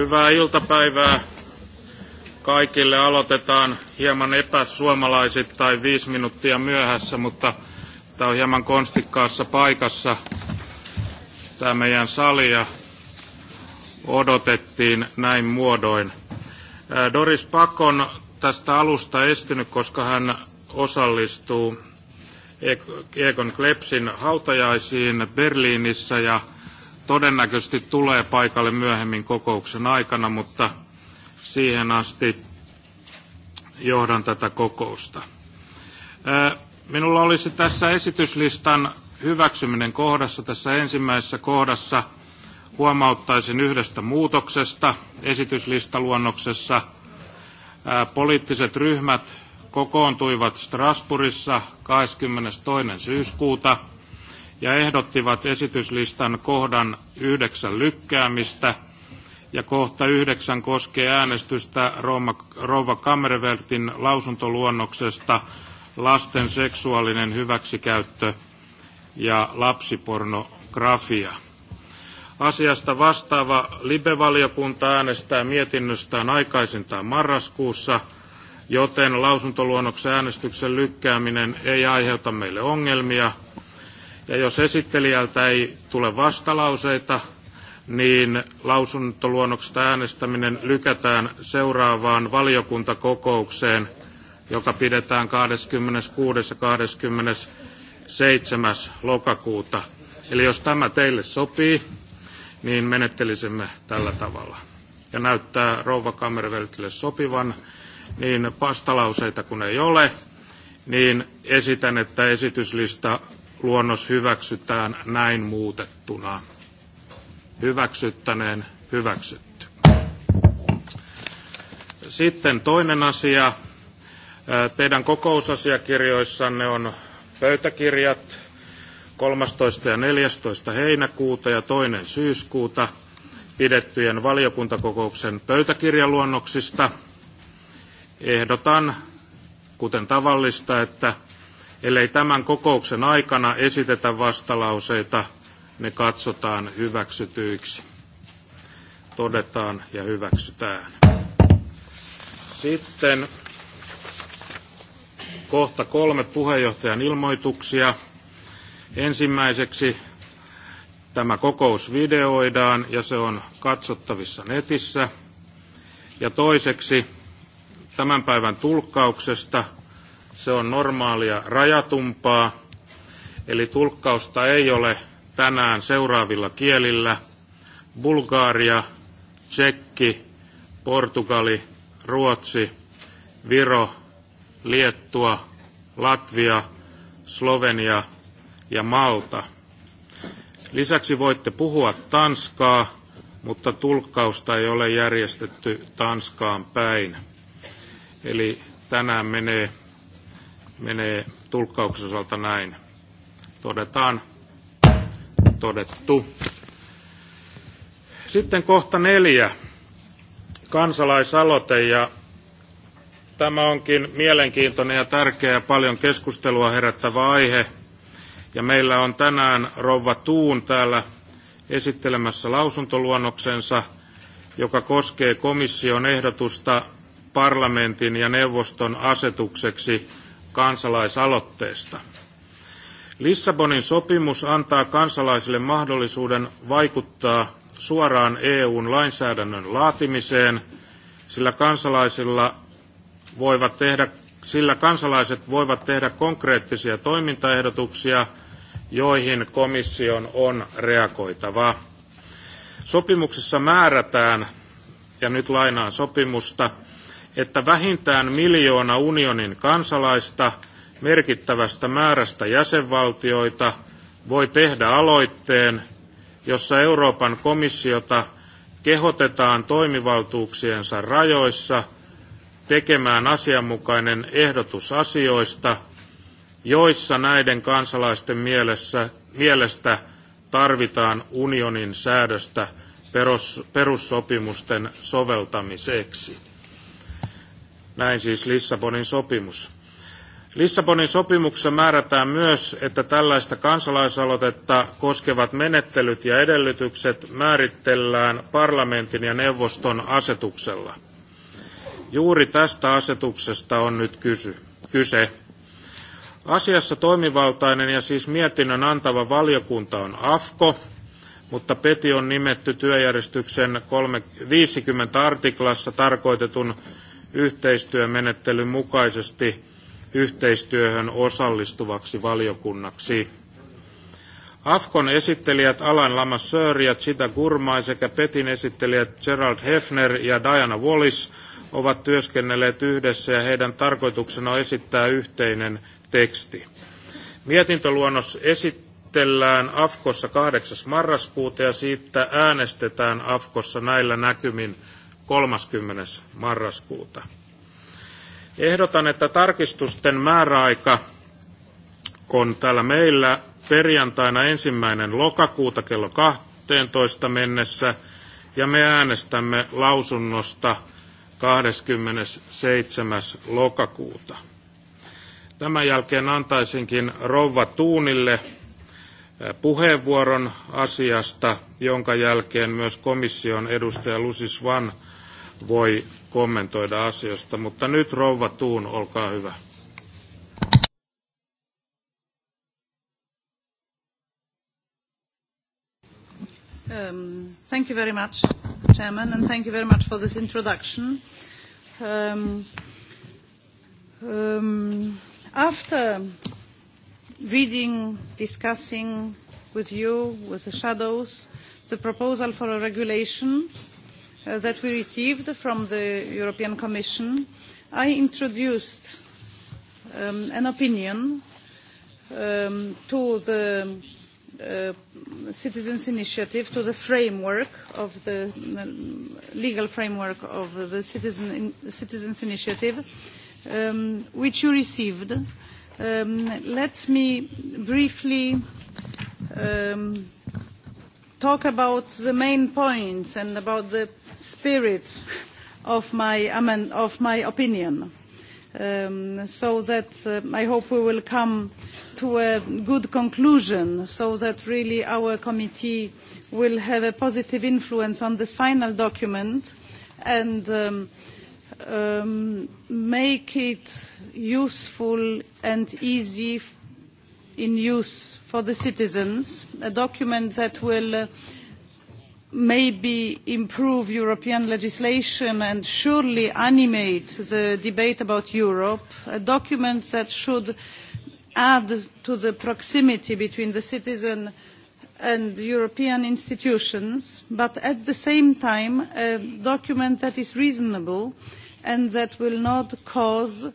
Hyvää iltapäivää kaikille. Aloitetaan hieman epäsuomalaisittain viisi minuuttia myöhässä, mutta tämä on hieman konstikkaassa paikassa. Tämä meidän salia odotettiin näin muodoin. Doris Pakon tästä alusta estynyt, koska hän osallistuu Egon Klepsin hautajaisiin Berliinissä ja todennäköisesti tulee paikalle myöhemmin kokouksen aikana, mutta siihen asti johdan tätä kokousta. Minulla olisi tässä esityslistan hyväksyminen kohdassa. Tässä ensimmäisessä kohdassa huomauttaisin yhdestä muutoksesta esityslistaluonnoksessa. Poliittiset ryhmät kokoontuivat Strasbourgissa 22. syyskuuta ja ehdottivat esityslistan kohdan yhdeksän lykkäämistä ja kohta yhdeksän koskee äänestystä Rouva, Rova Kammervertin lausuntoluonnoksesta lasten seksuaalinen hyväksikäyttö ja lapsipornografia. Asiasta vastaava Libe-valiokunta äänestää mietinnöstään aikaisintaan marraskuussa, joten lausuntoluonnoksen äänestyksen lykkääminen ei aiheuta meille ongelmia – ja jos esittelijältä ei tule vastalauseita, niin lausuntoluonnoksesta äänestäminen lykätään seuraavaan valiokuntakokoukseen, joka pidetään 26. ja 27. lokakuuta. Eli jos tämä teille sopii, niin menettelisimme tällä tavalla. Ja näyttää rouva Kammerveltille sopivan, niin vastalauseita kun ei ole, niin esitän, että esityslista luonnos hyväksytään näin muutettuna. Hyväksyttäneen hyväksytty. Sitten toinen asia. Teidän kokousasiakirjoissanne on pöytäkirjat 13. ja 14. heinäkuuta ja toinen syyskuuta pidettyjen valiokuntakokouksen pöytäkirjaluonnoksista. Ehdotan, kuten tavallista, että Ellei tämän kokouksen aikana esitetä vastalauseita, ne katsotaan hyväksytyiksi. Todetaan ja hyväksytään. Sitten kohta kolme puheenjohtajan ilmoituksia. Ensimmäiseksi tämä kokous videoidaan ja se on katsottavissa netissä. Ja toiseksi tämän päivän tulkkauksesta – se on normaalia rajatumpaa, eli tulkkausta ei ole tänään seuraavilla kielillä. Bulgaaria, Tsekki, Portugali, Ruotsi, Viro, Liettua, Latvia, Slovenia ja Malta. Lisäksi voitte puhua tanskaa, mutta tulkkausta ei ole järjestetty Tanskaan päin. Eli tänään menee menee tulkkauksen osalta näin. Todetaan todettu. Sitten kohta neljä, kansalaisaloite, ja tämä onkin mielenkiintoinen ja tärkeä ja paljon keskustelua herättävä aihe. Ja meillä on tänään Rova Tuun täällä esittelemässä lausuntoluonnoksensa, joka koskee komission ehdotusta parlamentin ja neuvoston asetukseksi kansalaisaloitteesta. Lissabonin sopimus antaa kansalaisille mahdollisuuden vaikuttaa suoraan EUn lainsäädännön laatimiseen, sillä, kansalaisilla voivat tehdä, sillä kansalaiset voivat tehdä konkreettisia toimintaehdotuksia, joihin komission on reagoitava. Sopimuksessa määrätään, ja nyt lainaan sopimusta, että vähintään miljoona unionin kansalaista merkittävästä määrästä jäsenvaltioita voi tehdä aloitteen, jossa Euroopan komissiota kehotetaan toimivaltuuksiensa rajoissa tekemään asianmukainen ehdotus asioista, joissa näiden kansalaisten mielessä, mielestä tarvitaan unionin säädöstä perussopimusten soveltamiseksi näin siis Lissabonin sopimus. Lissabonin sopimuksessa määrätään myös, että tällaista kansalaisaloitetta koskevat menettelyt ja edellytykset määritellään parlamentin ja neuvoston asetuksella. Juuri tästä asetuksesta on nyt kysy, kyse. Asiassa toimivaltainen ja siis mietinnön antava valiokunta on AFKO, mutta PETI on nimetty työjärjestyksen 50 artiklassa tarkoitetun yhteistyömenettelyn mukaisesti yhteistyöhön osallistuvaksi valiokunnaksi. Afkon esittelijät Alan Lamasseur ja Chita Gurmai sekä Petin esittelijät Gerald Hefner ja Diana Wallis ovat työskennelleet yhdessä ja heidän tarkoituksena on esittää yhteinen teksti. Mietintöluonnos esitellään Afkossa 8. marraskuuta ja siitä äänestetään Afkossa näillä näkymin 30. marraskuuta. Ehdotan, että tarkistusten määräaika on täällä meillä perjantaina ensimmäinen lokakuuta kello 12 mennessä ja me äänestämme lausunnosta 27. lokakuuta. Tämän jälkeen antaisinkin Rouva Tuunille puheenvuoron asiasta, jonka jälkeen myös komission edustaja Lusis Van voi kommentoida asioista, mutta nyt rouva Tuun, olkaa hyvä. Um, thank you very much, Chairman, and thank you very much for this introduction. Um, um, after reading, discussing with you, with the shadows, the proposal for a regulation, Uh, that we received from the European Commission, I introduced um, an opinion um, to the Uh, citizens' initiative to the framework of the uh, legal framework of the citizen citizens' initiative, um, which you received. Um, let me briefly um, talk about the main points and about the spirit of my, of my opinion. Um, so that uh, I hope we will come to a good conclusion so that really our committee will have a positive influence on this final document and um, um, make it useful and easy in use for the citizens, a document that will uh, maybe improve European legislation and surely animate the debate about Europe, a document that should add to the proximity between the citizen and European institutions, but at the same time a document that is reasonable and that will not cause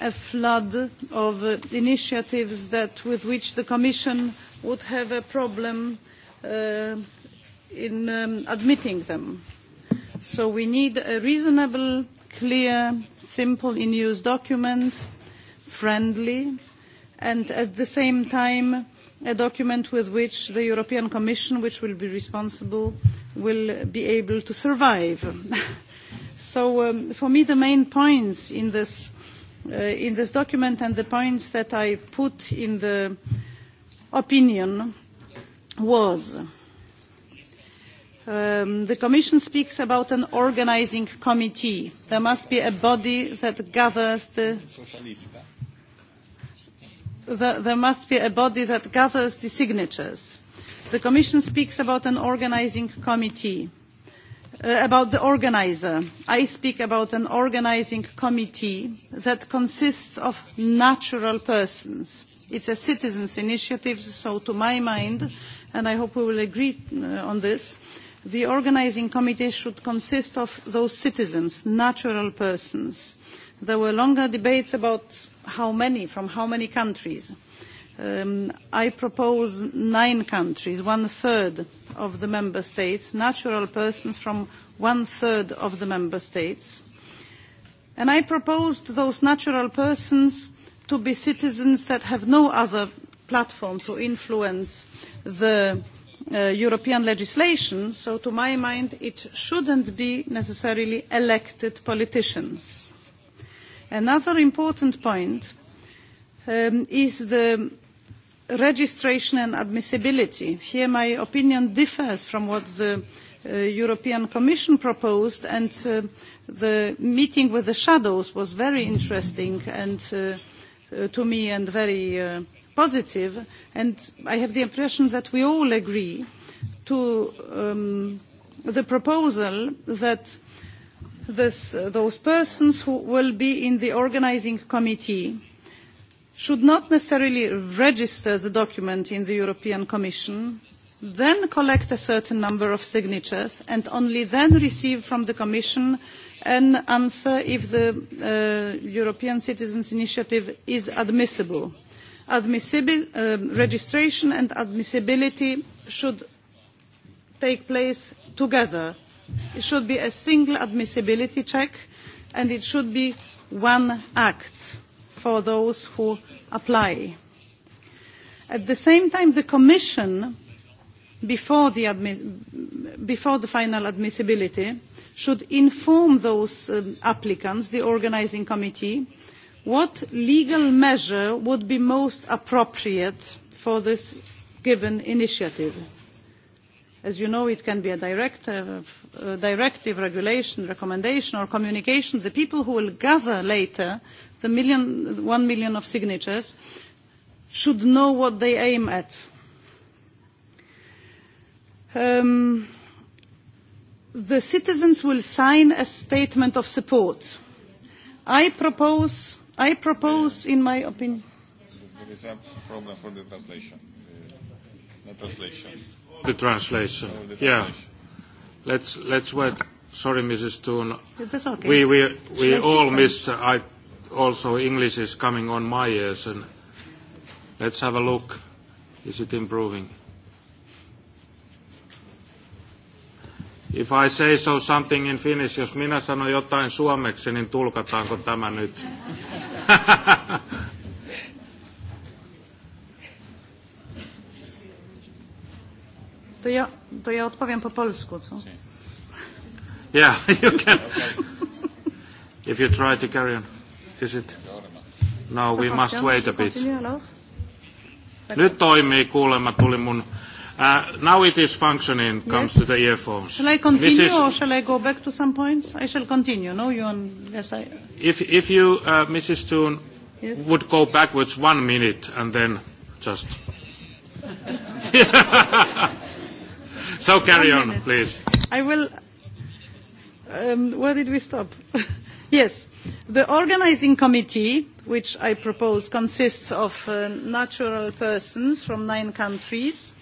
a flood of uh, initiatives that, with which the Commission would have a problem uh, in um, admitting them. So we need a reasonable, clear, simple in-use document, friendly, and at the same time a document with which the European Commission, which will be responsible, will be able to survive. so um, for me the main points in this Uh, in this document and the points that I put in the opinion was um, the Commission speaks about an organising committee. There must be a body that gathers the there must be a body that gathers the signatures. The Commission speaks about an organising committee. Uh, about the organiser. I speak about an organising committee that consists of natural persons. It is a citizens' initiative, so to my mind, and I hope we will agree uh, on this, the organising committee should consist of those citizens, natural persons. There were longer debates about how many, from how many countries Um, I propose nine countries, one third of the member states, natural persons from one third of the member states. And I proposed those natural persons to be citizens that have no other platform to influence the uh, European legislation, so to my mind it should not be necessarily elected politicians. Another important point um, is the registration and admissibility here my opinion differs from what the uh, european commission proposed and uh, the meeting with the shadows was very interesting and uh, uh to me and very uh, positive and i have the impression that we all agree to um, the proposal that this, uh, those persons who will be in the organising committee should not necessarily register the document in the European Commission, then collect a certain number of signatures, and only then receive from the Commission an answer if the uh, European Citizens' Initiative is admissible. Admissibil uh, um, registration and admissibility should take place together. It should be a single admissibility check, and it should be one act for those who apply. At the same time, the Commission, before the, before the final admissibility, should inform those um, applicants, the organising committee, what legal measure would be most appropriate for this given initiative. As you know, it can be a directive, a directive regulation, recommendation or communication. The people who will gather later the million, one million of signatures, should know what they aim at. Um, the citizens will sign a statement of support. I propose, I propose in my opinion. There is a problem for the translation. Uh, the translation. The translation. the translation. Yeah. Let's, let's wait. Sorry, Mrs. That's okay. We, we, we all missed. I also English is coming on my ears, and let's have a look. Is it improving? If I say so something in Finnish, jos minä sanon jotain suomeksi, niin tulkataanko tämä nyt? To ja, to ja odpowiem po polsku, co? Yeah, you can. If you try to carry on. Is it? No, we must wait a bit. Nyt toimii kuulemma, tuli mun... Uh, now it is functioning, comes to the earphones. Shall I continue Mrs. or shall I go back to some points? I shall continue, no? You on, yes, I... If, if you, uh, Mrs. Toon, yes. would go backwards one minute and then just... so carry on, please. I will... Um, where did we stop? yes The organising committee, which I propose, consists of uh, natural persons from nine countries.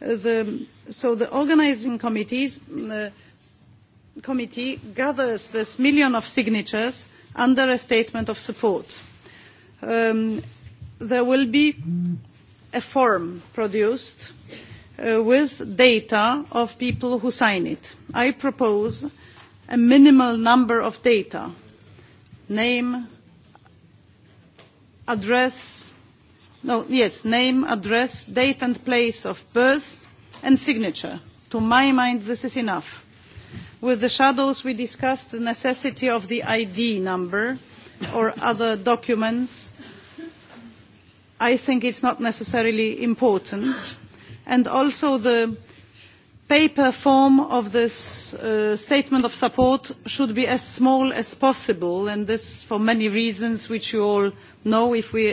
Uh, the, so the organising mm, uh, committee gathers this million of signatures under a statement of support. Um, there will be a form produced uh, with data of people who sign it. I propose a minimal number of data name, address, no, yes, name, address, date and place of birth and signature. To my mind, this is enough. With the shadows, we discussed the necessity of the ID number or other documents. I think it's not necessarily important. And also the paper form of this uh, statement of support should be as small as possible, and this for many reasons which you all know. If we,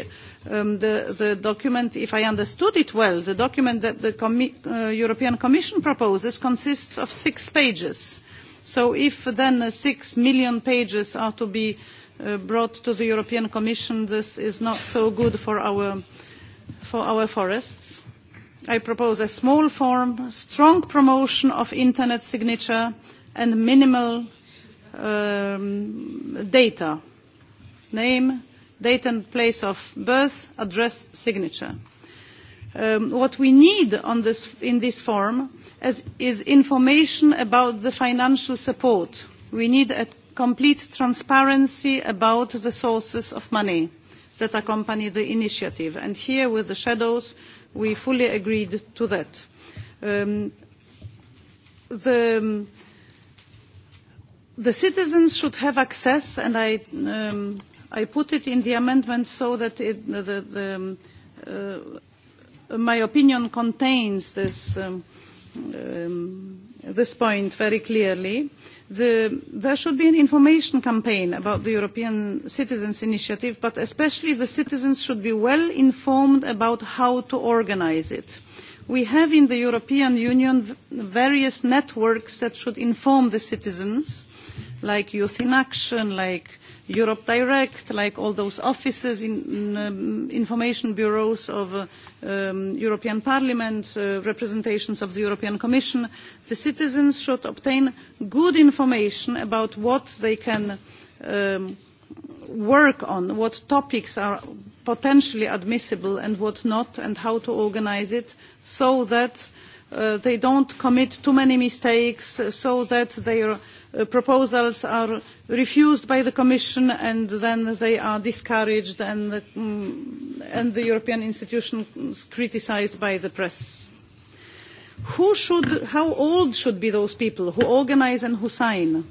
um, the, the document, if I understood it well, the document that the uh, European Commission proposes consists of six pages. So if then uh, six million pages are to be uh, brought to the European Commission, this is not so good for our, for our forests. I propose a small form, strong promotion of internet signature and minimal um, data, name, date and place of birth, address, signature. Um, what we need this, in this form is, is information about the financial support. We need a complete transparency about the sources of money that accompany the initiative. And here with the shadows, we fully agreed to that. Um, the, um, the citizens should have access, and I, um, I put it in the amendment so that it, the, the, um, uh, my opinion contains this, um, um, this point very clearly The, there should be an information campaign about the European Citizens Initiative, but especially the citizens should be well informed about how to organise it. We have in the European Union various networks that should inform the citizens, like Youth in Action, like Europe Direct, like all those offices, in, um, information bureaus of uh, um, European Parliament, uh, representations of the European Commission, the citizens should obtain good information about what they can um, work on, what topics are potentially admissible and what not, and how to organise it so that uh, they do not commit too many mistakes, uh, so that their Uh, proposals are refused by the Commission and then they are discouraged and the, um, and the European institutions criticised by the press. Who should, how old should be those people who organise and who sign?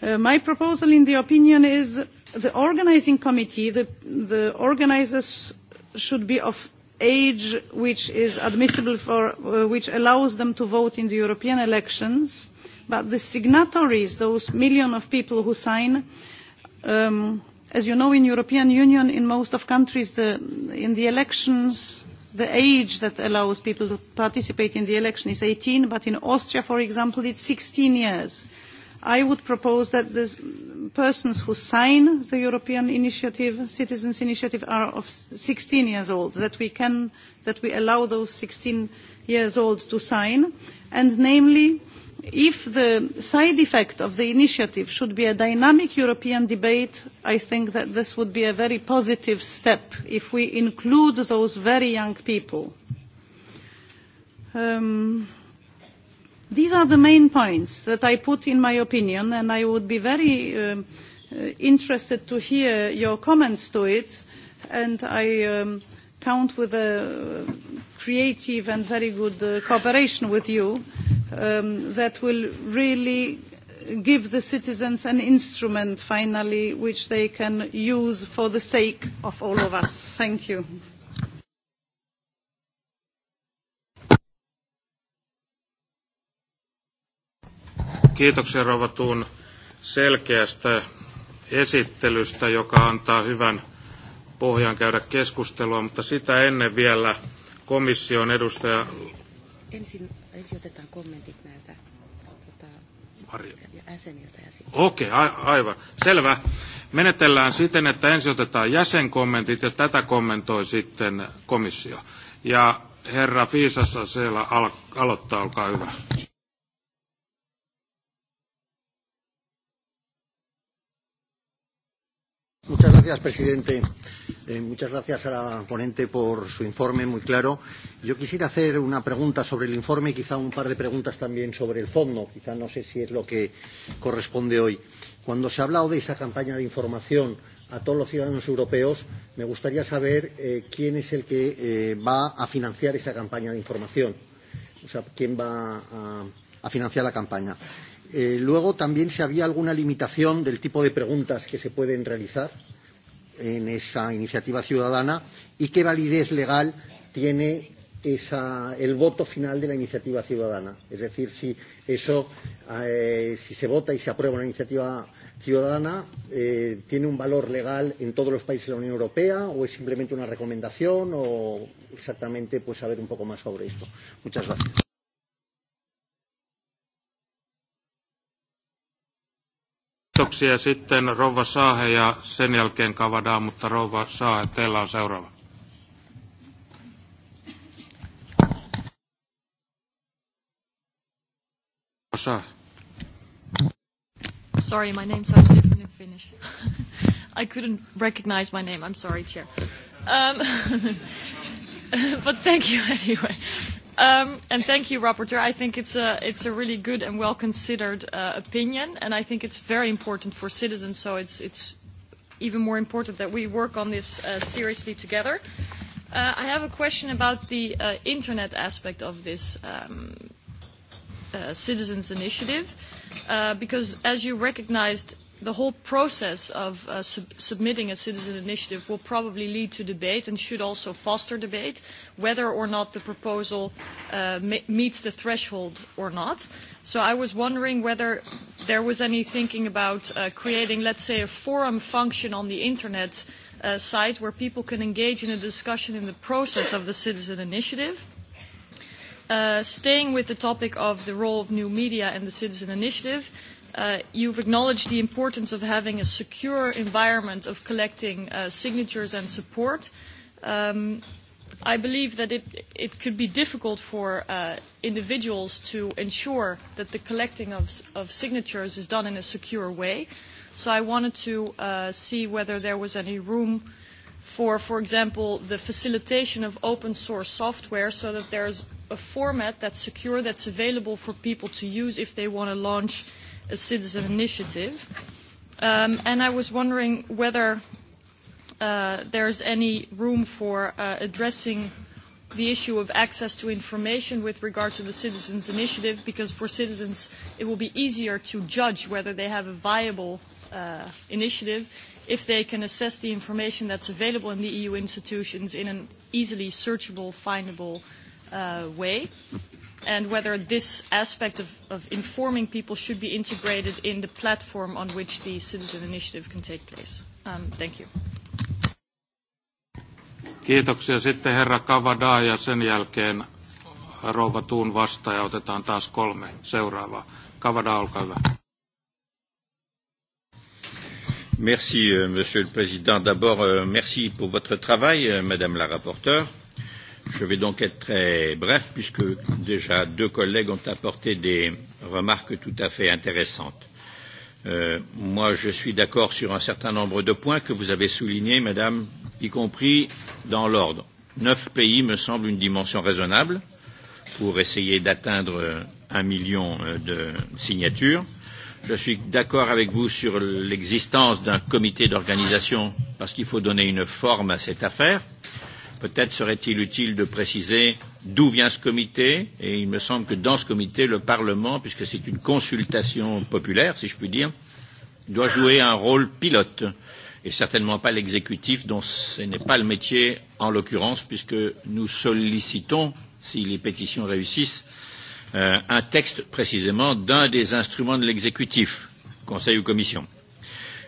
Uh, my proposal in the opinion is the organising committee, the, the organisers should be of age which is admissible for uh, which allows them to vote in the European elections But the signatories, those million of people who sign, um, as you know, in the European Union, in most of countries, the, in the elections, the age that allows people to participate in the election is eighteen, but in Austria, for example, it is sixteen years. I would propose that the persons who sign the European initiative, citizens' initiative, are of sixteen years old, that we, can, that we allow those sixteen years old to sign, and namely, if the side effect of the initiative should be a dynamic European debate, I think that this would be a very positive step if we include those very young people. Um, these are the main points that I put in my opinion, and I would be very um, uh, interested to hear your comments to it, and I um, count with a creative and very good uh, cooperation with you um, that will really give the citizens an instrument finally which they can use for the sake of all of us. Thank you. Kiitoksia Rova Tuun selkeästä esittelystä, joka antaa hyvän pohjan käydä keskustelua, mutta sitä ennen vielä komission edustaja... Ensin, ensin otetaan kommentit näiltä tota, jäseniltä. Okei, a- aivan. Selvä. Menetellään siten, että ensin otetaan jäsenkommentit ja tätä kommentoi sitten komissio. Ja herra Fiisassa siellä al- aloittaa, olkaa hyvä. Muchas gracias, presidente. Eh, muchas gracias a la ponente por su informe muy claro. Yo quisiera hacer una pregunta sobre el informe y quizá un par de preguntas también sobre el fondo. Quizá no sé si es lo que corresponde hoy. Cuando se ha hablado de esa campaña de información a todos los ciudadanos europeos, me gustaría saber eh, quién es el que eh, va a financiar esa campaña de información. O sea, quién va a, a financiar la campaña. Eh, luego también si había alguna limitación del tipo de preguntas que se pueden realizar en esa iniciativa ciudadana y qué validez legal tiene esa, el voto final de la iniciativa ciudadana. Es decir, si, eso, eh, si se vota y se aprueba una iniciativa ciudadana, eh, ¿tiene un valor legal en todos los países de la Unión Europea o es simplemente una recomendación o exactamente pues, saber un poco más sobre esto? Muchas gracias. Kiitoksia. Sitten Rova Saahe ja sen jälkeen Kavadaan, mutta Rova Saahe, teillä on seuraava. Sorry, my name sounds different in Finnish. I couldn't recognize my name. I'm sorry, Chair. Um, but thank you anyway. Um, and thank you, Rapporteur. I think it's a, it's a really good and well-considered uh, opinion, and I think it's very important for citizens, so it's, it's even more important that we work on this uh, seriously together. Uh, I have a question about the uh, internet aspect of this um, uh, citizens' initiative, uh, because as you recognized, the whole process of uh, sub submitting a citizen initiative will probably lead to debate and should also foster debate whether or not the proposal uh, meets the threshold or not. So I was wondering whether there was any thinking about uh, creating, let's say, a forum function on the internet uh, site where people can engage in a discussion in the process of the citizen initiative. Uh, staying with the topic of the role of new media and the citizen initiative, Uh, you've acknowledged the importance of having a secure environment of collecting uh, signatures and support. Um, I believe that it, it could be difficult for uh, individuals to ensure that the collecting of, of signatures is done in a secure way. So I wanted to uh, see whether there was any room for, for example, the facilitation of open source software so that there's a format that's secure, that's available for people to use if they want to launch uh, a citizen initiative. Um, and I was wondering whether uh, there's any room for uh, addressing the issue of access to information with regard to the citizens' initiative, because for citizens it will be easier to judge whether they have a viable uh, initiative if they can assess the information that's available in the EU institutions in an easily searchable, findable uh, way and whether this aspect of, of informing people should be integrated in the platform on which the citizen initiative can take place. Um, thank you. Kiitoksia. Sitten herra Kavada ja sen jälkeen rouva Tuun vastaaja. Otetaan taas kolme seuraavaa. Kavada, olkaa hyvä. Merci, euh, Monsieur le Président. D'abord, euh, merci pour votre travail, euh, Madame la rapporteure. Je vais donc être très bref puisque déjà deux collègues ont apporté des remarques tout à fait intéressantes. Euh, moi, je suis d'accord sur un certain nombre de points que vous avez soulignés, Madame, y compris dans l'ordre. Neuf pays me semble une dimension raisonnable pour essayer d'atteindre un million euh, de signatures. Je suis d'accord avec vous sur l'existence d'un comité d'organisation parce qu'il faut donner une forme à cette affaire. Euh, Peut-être serait-il utile de préciser d'où vient ce comité, et il me semble que dans ce comité, le Parlement, puisque c'est une consultation populaire, si je puis dire, doit jouer un rôle pilote, et certainement pas l'exécutif, dont ce n'est pas le métier en l'occurrence, puisque nous sollicitons, si les pétitions réussissent, euh, un texte précisément d'un des instruments de l'exécutif, Conseil ou Commission.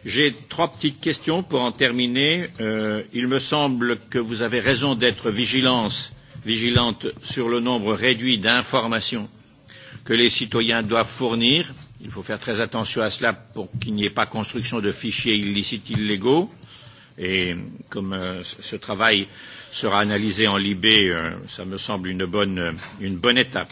J'ai trois petites questions pour en terminer. Euh, il me semble que vous avez raison d'être vigilante sur le nombre réduit d'informations que les citoyens doivent fournir. Il faut faire très attention à cela pour qu'il n'y ait pas construction de fichiers illicites illégaux. Et comme euh, ce travail sera analysé en Libé, euh, ça me semble une bonne, une bonne étape.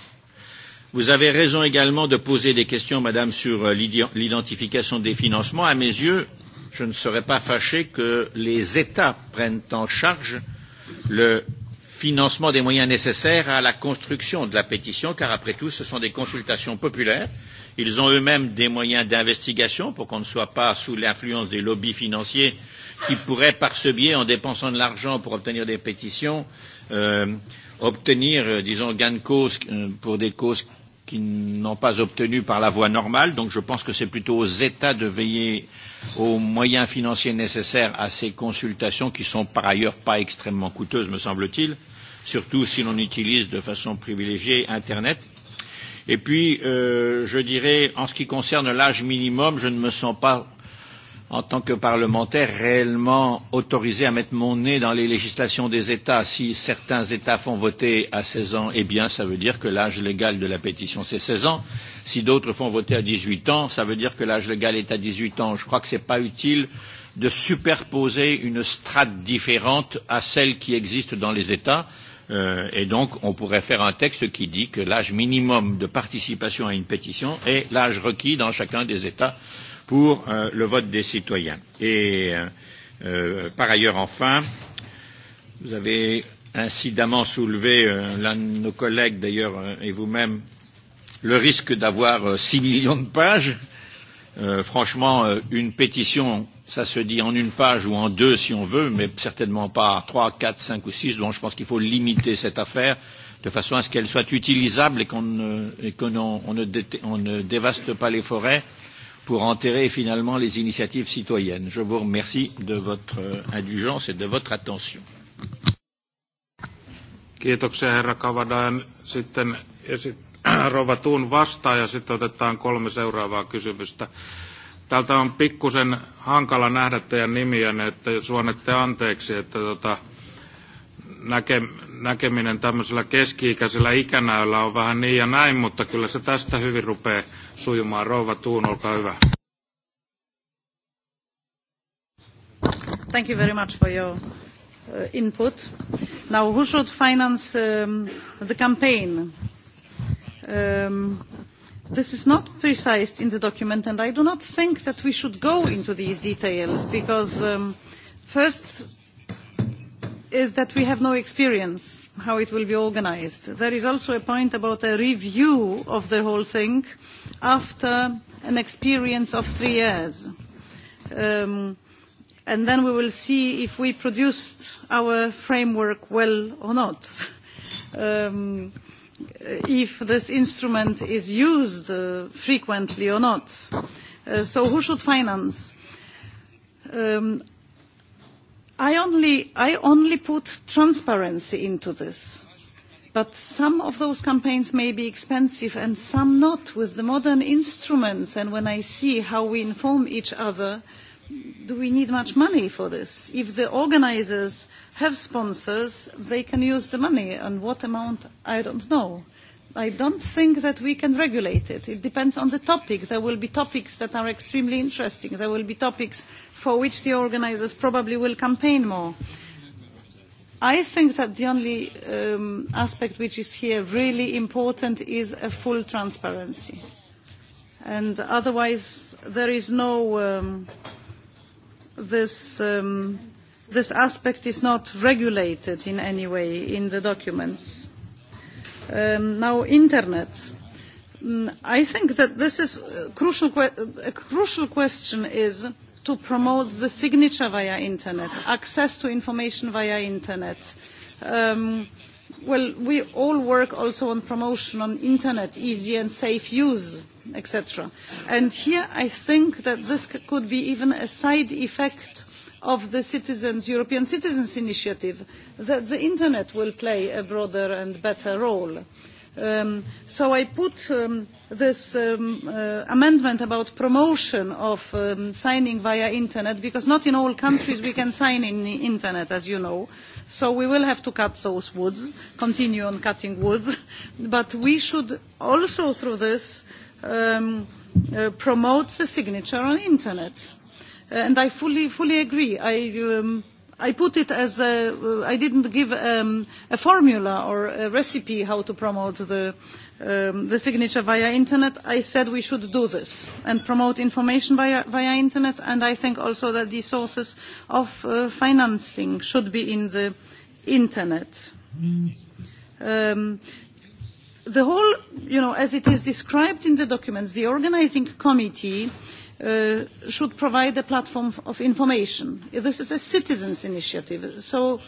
Vous avez raison également de poser des questions, Madame, sur euh, l'identification des financements. À mes yeux, je ne serais pas fâché que les États prennent en charge le financement des moyens nécessaires à la construction de la pétition, car après tout, ce sont des consultations populaires. Ils ont eux-mêmes des moyens d'investigation pour qu'on ne soit pas sous l'influence des lobbies financiers qui pourraient, par ce biais, en dépensant de l'argent pour obtenir des pétitions, euh, obtenir, euh, disons, gain de cause euh, pour des causes qui n'ont pas obtenu par la voie normale. Donc je pense que c'est plutôt aux États de veiller aux moyens financiers nécessaires à ces consultations qui sont par ailleurs pas extrêmement coûteuses, me semble-t-il, surtout si l'on utilise de façon privilégiée Internet. Et puis, euh, je dirais, en ce qui concerne l'âge minimum, je ne me sens pas en tant que parlementaire, réellement autorisé à mettre mon nez dans les législations des États. Si certains États font voter à 16 ans, eh bien, ça veut dire que l'âge légal de la pétition, c'est 16 ans. Si d'autres font voter à 18 ans, ça veut dire que l'âge légal est à 18 ans. Je crois que ce n'est pas utile de superposer une strate différente à celle qui existe dans les États. Euh, et donc, on pourrait faire un texte qui dit que l'âge minimum de participation à une pétition est l'âge requis dans chacun des États pour euh, le vote des citoyens. Et euh, euh, par ailleurs, enfin, vous avez incidemment soulevé, euh, l'un de nos collègues d'ailleurs euh, et vous-même, le risque d'avoir euh, 6 millions de pages. Euh, franchement, euh, une pétition, ça se dit en une page ou en deux si on veut, mais certainement pas trois, quatre, cinq ou six. Donc je pense qu'il faut limiter cette affaire de façon à ce qu'elle soit utilisable et qu'on ne, qu on, on ne, dé, ne dévaste pas les forêts. Euh, pour enterrer finalement les initiatives citoyennes. Je vous remercie de votre euh, indulgence et de votre attention. Kiitoksia herra Kavadajan. Sitten esit, rouva Tuun vastaa ja sitten otetaan kolme seuraavaa kysymystä. Täältä on pikkusen hankala nähdä teidän nimiänne, että suonette anteeksi, että tota, näke, näkeminen tämmöisellä keski-ikäisellä ikänäöllä on vähän niin ja näin, mutta kyllä se tästä hyvin rupeaa sujumaan. Rouva Tuun, olkaa hyvä. Thank you very much for your uh, input. Now, who should finance um, the campaign? Um, this is not precised in the document, and I do not think that we should go into these details because, um, first, is that we have no experience how it will be organised. There is also a point about a review of the whole thing after an experience of three years. Um, and then we will see if we produced our framework well or not. Um, if this instrument is used uh, frequently or not. Uh, so who should finance? Um, i only, I only put transparency into this. But some of those campaigns may be expensive and some not. With the modern instruments and when I see how we inform each other, do we need much money for this? If the organisers have sponsors, they can use the money, and what amount, I don't know. I don't think that we can regulate it. It depends on the topic. There will be topics that are extremely interesting. There will be topics for which the organisers probably will campaign more. I think that the only um, aspect which is here really important is a full transparency. And otherwise, there is no, um, this, um, this aspect is not regulated in any way in the documents. Um, now, Internet. Mm, I think that this is a uh, crucial, que- uh, a crucial question is to promote the signature via internet, access to information via internet. Um, well, we all work also on promotion on internet, easy and safe use, etc. And here I think that this could be even a side effect of the citizens, European Citizens Initiative, that the internet will play a broader and better role. Um, so I put um, this um, uh, amendment about promotion of um, signing via internet because not in all countries we can sign in the internet as you know so we will have to cut those woods continue on cutting woods but we should also through this um, uh, promote the signature on internet and i fully fully agree i um, i put it as a, I didn't give um, a formula or a recipe how to promote the um, the signature via internet, I said we should do this and promote information via, via internet. And I think also that the sources of uh, financing should be in the internet. Um, the whole, you know, as it is described in the documents, the organising committee uh, should provide a platform of information. This is a citizens' initiative, so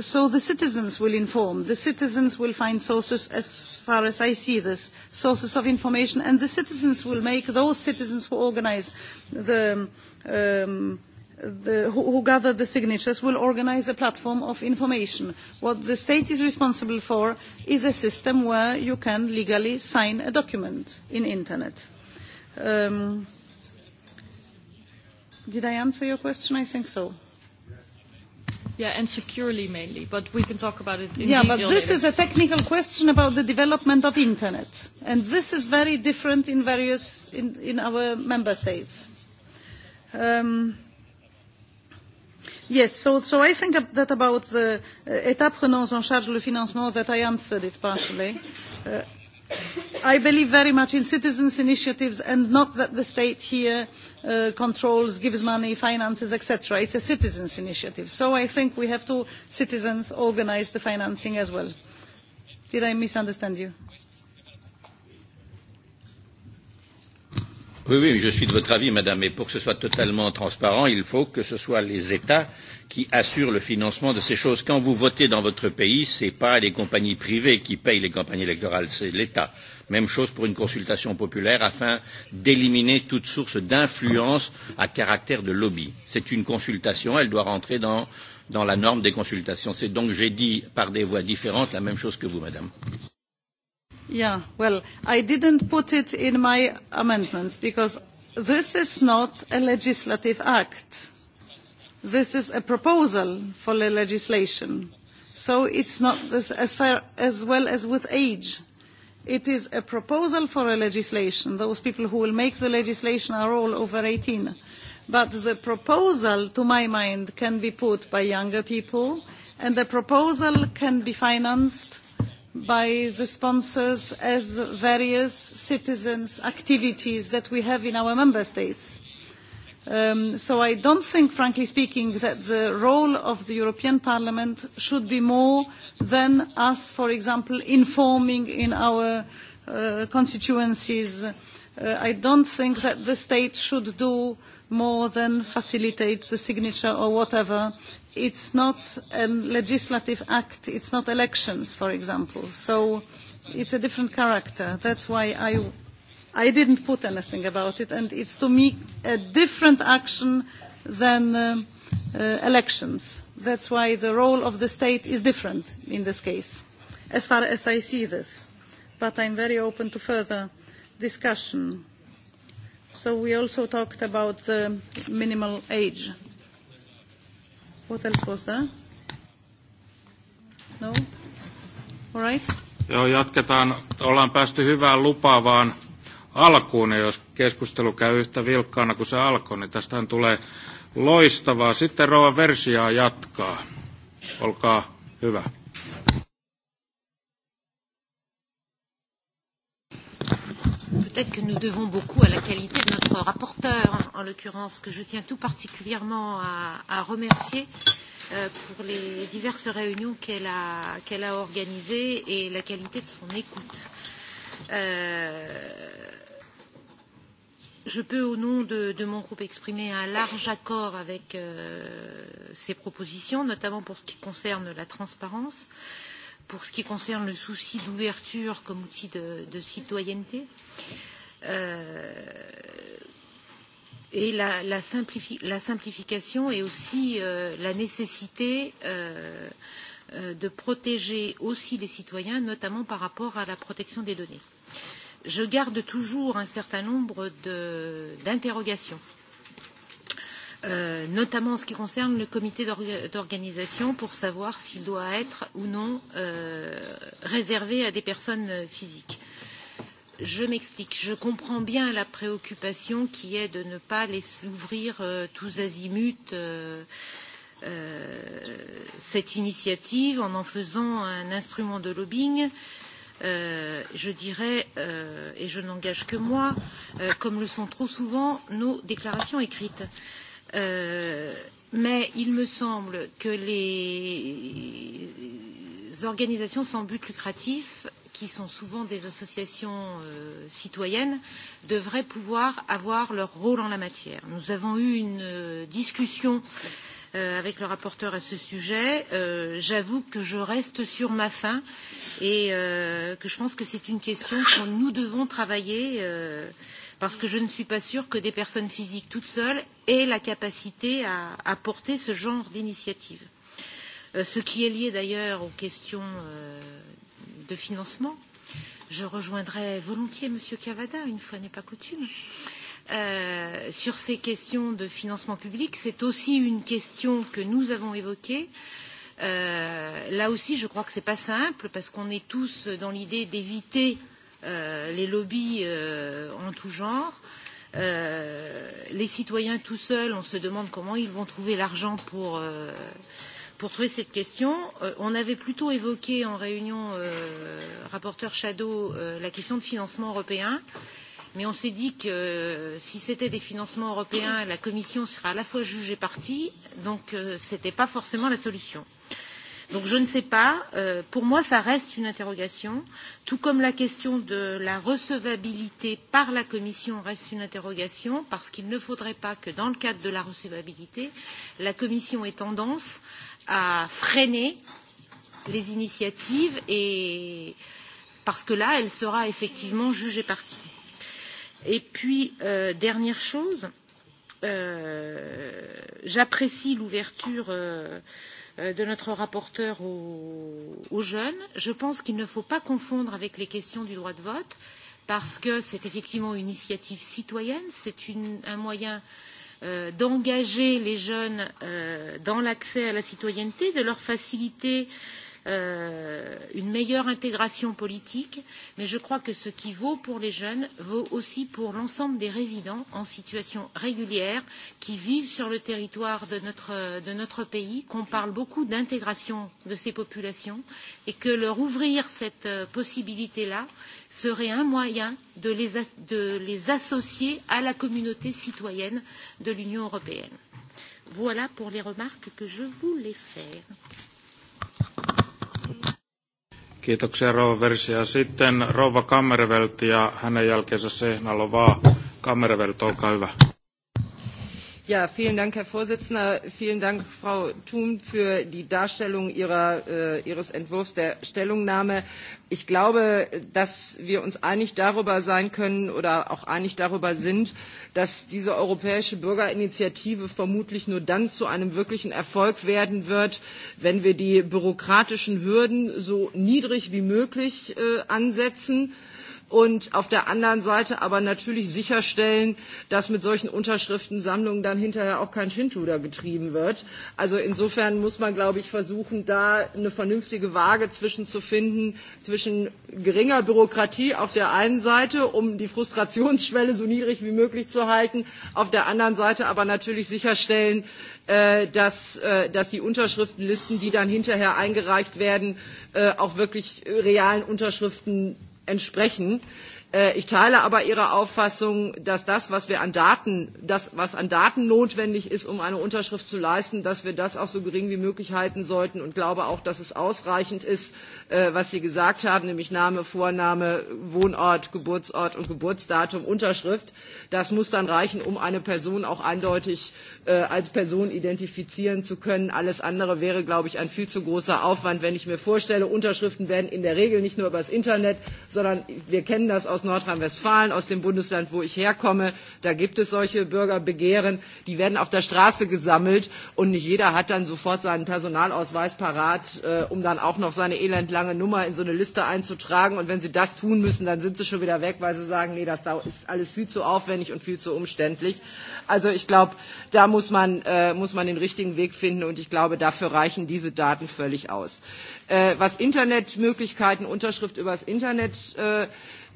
so the citizens will inform. The citizens will find sources, as far as I see this, sources of information, and the citizens will make those citizens who organise the, um, the who, who gather the signatures will organise a platform of information. What the state is responsible for is a system where you can legally sign a document in the internet. Um, did I answer your question? I think so. Yeah, and securely mainly, but we can talk about it in yeah, detail. Yeah, but this later. is a technical question about the development of internet, and this is very different in various in, in our member states. Um, yes, so, so I think that about the uh, état prenant en charge le financement that I answered it partially. Uh, i believe very much in citizens' initiatives and not that the state here uh, controls, gives money, finances, etc. It is a citizens' initiative. So I think we have to, citizens, organise the financing as well. Did I misunderstand you? Oui, oui, je suis de votre avis, madame, mais pour que ce soit totalement transparent, il faut que ce soit les États qui assurent le financement de ces choses. Quand vous votez dans votre pays, ce n'est pas les compagnies privées qui payent les campagnes électorales, c'est l'État. Même chose pour une consultation populaire afin d'éliminer toute source d'influence à caractère de lobby. C'est une consultation, elle doit rentrer dans, dans la norme des consultations. C'est donc, j'ai dit par des voix différentes, la même chose que vous, madame. Yeah, well, I didn't put it in my amendments because this is not a legislative act this is a proposal for legislation. So it's not as far as well as with age. It is a proposal for a legislation. Those people who will make the legislation are all over eighteen. But the proposal, to my mind, can be put by younger people, and the proposal can be financed by the sponsors as various citizens' activities that we have in our member states Um, so I don't think, frankly speaking, that the role of the European Parliament should be more than us, for example, informing in our uh, constituencies. Uh, I don't think that the state should do more than facilitate the signature or whatever. It's not a legislative act. It's not elections, for example. So it's a different character. That's why I i didn't put anything about it, and it's to me a different action than uh, uh, elections. That's why the role of the state is different in this case, as far as I see this. But I'm very open to further discussion. So we also talked about the uh, minimal age. What else was there? No? All right? Joo, jatketaan. Ollaan päästy hyvään lupaavaan alkuun, ja jos keskustelu käy yhtä vilkkaana kuin se alkoi, niin tästähän tulee loistavaa. Sitten Rova Versiaa jatkaa. Olkaa hyvä. Peut-être que nous devons beaucoup à la qualité de notre rapporteur, en l'occurrence, que je tiens tout particulièrement à, à remercier euh, pour les diverses réunions qu'elle a, qu a organisées et la qualité de son écoute. Euh, Euh, je peux, au nom de, de, mon groupe, exprimer un large accord avec euh, ces propositions, notamment pour ce qui concerne la transparence, pour ce qui concerne le souci d'ouverture comme outil de, de citoyenneté. Euh, et la, la, simplifi la, simplification et aussi euh, la nécessité euh, Euh, de protéger aussi les citoyens, notamment par rapport à la protection des données. Je garde toujours un certain nombre d'interrogations, euh, notamment en ce qui concerne le comité d'organisation pour savoir s'il doit être ou non euh, réservé à des personnes physiques. Je m'explique. Je comprends bien la préoccupation qui est de ne pas les ouvrir euh, tous azimuts. Euh, Euh, cette initiative en en faisant un instrument de lobbying euh, je dirais euh, et je n'engage que moi euh, comme le sont trop souvent nos déclarations écrites. Euh, mais il me semble que les organisations sans but lucratif qui sont souvent des associations euh, citoyennes devraient pouvoir avoir leur rôle en la matière. Nous avons eu une discussion euh, euh, avec le rapporteur à ce sujet. Euh, J'avoue que je reste sur ma faim et euh, que je pense que c'est une question que nous devons travailler euh, parce que je ne suis pas sûre que des personnes physiques toutes seules aient la capacité à, à porter ce genre d'initiative. Euh, ce qui est lié d'ailleurs aux questions euh, de financement. Je rejoindrai volontiers M. Cavada, une fois n'est pas coutume. Euh, Euh, sur ces questions de financement public, c'est aussi une question que nous avons évoquée. Euh, là aussi, je crois que ce n'est pas simple parce qu'on est tous dans l'idée d'éviter euh, les lobbies euh, en tout genre. Euh, les citoyens tout seuls, on se demande comment ils vont trouver l'argent pour, euh, pour trouver cette question. Euh, on avait plutôt évoqué en réunion euh, rapporteur Shadow euh, la question de financement européen. Euh, mais on s'est dit que euh, si c'était des financements européens, la Commission serait à la fois juge et partie, donc euh, ce n'était pas forcément la solution. Donc je ne sais pas, euh, pour moi ça reste une interrogation, tout comme la question de la recevabilité par la Commission reste une interrogation, parce qu'il ne faudrait pas que dans le cadre de la recevabilité, la Commission ait tendance à freiner les initiatives et parce que là elle sera effectivement juge et partie. Et puis, euh, dernière chose, euh, j'apprécie l'ouverture euh, euh, de notre rapporteur aux, aux jeunes. Je pense qu'il ne faut pas confondre avec les questions du droit de vote, parce que c'est effectivement une initiative citoyenne, c'est un moyen euh, d'engager les jeunes euh, dans l'accès à la citoyenneté, de leur faciliter euh, euh, une meilleure intégration politique, mais je crois que ce qui vaut pour les jeunes vaut aussi pour l'ensemble des résidents en situation régulière qui vivent sur le territoire de notre, de notre pays, qu'on parle beaucoup d'intégration de ces populations et que leur ouvrir cette euh, possibilité-là serait un moyen de les, de les associer à la communauté citoyenne de l'Union européenne. Voilà pour les remarques que je voulais faire. Kiitoksia Rova Ja Sitten Rova Kammervelt ja hänen jälkeensä Sehnalo vaan. Kammervelt, olkaa hyvä. Ja, vielen Dank, Herr Vorsitzender. Vielen Dank, Frau Thun, für die Darstellung ihrer, äh, Ihres Entwurfs der Stellungnahme. Ich glaube, dass wir uns einig darüber sein können oder auch einig darüber sind, dass diese europäische Bürgerinitiative vermutlich nur dann zu einem wirklichen Erfolg werden wird, wenn wir die bürokratischen Hürden so niedrig wie möglich äh, ansetzen. Äh, und auf der anderen Seite aber natürlich sicherstellen, dass mit solchen Unterschriftensammlungen dann hinterher auch kein Schindluder getrieben wird. Also insofern muss man, glaube ich, versuchen, da eine vernünftige Waage zwischen zu finden, zwischen geringer Bürokratie auf der einen Seite, um die Frustrationsschwelle so niedrig wie möglich zu halten, auf der anderen Seite aber natürlich sicherstellen, äh, dass, äh, dass die Unterschriftenlisten, die dann hinterher eingereicht werden, äh, auch wirklich realen Unterschriften entsprechen. Äh, ich teile aber Ihre Auffassung, dass das, was wir an Daten, das, was an Daten notwendig ist, um eine Unterschrift zu leisten, dass wir das auch so gering wie möglich halten sollten und glaube auch, dass es ausreichend ist, äh, was Sie gesagt haben, nämlich Name, Vorname, Wohnort, Geburtsort und Geburtsdatum, Unterschrift. Das muss dann reichen, um eine Person auch eindeutig äh, als Person identifizieren zu können. Alles andere wäre, glaube ich, ein viel zu großer Aufwand, wenn ich mir vorstelle, Unterschriften werden in der Regel nicht nur über das Internet, sondern wir kennen das aus aus Nordrhein-Westfalen, aus dem Bundesland, wo ich herkomme. Da gibt es solche Bürgerbegehren. Die werden auf der Straße gesammelt und nicht jeder hat dann sofort seinen Personalausweis parat, äh, um dann auch noch seine elendlange Nummer in so eine Liste einzutragen. Und wenn sie das tun müssen, dann sind sie schon wieder weg, weil sie sagen, nee, das ist alles viel zu aufwendig und viel zu umständlich. Also ich glaube, da muss man, äh, muss man den richtigen Weg finden und ich glaube, dafür reichen diese Daten völlig aus. Äh, was Internetmöglichkeiten, Unterschrift übers Internet äh,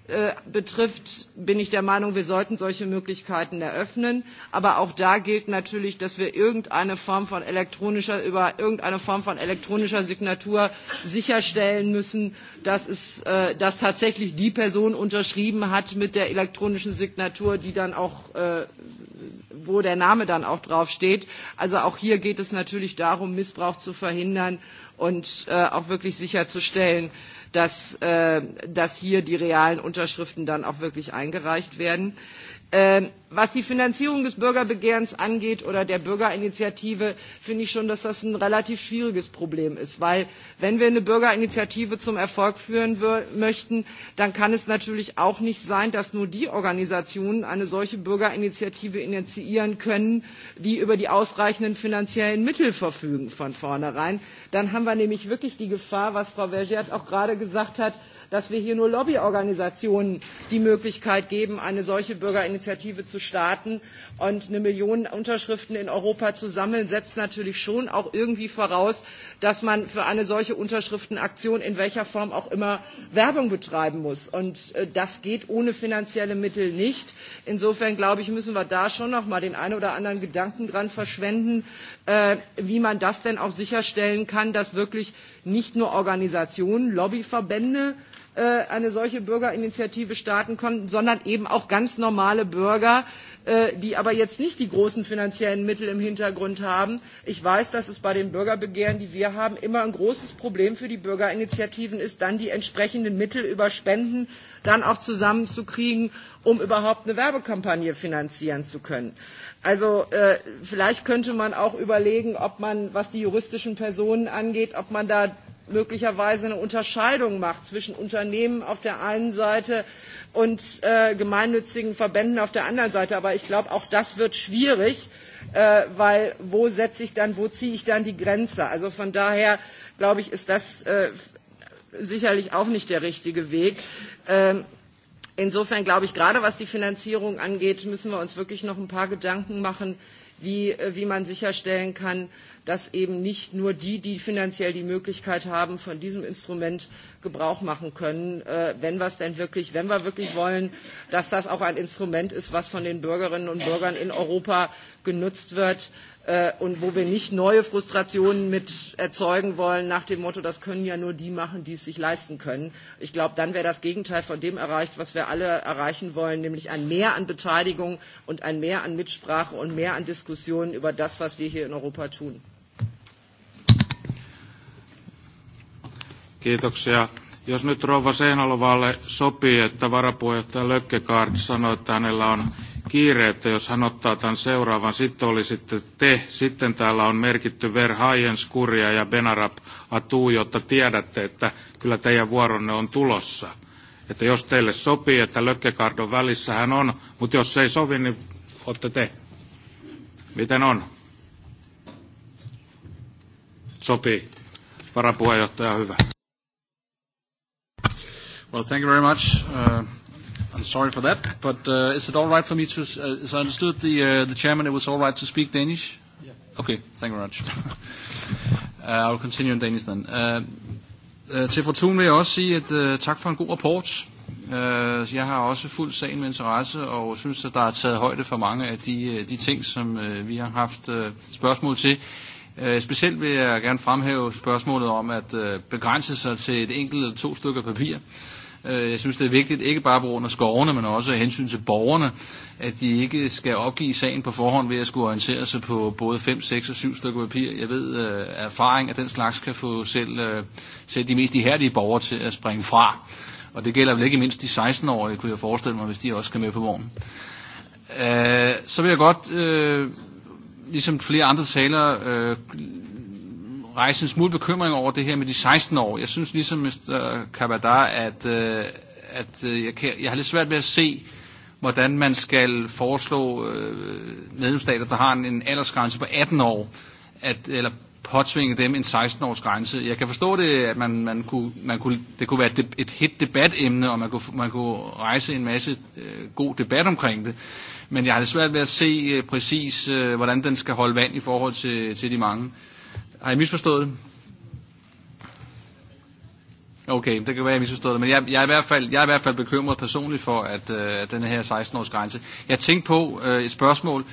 Äh, betrifft, bin ich der Meinung, wir sollten solche Möglichkeiten eröffnen. Aber auch da gilt natürlich, dass wir irgendeine Form von elektronischer, über irgendeine Form von elektronischer Signatur sicherstellen müssen, dass, es, äh, dass tatsächlich die Person unterschrieben hat mit der elektronischen Signatur, die dann auch, äh, wo der Name dann auch draufsteht. Also auch hier geht es natürlich darum, Missbrauch zu verhindern und auch wirklich sicherzustellen, äh, dass, äh, dass hier die realen Unterschriften dann auch wirklich eingereicht werden. Ähm, was die Finanzierung des Bürgerbegehrens angeht oder der Bürgerinitiative, finde ich schon, dass das ein relativ schwieriges Problem ist. Weil wenn wir eine Bürgerinitiative zum Erfolg führen möchten, dann kann es natürlich auch nicht sein, dass nur die Organisationen eine solche Bürgerinitiative initiieren können, die über die ausreichenden finanziellen Mittel verfügen von vornherein. Dann haben wir nämlich wirklich die Gefahr, was Frau Vergiat auch gerade gesagt hat, dass wir hier nur Lobbyorganisationen die Möglichkeit geben, eine solche Bürgerinitiative zu starten. Und eine Million Unterschriften in Europa zu sammeln, setzt natürlich schon auch irgendwie voraus, dass man für eine solche Unterschriftenaktion in welcher Form auch immer Werbung betreiben muss. Und äh, das geht ohne finanzielle Mittel nicht. Insofern glaube ich, müssen wir da schon noch mal den einen oder anderen Gedanken dran verschwenden, äh, wie man das denn auch sicherstellen kann, dass wirklich nicht nur Organisationen, Lobbyverbände, Äh, eine solche Bürgerinitiative starten konnten, sondern eben auch ganz normale Bürger, äh, die aber jetzt nicht die großen finanziellen Mittel im Hintergrund haben. Ich weiß, dass es bei den Bürgerbegehren, die wir haben, immer ein großes Problem für die Bürgerinitiativen ist, dann die entsprechenden Mittel über Spenden dann auch zusammenzukriegen, um überhaupt eine Werbekampagne finanzieren zu können. Also äh, vielleicht könnte man auch überlegen, ob man, was die juristischen Personen angeht, ob man da möglicherweise eine Unterscheidung macht zwischen Unternehmen auf der einen Seite und äh, gemeinnützigen Verbänden auf der anderen Seite. Aber ich glaube, auch das wird schwierig, äh, weil wo setze ich dann, wo ziehe ich dann die Grenze? Also von daher, glaube ich, ist das äh, sicherlich auch nicht der richtige Weg. Ähm, insofern glaube ich, gerade was die Finanzierung angeht, müssen wir uns wirklich noch ein paar Gedanken machen, wie, äh, wie man sicherstellen kann, dass eben nicht nur die, die finanziell die Möglichkeit haben, von diesem Instrument Gebrauch machen können, äh, wenn wir es denn wirklich, wenn wir wirklich wollen, dass das auch ein Instrument ist, was von den Bürgerinnen und Bürgern in Europa genutzt wird, Äh, und wo wir nicht neue Frustrationen mit erzeugen wollen nach dem Motto, das können ja nur die machen, die es sich leisten können. Ich glaube, dann wäre das Gegenteil von dem erreicht, was wir alle erreichen wollen, nämlich ein Mehr an Beteiligung und ein Mehr an Mitsprache und mehr an Diskussionen über das, was wir hier in Europa tun. Kiitoksia. Jos nyt rouva Seinalovalle sopii, että varapuheenjohtaja Lökkekaard sanoi, että hänellä on kiire, että jos hän ottaa tämän seuraavan, sitten oli sitten te, sitten täällä on merkitty Verhaien, Skuria ja Benarab Atuu, jotta tiedätte, että kyllä teidän vuoronne on tulossa. Että jos teille sopii, että Lökkekardon välissä hän on, mutta jos ei sovi, niin otte te. Miten on? Sopii. Varapuheenjohtaja, hyvä. Well, thank you very much. Uh... I'm sorry for that, but uh, is it all right for me to, uh, as I understood the, uh, the chairman, it was all right to speak Danish? Yeah. Okay, thank you very much. uh, I'll continue in Danish then. Uh, uh, til Fortun vil jeg også sige, at uh, tak for en god rapport. Uh, jeg har også fuldt sagen med interesse, og synes, at der er taget højde for mange af de, uh, de ting, som uh, vi har haft uh, spørgsmål til. Uh, specielt vil jeg gerne fremhæve spørgsmålet om at uh, begrænse sig til et enkelt eller to stykker papir. Uh, Øh, jeg synes, det er vigtigt, ikke bare på grund af skovene, men også af hensyn til borgerne, at de ikke skal opgive sagen på forhånd ved at skulle orientere sig på både 5, 6 og 7 stykker papir. Jeg ved, at øh, erfaring af den slags kan få selv, øh, selv de mest ihærdige borgere til at springe fra. Og det gælder vel ikke mindst de 16-årige, kunne jeg forestille mig, hvis de også skal med på vognen. så vil jeg godt, ligesom flere andre taler, rejse en smule bekymring over det her med de 16 år. Jeg synes ligesom Mr. Kabadar, at, øh, at øh, jeg, kan, jeg har lidt svært ved at se, hvordan man skal foreslå øh, medlemsstater, der har en, en aldersgrænse på 18 år, at, eller påtvinge dem en 16-års grænse. Jeg kan forstå det, at man, man kunne, man kunne, det kunne være et, et hit debatemne, og man kunne, man kunne rejse en masse øh, god debat omkring det. Men jeg har det svært ved at se øh, præcis, øh, hvordan den skal holde vand i forhold til, til de mange. Øh, Har jeg misforstået det? Okay, det kan være, jeg misforstået det, men jeg, jeg, er i hvert fald, jeg er i hvert fald bekymret personligt for, at, øh, at den her 16-års grænse. Jeg tænkte på uh, et spørgsmål.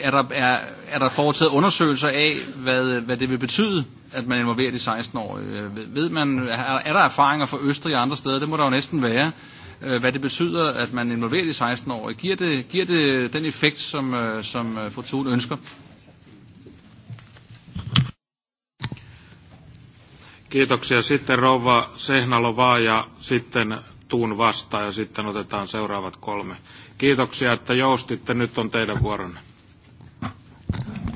Er der, er, er der foretaget undersøgelser af, hvad, hvad det vil betyde, at man involverer de 16 år. Øh, ved man, er, er der erfaringer fra Østrig og andre steder? Det må der jo næsten være. hvad det betyder, at man involverer de 16 år? Giver det, giver det den effekt, som, som Fortun ønsker? Kiitoksia. Sitten rouva Sehnalovaa ja sitten Tuun vastaan ja sitten otetaan seuraavat kolme. Kiitoksia, että joustitte. Nyt on teidän vuoronne.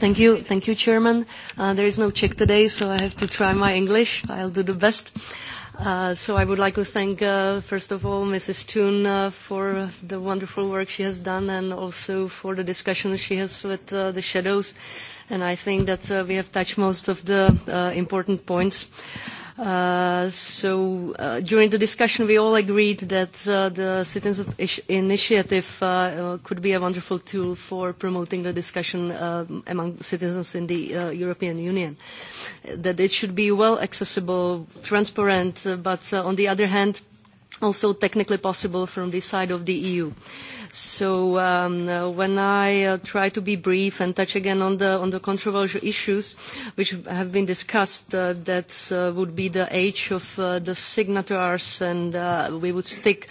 Thank you. Thank you, Chairman. Uh, there is no check today, so I have to try my English. I'll do the best. Uh, so I would like to thank, uh, first of all, Mrs. Toon uh, for the wonderful work she has done and also for the discussion she has with uh, the shadows. Uh, and I think that uh, we have touched most of the uh, important points. Uh, so uh, during the discussion, we all agreed that uh, the citizens initiative uh, uh, could be a wonderful tool for promoting the discussion uh, among citizens in the uh, European Union. That it should be well accessible, transparent, uh, but uh, on the other hand, also technically possible from the side of the EU. So um, uh, when I uh, try to be brief and touch again on the, on the controversial issues which have been discussed, uh, that uh, would be the age of uh, the signatories and uh, we would stick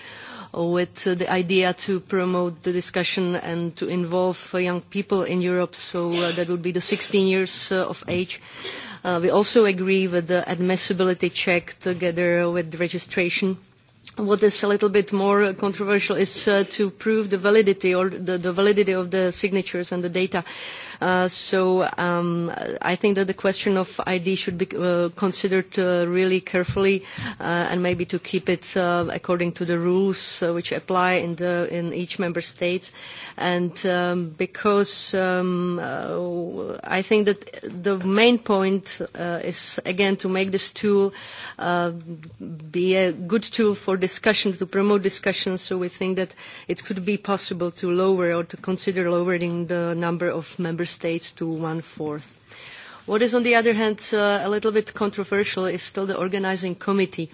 with uh, the idea to promote the discussion and to involve uh, young people in Europe. So uh, that would be the 16 years uh, of age. Uh, we also agree with the admissibility check together with the registration what is a little bit more controversial is uh, to prove the validity or the, the validity of the signatures and the data. Uh, so um, I think that the question of ID should be uh, considered uh, really carefully uh, and maybe to keep it uh, according to the rules uh, which apply in, the, in each member state. And um, because um, uh, I think that the main point uh, is, again, to make this tool uh, be a good tool for discussion, to promote discussion. So we think that it could be possible to lower or to consider lowering the number of member member states to one-fourth. What is, on the other hand, uh, a little bit controversial is still the organizing committee.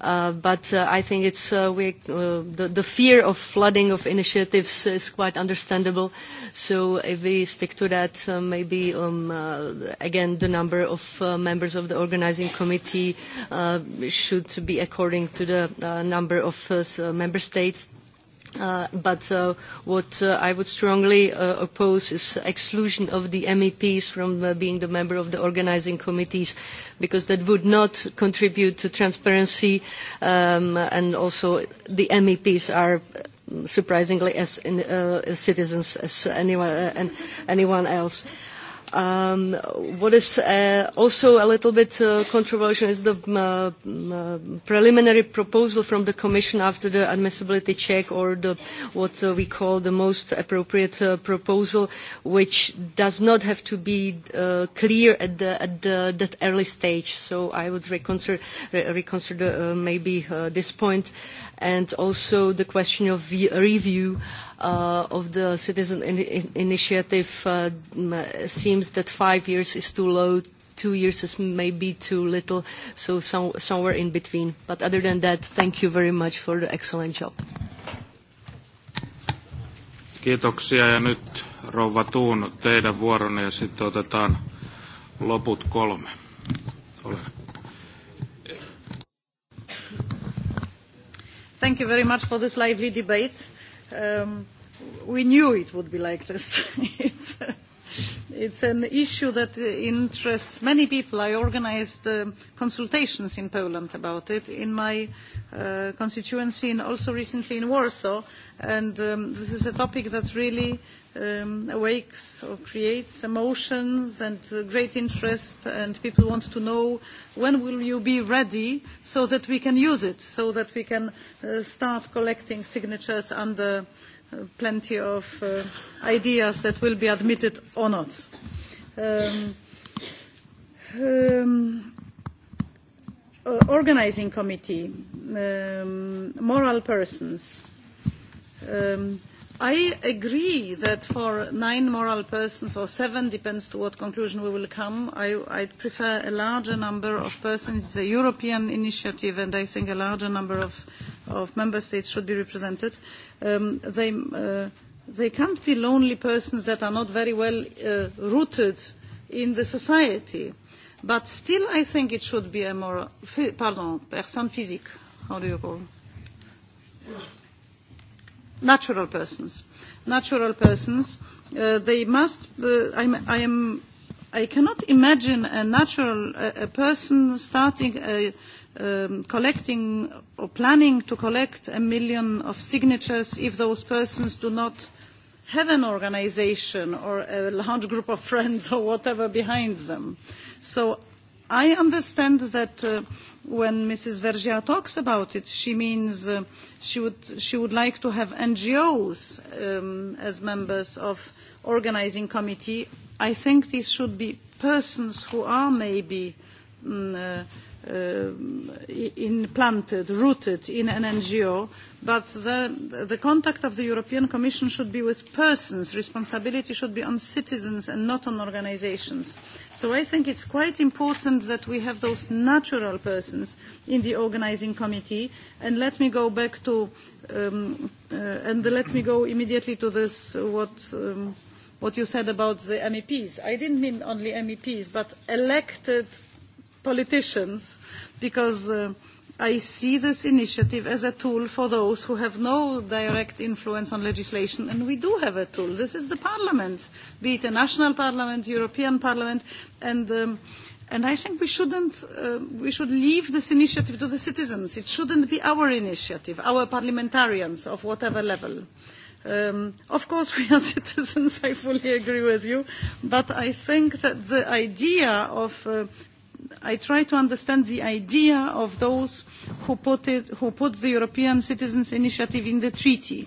Uh, but uh, I think it's, uh, we, uh, the, the fear of flooding of initiatives is quite understandable. So if we stick to that, uh, maybe, um, uh, again, the number of uh, members of the organizing committee uh, should be according to the uh, number of uh, uh member states Uh, but uh, what uh, I would strongly uh, oppose is exclusion of the MEPs from uh, being the member of the organising committees, because that would not contribute to transparency, um, and also the MEPs are um, surprisingly as, in, uh, as citizens as anyone, uh, and anyone else. Uh, Um, what is uh, also a little bit uh, controversial is the um, uh, um, preliminary proposal from the Commission after the admissibility check or the, what uh, we call the most appropriate uh, proposal, which does not have to be uh, clear at, the, at the, that early stage. So I would reconsider, re reconsider uh, maybe uh, this point and also the question of review uh, of the citizen in initiative uh, seems that five years is too low, two years is maybe too little, so some, somewhere in between. But other than that, thank you very much for the excellent job. Kiitoksia ja nyt rouva Tuun teidän vuoronne ja sitten otetaan loput kolme. Ole. Thank you very much for this lively debate Um, we knew it would be like this. it's, it's an issue that interests many people. I organised uh, um, consultations in Poland about it, in my uh, constituency and also recently in Warsaw. And um, this is a topic that really um, awakes or creates emotions and uh, great interest and people want to know when will you be ready so that we can use it, so that we can uh, start collecting signatures under uh, plenty of uh, ideas that will be admitted or not. Um, um, uh, organizing committee, um, moral persons, um, i agree that for nine moral persons, or seven, depends on what conclusion we will come, I, I'd prefer a larger number of persons. It's a European initiative, and I think a larger number of, of member states should be represented. Um, they, uh, they can't be lonely persons that are not very well uh, rooted in the society. But still, I think it should be a moral, pardon, person physique. How do you call it? natural persons. Natural persons, uh, they must, uh, I'm, I, am, I cannot imagine a natural uh, a person starting a, um, collecting or planning to collect a million of signatures if those persons do not have an organisation or a large group of friends or whatever behind them. So I understand that uh, when Mrs. Vergia talks about it, she means uh, she, would, she would like to have NGOs um, as members of organising committee. I think these should be persons who are maybe um, uh, Um, implanted, rooted in an NGO, but the, the contact of the European Commission should be with persons. Responsibility should be on citizens and not on organisations. So I think it is quite important that we have those natural persons in the organising committee. And let me go back to, um, uh, and let me go immediately to this, what, um, what you said about the MEPs. I didn't mean only MEPs, but elected politicians because uh, I see this initiative as a tool for those who have no direct influence on legislation, and we do have a tool. This is the parliament, be it a national parliament, European parliament, and, um, and I think we, shouldn't, uh, we should leave this initiative to the citizens. It shouldn't be our initiative, our parliamentarians of whatever level. Um, of course, we are citizens, I fully agree with you, but I think that the idea of uh, i try to understand the idea of those who put, it, who put the European Citizens' Initiative in the treaty.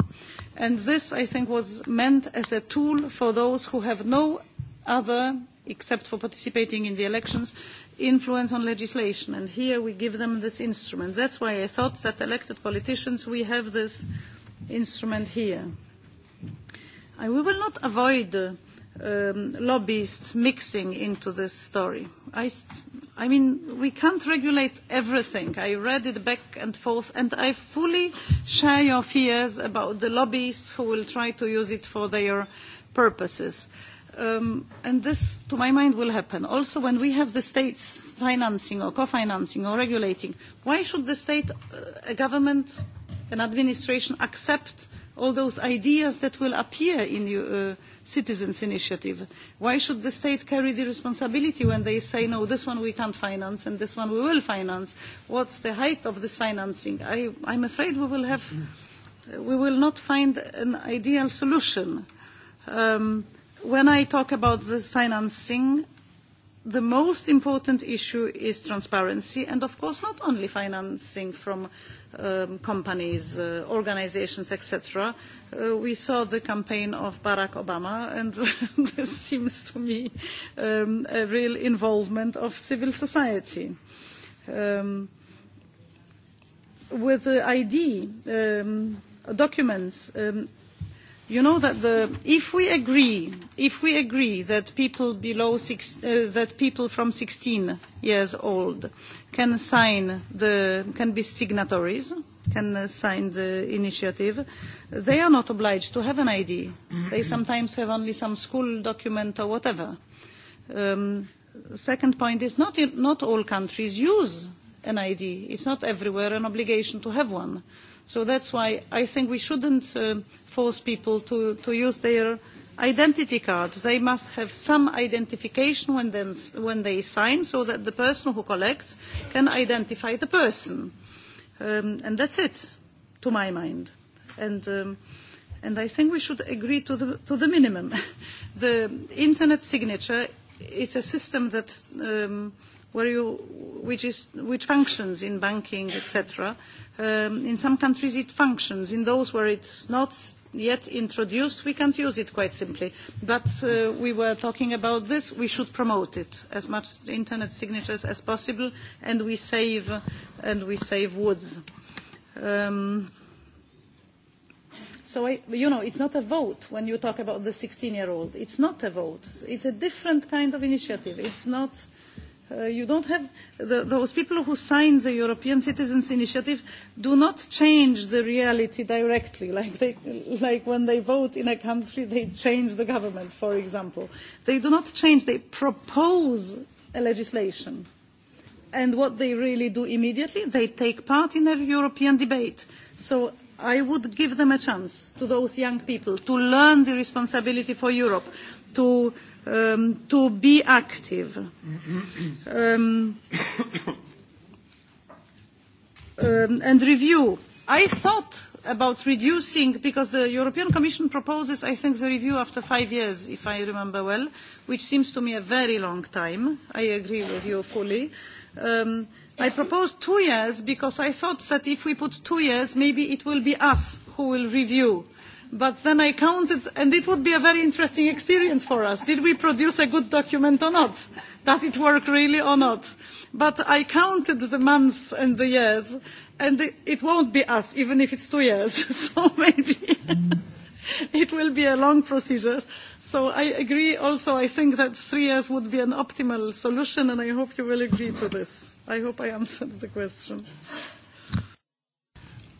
And this, I think, was meant as a tool for those who have no other, except for participating in the elections, influence on legislation. And here we give them this instrument. That is why I thought that elected politicians, we have this instrument here. I, we will not avoid um, lobbyists mixing into this story. I, I mean, we can't regulate everything. I read it back and forth, and I fully share your fears about the lobbyists who will try to use it for their purposes. Um, and this, to my mind, will happen. Also, when we have the states financing or co-financing or regulating, why should the state, uh, a government, an administration accept all those ideas that will appear in uh, citizens' initiative. Why should the state carry the responsibility when they say, no, this one we can't finance and this one we will finance? What's the height of this financing? I, I'm afraid we will, have, we will not find an ideal solution. Um, when I talk about this financing, the most important issue is transparency and, of course, not only financing from um, companies, uh, organizations, etc. Uh, we saw the campaign of Barack Obama, and this seems to me um, a real involvement of civil society. Um, with the ID um, documents, um, you know that the, if we agree if we agree that people below six, uh, that people from 16 years old can sign the can be signatories can sign the initiative they are not obliged to have an id they sometimes have only some school document or whatever um, second point is not not all countries use an id it's not everywhere an obligation to have one so that's why I think we shouldn't uh, force people to, to use their identity cards. They must have some identification when, them, when they sign so that the person who collects can identify the person. Um, and that's it, to my mind. And, um, and I think we should agree to the, to the minimum. the internet signature, is a system that, um, where you, which, is, which functions in banking, etc., Um, in some countries it functions. In those where it is not yet introduced, we can't use it quite simply. But uh, we were talking about this. We should promote it as much internet signatures as possible, and we save and we save woods. Um, so I, you know, it's not a vote when you talk about the 16-year-old. It's not a vote. It's a different kind of initiative. It's not Uh, you don't have the, those people who signed the European Citizens Initiative do not change the reality directly, like, they, like when they vote in a country, they change the government, for example. They do not change; they propose a legislation, and what they really do immediately, they take part in a European debate. So I would give them a chance to those young people to learn the responsibility for Europe, to um, to be active. Um, um, and review. I thought about reducing, because the European Commission proposes, I think, the review after five years, if I remember well, which seems to me a very long time. I agree with you fully. Um, I proposed two years because I thought that if we put two years, maybe it will be us who will review uh, But then I counted, and it would be a very interesting experience for us. Did we produce a good document or not? Does it work really or not? But I counted the months and the years, and it, won't be us, even if it's two years. so maybe it will be a long procedure. So I agree also, I think that three years would be an optimal solution, and I hope you will agree to this. I hope I answered the question.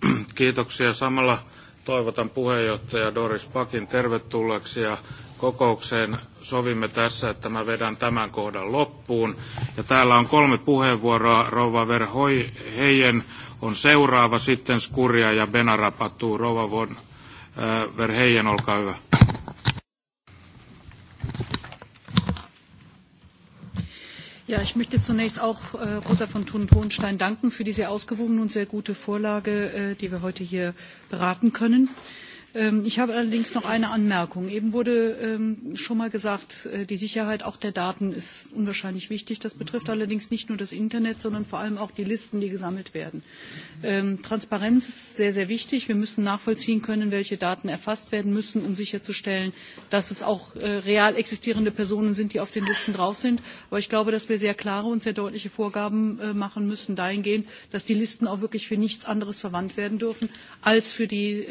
Kiitoksia. Samalla toivotan puheenjohtaja Doris Pakin tervetulleeksi ja kokoukseen sovimme tässä, että mä vedän tämän kohdan loppuun. Ja täällä on kolme puheenvuoroa. Rova Verhoi Heijen on seuraava, sitten Skuria ja Benarapatuu. Rova Rouva äh, Verheijen, olkaa hyvä. Ja, ich möchte zunächst auch äh, Rosa von Thun-Hohenstein danken für diese ausgewogene und sehr gute Vorlage, äh, die wir heute hier beraten können. Äh, Ähm, ich habe allerdings noch eine Anmerkung. Eben wurde ähm, schon mal gesagt, äh, die Sicherheit auch der Daten ist unwahrscheinlich wichtig. Das betrifft allerdings nicht nur das Internet, sondern vor allem auch die Listen, die gesammelt werden. Ähm, Transparenz ist sehr, sehr wichtig. Wir müssen nachvollziehen können, welche Daten erfasst werden müssen, um sicherzustellen, dass es auch äh, real existierende Personen sind, die auf den Listen drauf sind. Aber ich glaube, dass wir sehr klare und sehr deutliche Vorgaben äh, machen müssen dahingehend, dass die Listen auch wirklich für nichts anderes verwandt werden dürfen als für die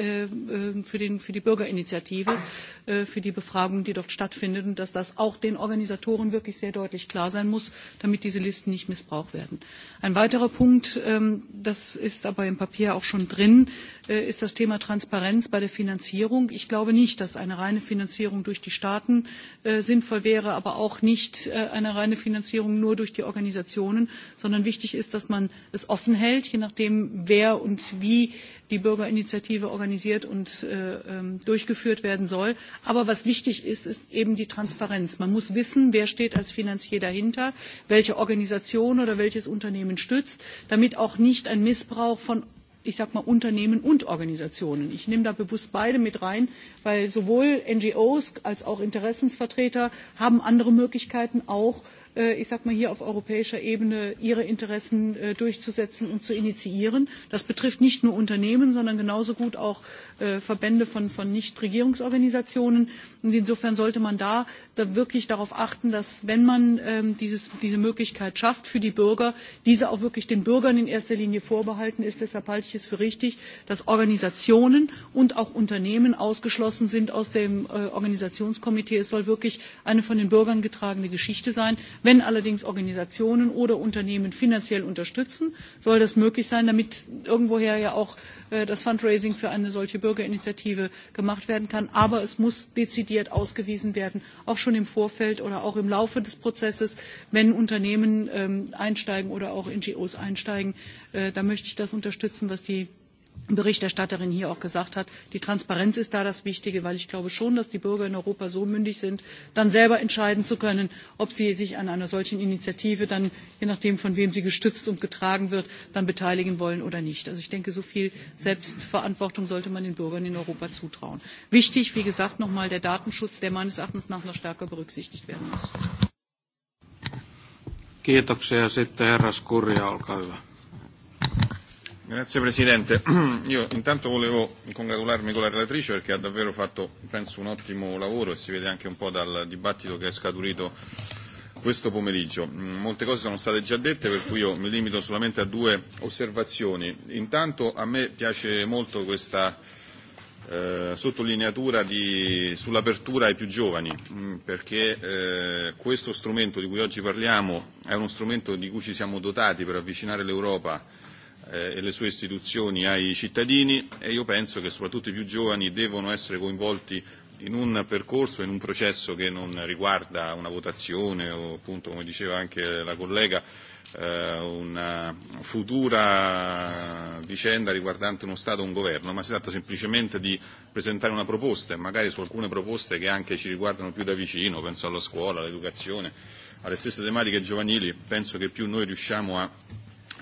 für, den, für die Bürgerinitiative, äh, für die Befragung, die dort stattfindet und dass das auch den Organisatoren wirklich sehr deutlich klar sein muss, damit diese Listen nicht missbraucht werden. Ein weiterer Punkt, ähm, das ist aber im Papier auch schon drin, äh, ist das Thema Transparenz bei der Finanzierung. Ich glaube nicht, dass eine reine Finanzierung durch die Staaten äh, sinnvoll wäre, aber auch nicht äh, eine reine Finanzierung nur durch die Organisationen, sondern wichtig ist, dass man es offen hält, je nachdem, wer und wie die Bürgerinitiative organisiert und äh, Äh, ähm, durchgeführt werden soll. Aber was wichtig ist, ist eben die Transparenz. Man muss wissen, wer steht als Finanzier dahinter, welche Organisation oder welches Unternehmen stützt, damit auch nicht ein Missbrauch von ich sage mal Unternehmen und Organisationen. Ich nehme da bewusst beide mit rein, weil sowohl NGOs als auch Interessensvertreter haben andere Möglichkeiten auch Äh, ich sag mal hier auf europäischer Ebene ihre Interessen äh, durchzusetzen und zu initiieren. Das betrifft nicht nur Unternehmen, sondern genauso gut auch äh, Verbände von, von Nichtregierungsorganisationen. Und insofern sollte man da, da, wirklich darauf achten, dass wenn man ähm, dieses, diese Möglichkeit schafft für die Bürger, diese auch wirklich den Bürgern in erster Linie vorbehalten ist. Deshalb halte ich es für richtig, dass Organisationen und auch Unternehmen ausgeschlossen sind aus dem äh, Organisationskomitee. Es soll wirklich eine von den Bürgern getragene Geschichte sein. Wenn allerdings Organisationen oder Unternehmen finanziell unterstützen, soll das möglich sein, damit irgendwoher ja auch äh, das Fundraising für eine solche Bürgerinitiative gemacht werden kann. Aber es muss dezidiert ausgewiesen werden, auch schon im Vorfeld oder auch im Laufe des Prozesses, wenn Unternehmen ähm, einsteigen oder auch NGOs einsteigen. Äh, da möchte ich das unterstützen, was die Berichterstatterin hier auch gesagt hat, die Transparenz ist da das Wichtige, weil ich glaube schon, dass die Bürger in Europa so mündig sind, dann selber entscheiden zu können, ob sie sich an einer solchen Initiative dann, je nachdem von wem sie gestützt und getragen wird, dann beteiligen wollen oder nicht. Also ich denke, so viel Selbstverantwortung sollte man den Bürgern in Europa zutrauen. Wichtig, wie gesagt, nochmal der Datenschutz, der meines Erachtens nach noch stärker berücksichtigt werden muss. Kiitoksia. Sitten herra Skurja, olkaa hyvä. Grazie Presidente. Io intanto volevo congratularmi con la relatrice perché ha davvero fatto, penso, un ottimo lavoro e si vede anche un po' dal dibattito che è scaturito questo pomeriggio. Mm, molte cose sono state già dette per cui io mi limito solamente a due osservazioni. Intanto a me piace molto questa eh, sottolineatura di, sull'apertura ai più giovani, mh, mm, perché eh, questo strumento di cui oggi parliamo è uno strumento di cui ci siamo dotati per avvicinare l'Europa eh, e le sue istituzioni ai cittadini e io penso che soprattutto i più giovani devono essere coinvolti in un percorso, in un processo che non riguarda una votazione o appunto, come diceva anche la collega, eh, una futura vicenda riguardante uno Stato o un governo, ma si tratta semplicemente di presentare una proposta e magari su alcune proposte che anche ci riguardano più da vicino, penso alla scuola, all'educazione, alle stesse tematiche giovanili, penso che più noi riusciamo a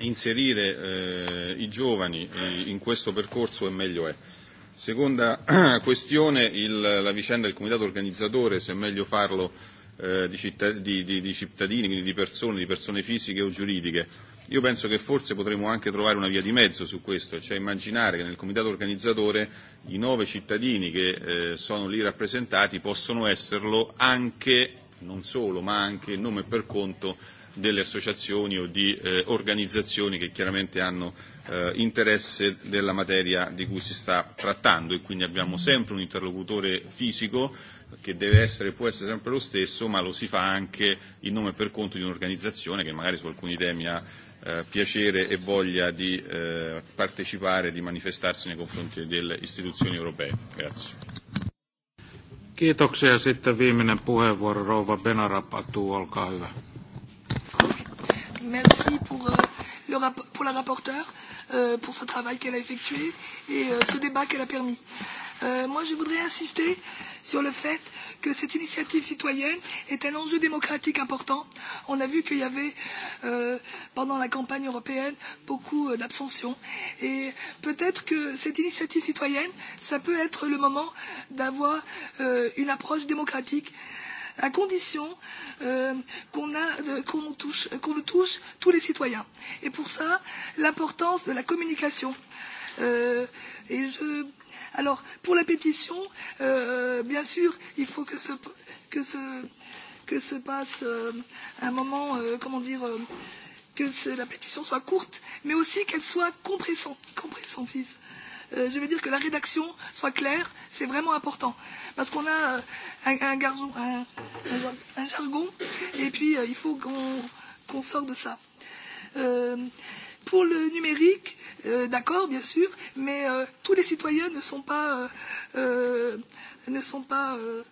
inserire eh, i giovani eh, in questo percorso e meglio è. Seconda questione, il, la vicenda del comitato organizzatore, se è meglio farlo eh, di, città, di, di, di cittadini, quindi di persone, di persone fisiche o giuridiche. Io penso che forse potremmo anche trovare una via di mezzo su questo, cioè immaginare che nel comitato organizzatore i nove cittadini che eh, sono lì rappresentati possono esserlo anche non solo, ma anche in nome e per conto delle associazioni o di eh, organizzazioni che chiaramente hanno eh, interesse della materia di cui si sta trattando e quindi abbiamo sempre un interlocutore fisico che deve essere, può essere sempre lo stesso, ma lo si fa anche in nome e per conto di un'organizzazione che magari su alcuni temi ha eh, piacere e voglia di eh, partecipare, di manifestarsi nei confronti delle istituzioni europee. Grazie. Kiitoksia. Sitten viimeinen puheenvuoro, rouva Benarapatu, olkaa hyvä. Merci pour, euh, le, pour la rapporteure, euh, pour ce travail qu'elle a effectué et euh, ce débat qu'elle a permis. Euh, moi, je voudrais insister sur le fait que cette initiative citoyenne est un enjeu démocratique important. On a vu qu'il y avait, euh, pendant la campagne européenne, beaucoup euh, d'abstention. Et peut-être que cette initiative citoyenne, ça peut être le moment d'avoir euh, une approche démocratique à condition euh, qu'on qu touche, qu touche tous les citoyens. Et pour ça, l'importance de la communication. Euh, et je Alors, pour la pétition, euh, bien sûr, il faut que ce, se passe euh, un moment, euh, comment dire, que la pétition soit courte, mais aussi qu'elle soit compréhensive. je veux dire que la rédaction soit claire, c'est vraiment important. Parce qu'on a un, un, un, jargon, et puis il faut qu'on sorte de ça pour le numérique, euh, d'accord, bien sûr, mais euh, tous les citoyens ne sont pas, euh, euh, ne sont pas euh,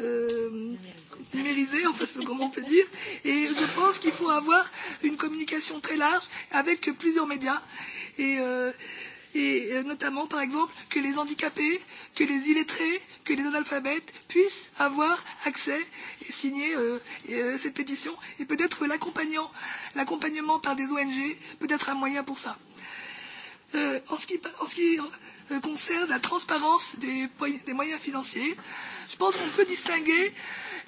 euh, numérisés, en fait, comment on peut dire. Et je pense qu'il faut avoir une communication très large avec plusieurs médias. Et euh, et euh, notamment par exemple que les handicapés, que les illettrés, que les analphabètes puissent avoir accès et signer euh, euh, cette pétition et peut-être l'accompagnement par des ONG peut être un moyen pour ça. Euh, en ce qui, en ce qui Euh, concerne la transparence des, des moyens financiers. Je pense qu'on peut distinguer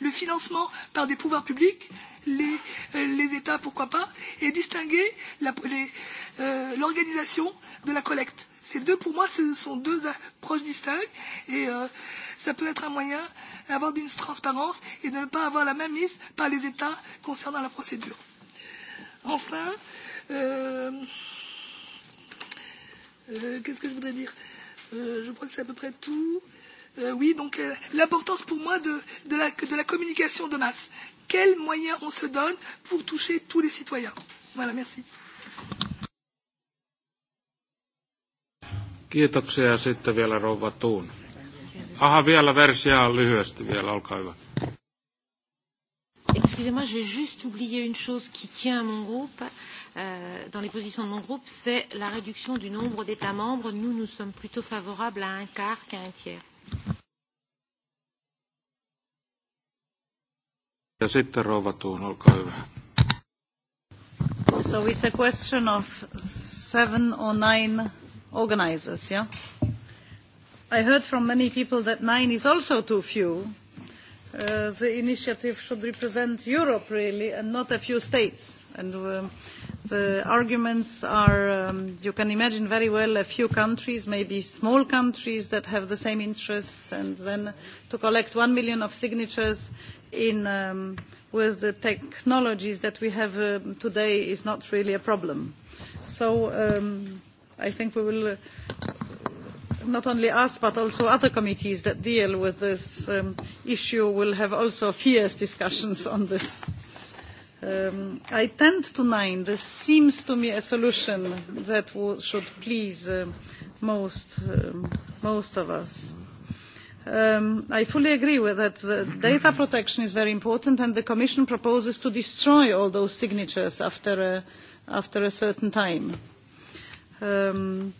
le financement par des pouvoirs publics, les, euh, les États, pourquoi pas, et distinguer euh, l'organisation euh, de la collecte. Ces deux, pour moi, ce sont deux approches distinctes et euh, ça peut être un moyen d'avoir une transparence et de ne pas avoir la même mise par les États concernant la procédure. Enfin, euh, Euh, qu'est-ce que je voudrais dire euh, Je crois que c'est à peu près tout. Euh, oui, donc euh, l'importance pour moi de, de, la, de la communication de masse. Quels moyens on se donne pour toucher tous les citoyens Voilà, merci. Kiitoksia. Sitten vielä rouva Tuun. Aha, vielä versiä lyhyesti vielä, olkaa hyvä. Excusez-moi, j'ai juste oublié une chose qui tient à mon groupe. Euh, Euh, dans les positions de mon groupe, c'est la réduction du nombre d'États membres. Nous, nous sommes plutôt favorables à un quart qu'à un tiers. Ja sitten rouva Tuun, olkaa hyvä. So it's a question of seven or nine organizers, yeah? I heard from many people that nine is also too few. Uh, the initiative should represent Europe, really, and not a few states. And uh, The arguments are, um, you can imagine very well, a few countries, maybe small countries that have the same interests, and then to collect one million of signatures in, um, with the technologies that we have um, today is not really a problem. So um, I think we will, uh, not only us, but also other committees that deal with this um, issue will have also fierce discussions on this. Um, I tend to nine. This seems to me a solution that should please uh, most, um, most of us. Um, I fully agree with that. The uh, data protection is very important, and the Commission proposes to destroy all those signatures after a, after a certain time. Um,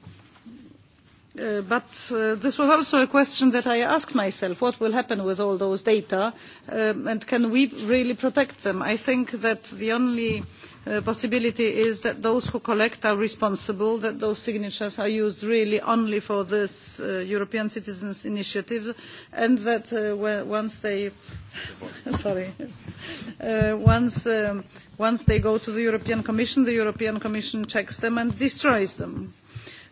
Uh, but uh, this was also a question that I asked myself, what will happen with all those data um, and can we really protect them? I think that the only uh, possibility is that those who collect are responsible, that those signatures are used really only for this European Citizens Initiative and that once they... sorry. once, um, once they go to the European Commission, the European Commission checks them and destroys them.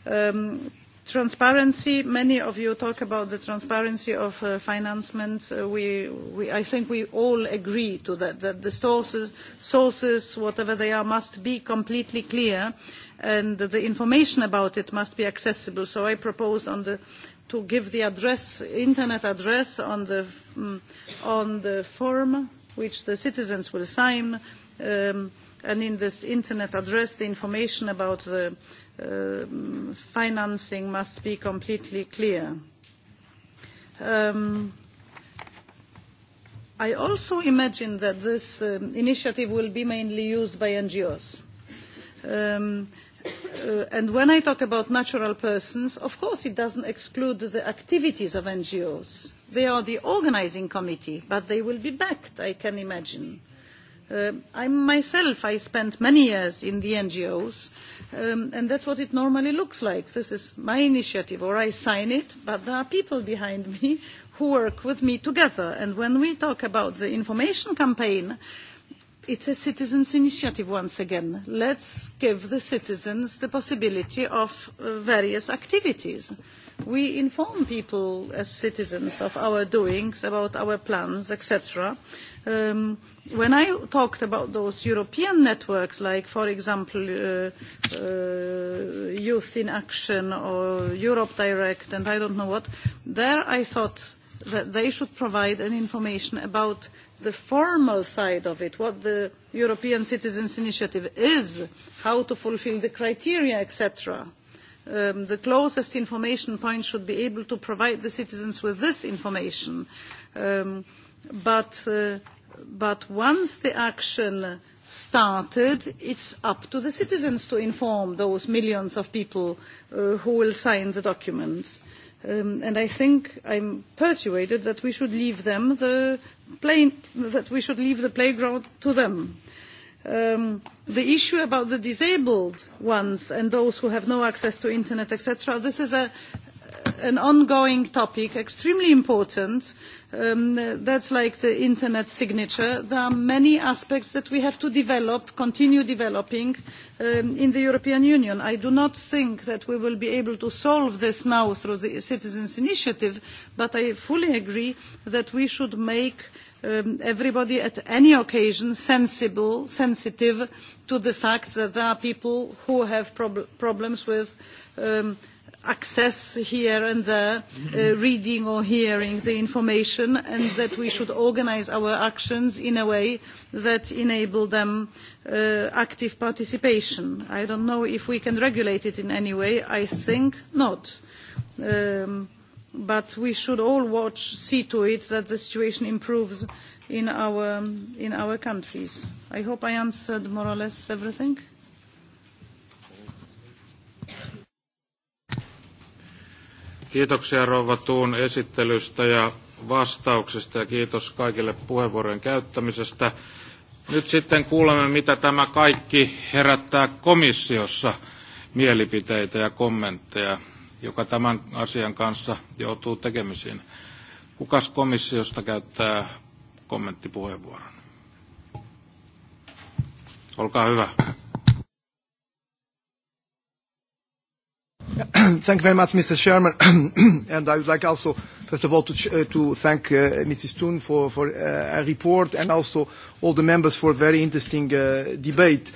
Um, Transparency, many of you talk about the transparency of uh, financement. Uh, we, we, I think we all agree to that, that the sources, sources, whatever they are, must be completely clear and the information about it must be accessible. So I propose on the, to give the address, internet address on the, um, on the form which the citizens will sign um, and in this internet address the information about the Um, financing must be completely clear. Um, I also imagine that this um, initiative will be mainly used by NGOs. Uh, and when I talk about natural persons, of course it doesn't exclude the activities of NGOs. They are the organising committee, but they will be backed, I can imagine. Uh, I myself, I spent many years in the NGOs, Um, and that's what it normally looks like. This is my initiative, or I sign it, but there are people behind me who work with me together. And when we talk about the information campaign, it's a citizens' initiative once again. Let's give the citizens the possibility of uh, various activities. We inform people as citizens of our doings, about our plans, etc um, when I talked about those European networks, like, for example, uh, uh, Youth in Action or Europe Direct, and I don't know what, there I thought that they should provide an information about the formal side of it, what the European Citizens Initiative is, how to fulfil the criteria, etc. Um, the closest information point should be able to provide the citizens with this information. Um, but uh, but once the action started, it's up to the citizens to inform those millions of people uh, who will sign the documents. Um, and I think I'm persuaded that we should leave them the play, that we should leave the playground to them. Um, the issue about the disabled ones and those who have no access to internet, etc., this is a, an ongoing topic, extremely important. Um, that is like the internet signature. There are many aspects that we have to develop, continue developing um, in the European Union. I do not think that we will be able to solve this now through the Citizens' Initiative, but I fully agree that we should make Um, everybody at any occasion sensible, sensitive to the fact that there are people who have prob problems with um, access here and there, uh, reading or hearing the information, and that we should organise our actions in a way that enables them uh, active participation. I don't know if we can regulate it in any way. I think not. Um, but we should all watch, see to it that the situation improves in our, in our countries. I hope I answered more or less everything. Kiitoksia rouva Tuun esittelystä ja vastauksesta ja kiitos kaikille puheenvuorojen käyttämisestä. Nyt sitten kuulemme, mitä tämä kaikki herättää komissiossa mielipiteitä ja kommentteja, joka tämän asian kanssa joutuu tekemisiin. Kukas komissiosta käyttää kommenttipuheenvuoron? Olkaa hyvä. Thank you very much, Mr. Chairman. and I would like also, first of all, to, ch uh, to thank uh, Mrs. Toon for, for uh, her report and also all the members for a very interesting uh, debate.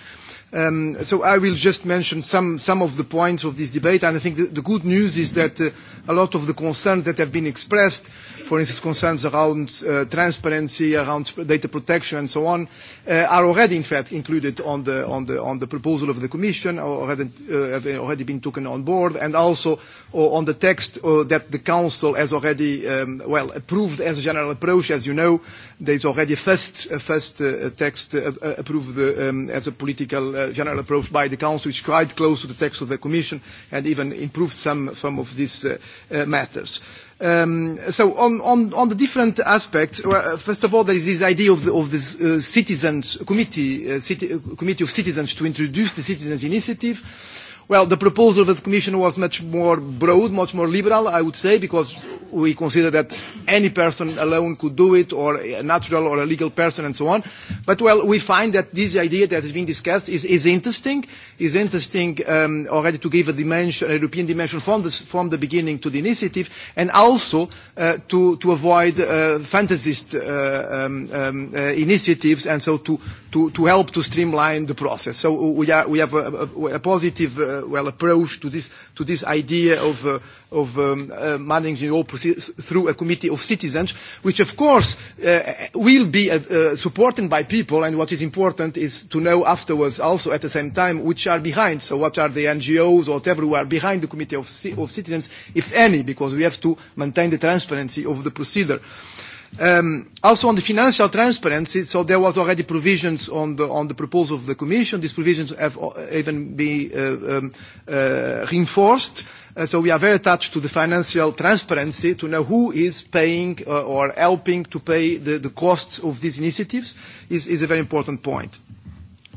Um, so I will just mention some, some of the points of this debate, and I think the, the good news is that uh, a lot of the concerns that have been expressed, for instance, concerns around uh, transparency, around data protection, and so on, uh, are already, in fact, included on the, on the, on the proposal of the Commission, or have, uh, have already been taken on board, and also uh, on the text uh, that the Council has already, um, well, approved as a general approach. As you know, there is already a first, a first uh, text uh, approved uh, um, as a political general, uh, general approach by the Council, which is quite close to the text of the Commission and even improved some, some of these uh, uh, matters. Um, so on, on, on the different aspects, well, first of all, there is this idea of, the, of this uh, citizens committee, uh, city, uh, committee of citizens to introduce the citizens initiative. Well, the proposal of the Commission was much more broad, much more liberal, I would say, because we consider that any person alone could do it, or a natural or a legal person, and so on. But, well, we find that this idea that is being discussed is, is interesting, is interesting um, already to give a dimension, a European dimension from the, from the beginning to the initiative, and also uh, to, to avoid uh, fantasist uh, um, um, uh, initiatives, and so to, to, to help to streamline the process. So we, are, we have a, a, a positive uh, uh, well approach to this to this idea of uh, of um, uh, managing all through a committee of citizens, which of course uh, will be uh, uh, supported by people. And what is important is to know afterwards, also at the same time, which are behind. So what are the NGOs or whatever who are behind the committee of, of citizens, if any, because we have to maintain the transparency of the procedure. Uh, Um, also on the financial transparency, so there was already provisions on the, on the proposal of the Commission. These provisions have even been uh, um, uh, reinforced. Uh, so we are very attached to the financial transparency to know who is paying or helping to pay the, costs of these initiatives is, a very important point.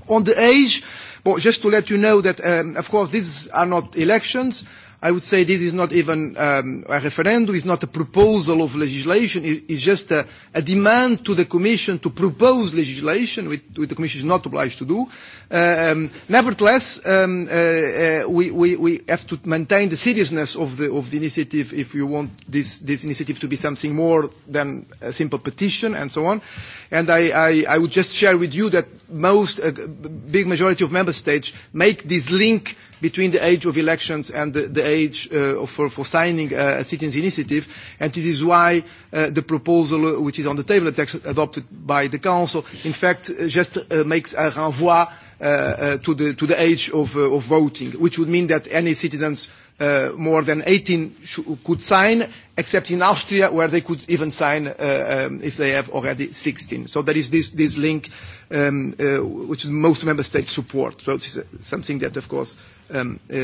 On the age, well, just to let you know that, um, of course, these are not elections. I would say this is not even um, a referendum, it's not a proposal of legislation, it, it's just a, a demand to the Commission to propose legislation, which, which the Commission is not obliged to do. Um, nevertheless, um, uh, uh, we, we, we have to maintain the seriousness of the, of the initiative if we want this, this initiative to be something more than a simple petition and so on. And I, I, I would just share with you that most, a uh, big majority of member states make this link between the age of elections and the, the age uh, for, for signing a, a citizens' initiative. And this is why uh, the proposal uh, which is on the table, the adopted by the Council, in fact, uh, just uh, makes a renvoi uh, uh, to, the, to the age of, uh, of voting, which would mean that any citizens uh, more than 18 sh- could sign, except in Austria, where they could even sign uh, um, if they have already 16. So there is this, this link, um, uh, which most member states support. So it's something that, of course, um, uh,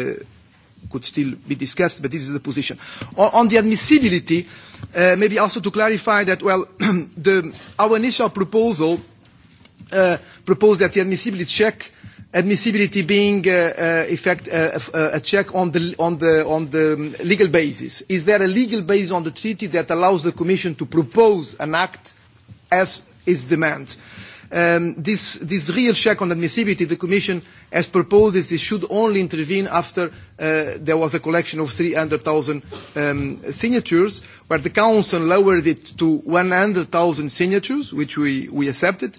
could still be discussed, but this is the position. On, on the admissibility, uh, maybe also to clarify that, well, the, our initial proposal uh, proposed that the admissibility check, admissibility being, uh, uh, effect, uh, uh, a check on the, on, the, on the legal basis. Is there a legal basis on the treaty that allows the Commission to propose an act as is demanded? um, this, this real check on admissibility the Commission has proposed that it should only intervene after uh, there was a collection of 300,000 um, signatures, where the Council lowered it to 100,000 signatures, which we, we accepted.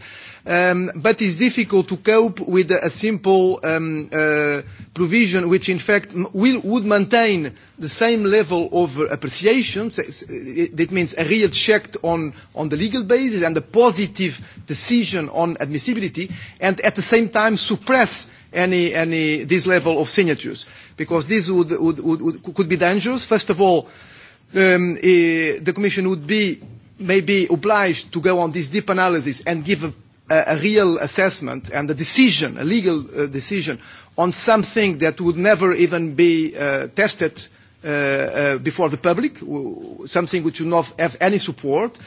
Um, but it's difficult to cope with a simple um, uh, provision which in fact will, would maintain the same level of appreciation, that means a real check on, on the legal basis and a positive decision on admissibility, and at the same time suppress any, any, this level of signatures, because this would, would, would, would, could be dangerous. First of all, um, eh, the Commission would be maybe obliged to go on this deep analysis and give a a, a real assessment and a decision, a legal uh, decision, on something that would never even be uh, tested uh, uh, before the public, something which would not have any support.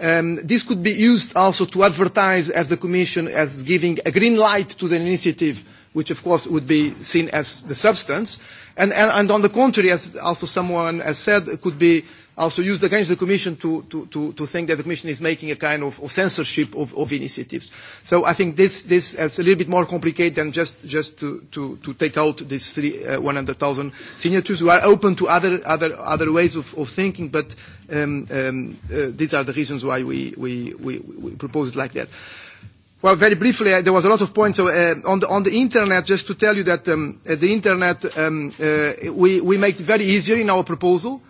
Um, this could be used also to advertise as the Commission as giving a green light to the initiative which of course would be seen as the substance, and, and, and on the contrary, as also someone has said, could be also use against the Commission to, to, to, to think that the Commission is making a kind of, of censorship of, of initiatives. So I think this, this is a little bit more complicated than just, just to, to, to take out these three, uh, 100,000 signatures. We are open to other, other, other ways of, of thinking, but um, um, uh, these are the reasons why we, we, we, we propose it like that. Well, very briefly, uh, there was a lot of points so, uh, on the on the internet. Just to tell you that um, uh, the internet um, uh, we we make it very easier in our proposal.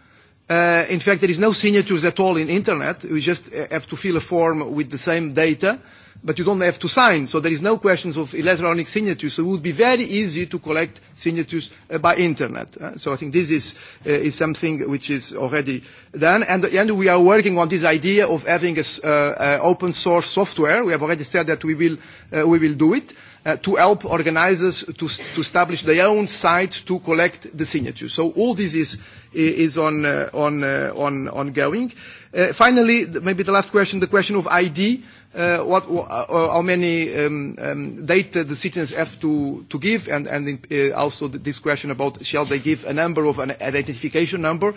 Uh, in fact, there is no signatures at all in internet. You just uh, have to fill a form with the same data, but you don't have to sign. So there is no questions of electronic signatures. So it would be very easy to collect signatures uh, by internet. Uh, so I think this is, uh, is something which is already done. And, and we are working on this idea of having a, uh, uh, open source software. We have already said that we will, uh, we will do it. Uh, to help organizers to, to establish their own sites to collect the signatures. So all this is is on, uh, on, uh, on, ongoing. Uh, finally, maybe the last question, the question of ID. Uh, what, uh, how many um, um, data the citizens have to, to give, and, and uh, also this question about shall they give a number of an identification number.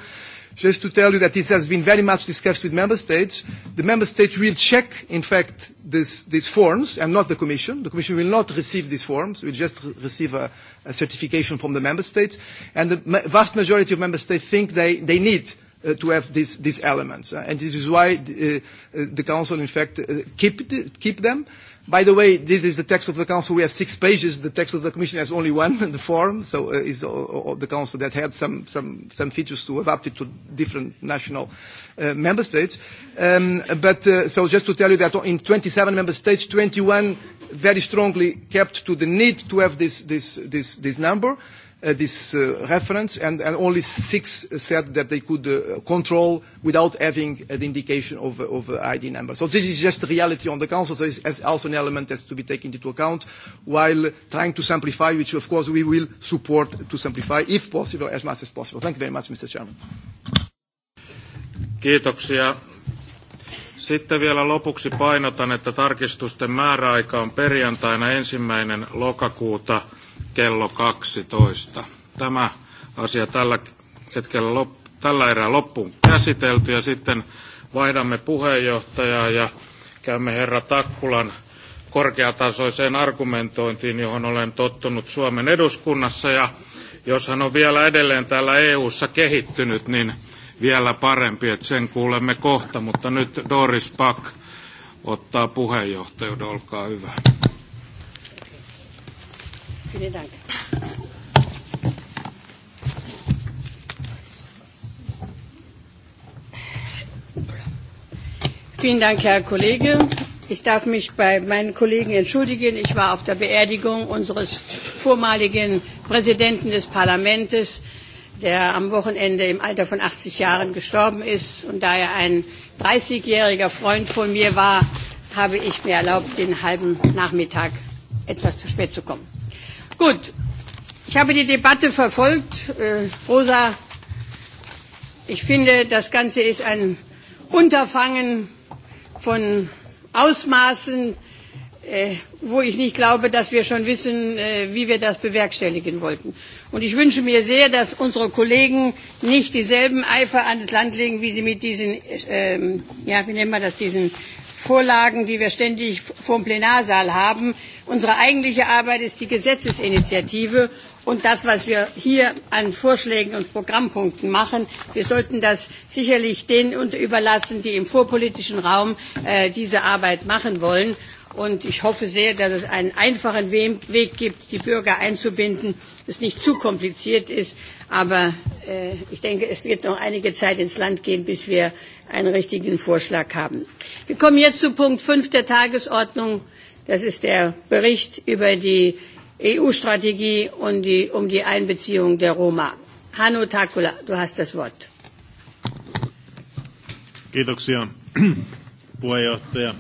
Just to tell you that this has been very much discussed with member states. The member states will check, in fact, this, these forms, and not the Commission. The Commission will not receive these forms. It will just receive a, a certification from the member states. And the ma vast majority of member states think they, they need uh, to have these, these elements. Uh, and this is why the, uh, uh, the Council, in fact, uh, keep, the, keep them. By the way, this is the text of the Council. We have six pages. The text of the Commission has only one, the form. So uh, is uh, uh, the Council that had some, some, some features to adapt it to different national uh, member states. Um, but uh, so just to tell you that in 27 member states, 21 very strongly kept to the need to have this, this, this, this number uh, this uh, reference, and, and only six said that they could uh, control without having uh, the indication of, of uh, ID number. So this is just the reality on the council. So it's also an element that's to be taken into account while trying to simplify, which of course we will support to simplify, if possible, as much as possible. Thank you very much, Mr. Chairman. Kiitoksia. Sitten vielä lopuksi painotan, että tarkistusten määräaika on perjantaina ensimmäinen lokakuuta kello 12. Tämä asia tällä hetkellä loppuu. tällä erää loppuun käsitelty ja sitten vaihdamme puheenjohtajaa ja käymme herra Takkulan korkeatasoiseen argumentointiin, johon olen tottunut Suomen eduskunnassa ja jos hän on vielä edelleen täällä EU-ssa kehittynyt, niin vielä parempi, että sen kuulemme kohta, mutta nyt Doris Pak ottaa puheenjohtajuuden, olkaa hyvä. Vielen Dank. Vielen Dank, Herr Kollege. Ich darf mich bei meinen Kollegen entschuldigen. Ich war auf der Beerdigung unseres vormaligen Präsidenten des Parlaments, der am Wochenende im Alter von 80 Jahren gestorben ist. Und da er ein 30-jähriger Freund von mir war, habe ich mir erlaubt, den halben Nachmittag etwas zu spät zu kommen. Gut, ich habe die Debatte verfolgt. Äh, Rosa, ich finde, das Ganze ist ein Unterfangen von Ausmaßen, äh, wo ich nicht glaube, dass wir schon wissen, äh, wie wir das bewerkstelligen wollten. Und ich wünsche mir sehr, dass unsere Kollegen nicht dieselben Eifer an das Land legen, wie sie mit diesen, äh, ja, wie nennen wir das, diesen Vorlagen, die wir ständig vor dem Plenarsaal haben. Unsere eigentliche Arbeit ist die Gesetzesinitiative und das, was wir hier an Vorschlägen und Programmpunkten machen. Wir sollten das sicherlich denen überlassen, die im vorpolitischen Raum äh, diese Arbeit machen wollen. Und ich hoffe sehr, dass es einen einfachen Weg gibt, die Bürger einzubinden, es nicht zu kompliziert ist. Aber äh, ich denke, es wird noch einige Zeit ins Land gehen, bis wir einen richtigen Vorschlag haben. Wir kommen jetzt zu Punkt fünf der Tagesordnung. Das ist der Bericht über die EU-Strategie und um die Einbeziehung der Roma. Hannu Takula, du hast das Wort. Kiitoksia puheenjohtaja.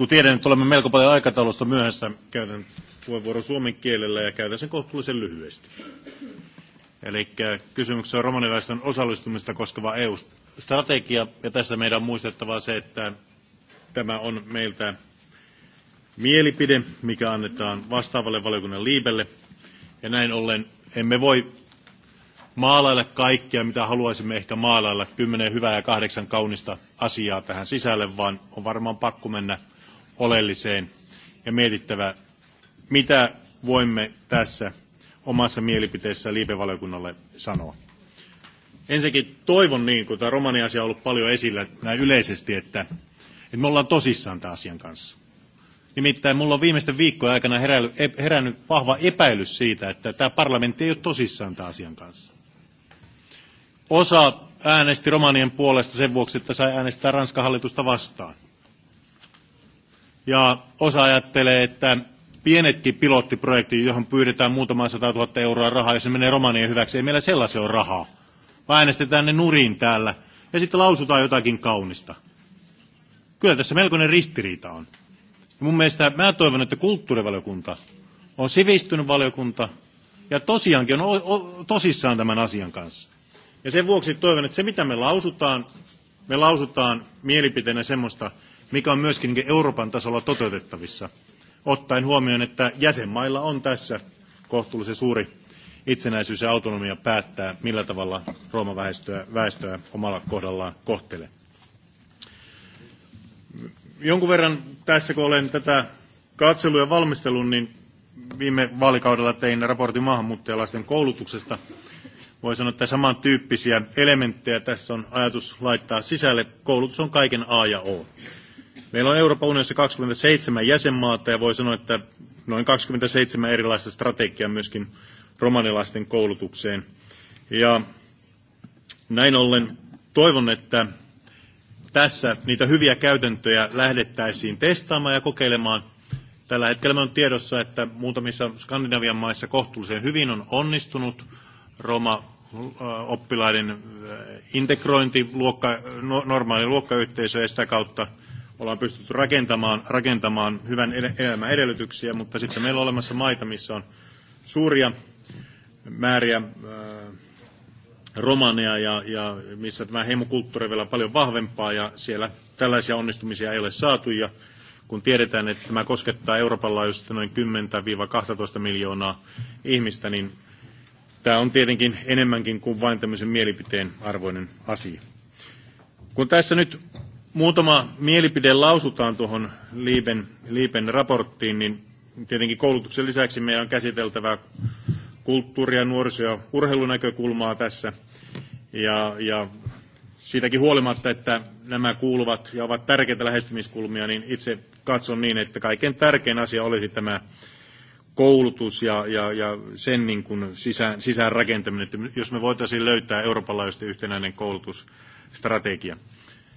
Kun tiedän, että olemme melko paljon aikataulusta myöhässä, käytän puheenvuoron suomen kielellä ja käytän sen kohtuullisen lyhyesti. Eli kysymyksessä on romaniväestön osallistumista koskeva EU-strategia, ja tässä meidän on muistettava se, että tämä on meiltä mielipide, mikä annetaan vastaavalle valiokunnan liibelle, ja näin ollen emme voi maalailla kaikkea, mitä haluaisimme ehkä maalailla, kymmenen hyvää ja kahdeksan kaunista asiaa tähän sisälle, vaan on varmaan pakko mennä oleelliseen ja mietittävä, mitä voimme tässä omassa mielipiteessä liipevaliokunnalle sanoa. Ensinnäkin toivon, niin kuin tämä romaniasia on ollut paljon esillä näin yleisesti, että, että me ollaan tosissaan tämän asian kanssa. Nimittäin minulla on viimeisten viikkojen aikana herännyt, e, herännyt vahva epäilys siitä, että tämä parlamentti ei ole tosissaan tämän asian kanssa. Osa äänesti romanien puolesta sen vuoksi, että sai äänestää Ranskan hallitusta vastaan – ja osa ajattelee, että pienetkin pilottiprojekti, johon pyydetään muutama sata tuhatta euroa rahaa, jos se menee romanien hyväksi, ei meillä sellaisen ole rahaa. Vaan äänestetään ne nurin täällä ja sitten lausutaan jotakin kaunista. Kyllä tässä melkoinen ristiriita on. Ja mun mielestä mä toivon, että kulttuurivaliokunta on sivistynyt valiokunta ja tosiaankin on tosissaan tämän asian kanssa. Ja sen vuoksi toivon, että se mitä me lausutaan, me lausutaan mielipiteenä semmoista, mikä on myöskin Euroopan tasolla toteutettavissa, ottaen huomioon, että jäsenmailla on tässä kohtuullisen suuri itsenäisyys ja autonomia päättää, millä tavalla Rooman väestöä, väestöä omalla kohdallaan kohtelee. Jonkun verran tässä, kun olen tätä katselua ja valmistelun, niin viime vaalikaudella tein raportin maahanmuuttajalaisten koulutuksesta. Voi sanoa, että samantyyppisiä elementtejä tässä on ajatus laittaa sisälle. Koulutus on kaiken A ja O. Meillä on Euroopan unionissa 27 jäsenmaata ja voi sanoa, että noin 27 erilaista strategiaa myöskin romanilaisten koulutukseen. Ja näin ollen toivon, että tässä niitä hyviä käytäntöjä lähdettäisiin testaamaan ja kokeilemaan. Tällä hetkellä me on tiedossa, että muutamissa Skandinavian maissa kohtuullisen hyvin on onnistunut Roma oppilaiden integrointi luokka, normaali luokkayhteisö ja sitä kautta ollaan pystytty rakentamaan, rakentamaan hyvän elämän edellytyksiä, mutta sitten meillä on olemassa maita, missä on suuria määriä äh, romaneja ja, ja missä tämä heimokulttuuri on vielä paljon vahvempaa ja siellä tällaisia onnistumisia ei ole saatu ja kun tiedetään, että tämä koskettaa Euroopan laajuisesti noin 10-12 miljoonaa ihmistä, niin tämä on tietenkin enemmänkin kuin vain tämmöisen mielipiteen arvoinen asia. Kun tässä nyt Muutama mielipide lausutaan tuohon Liipen, Liipen raporttiin, niin tietenkin koulutuksen lisäksi meidän on käsiteltävä kulttuuria, nuoriso- ja urheilunäkökulmaa tässä. Ja, ja siitäkin huolimatta, että nämä kuuluvat ja ovat tärkeitä lähestymiskulmia, niin itse katson niin, että kaiken tärkein asia olisi tämä koulutus ja, ja, ja sen niin kuin sisään, sisään rakentaminen, että jos me voitaisiin löytää Euroopan laajuisesti yhtenäinen koulutusstrategia.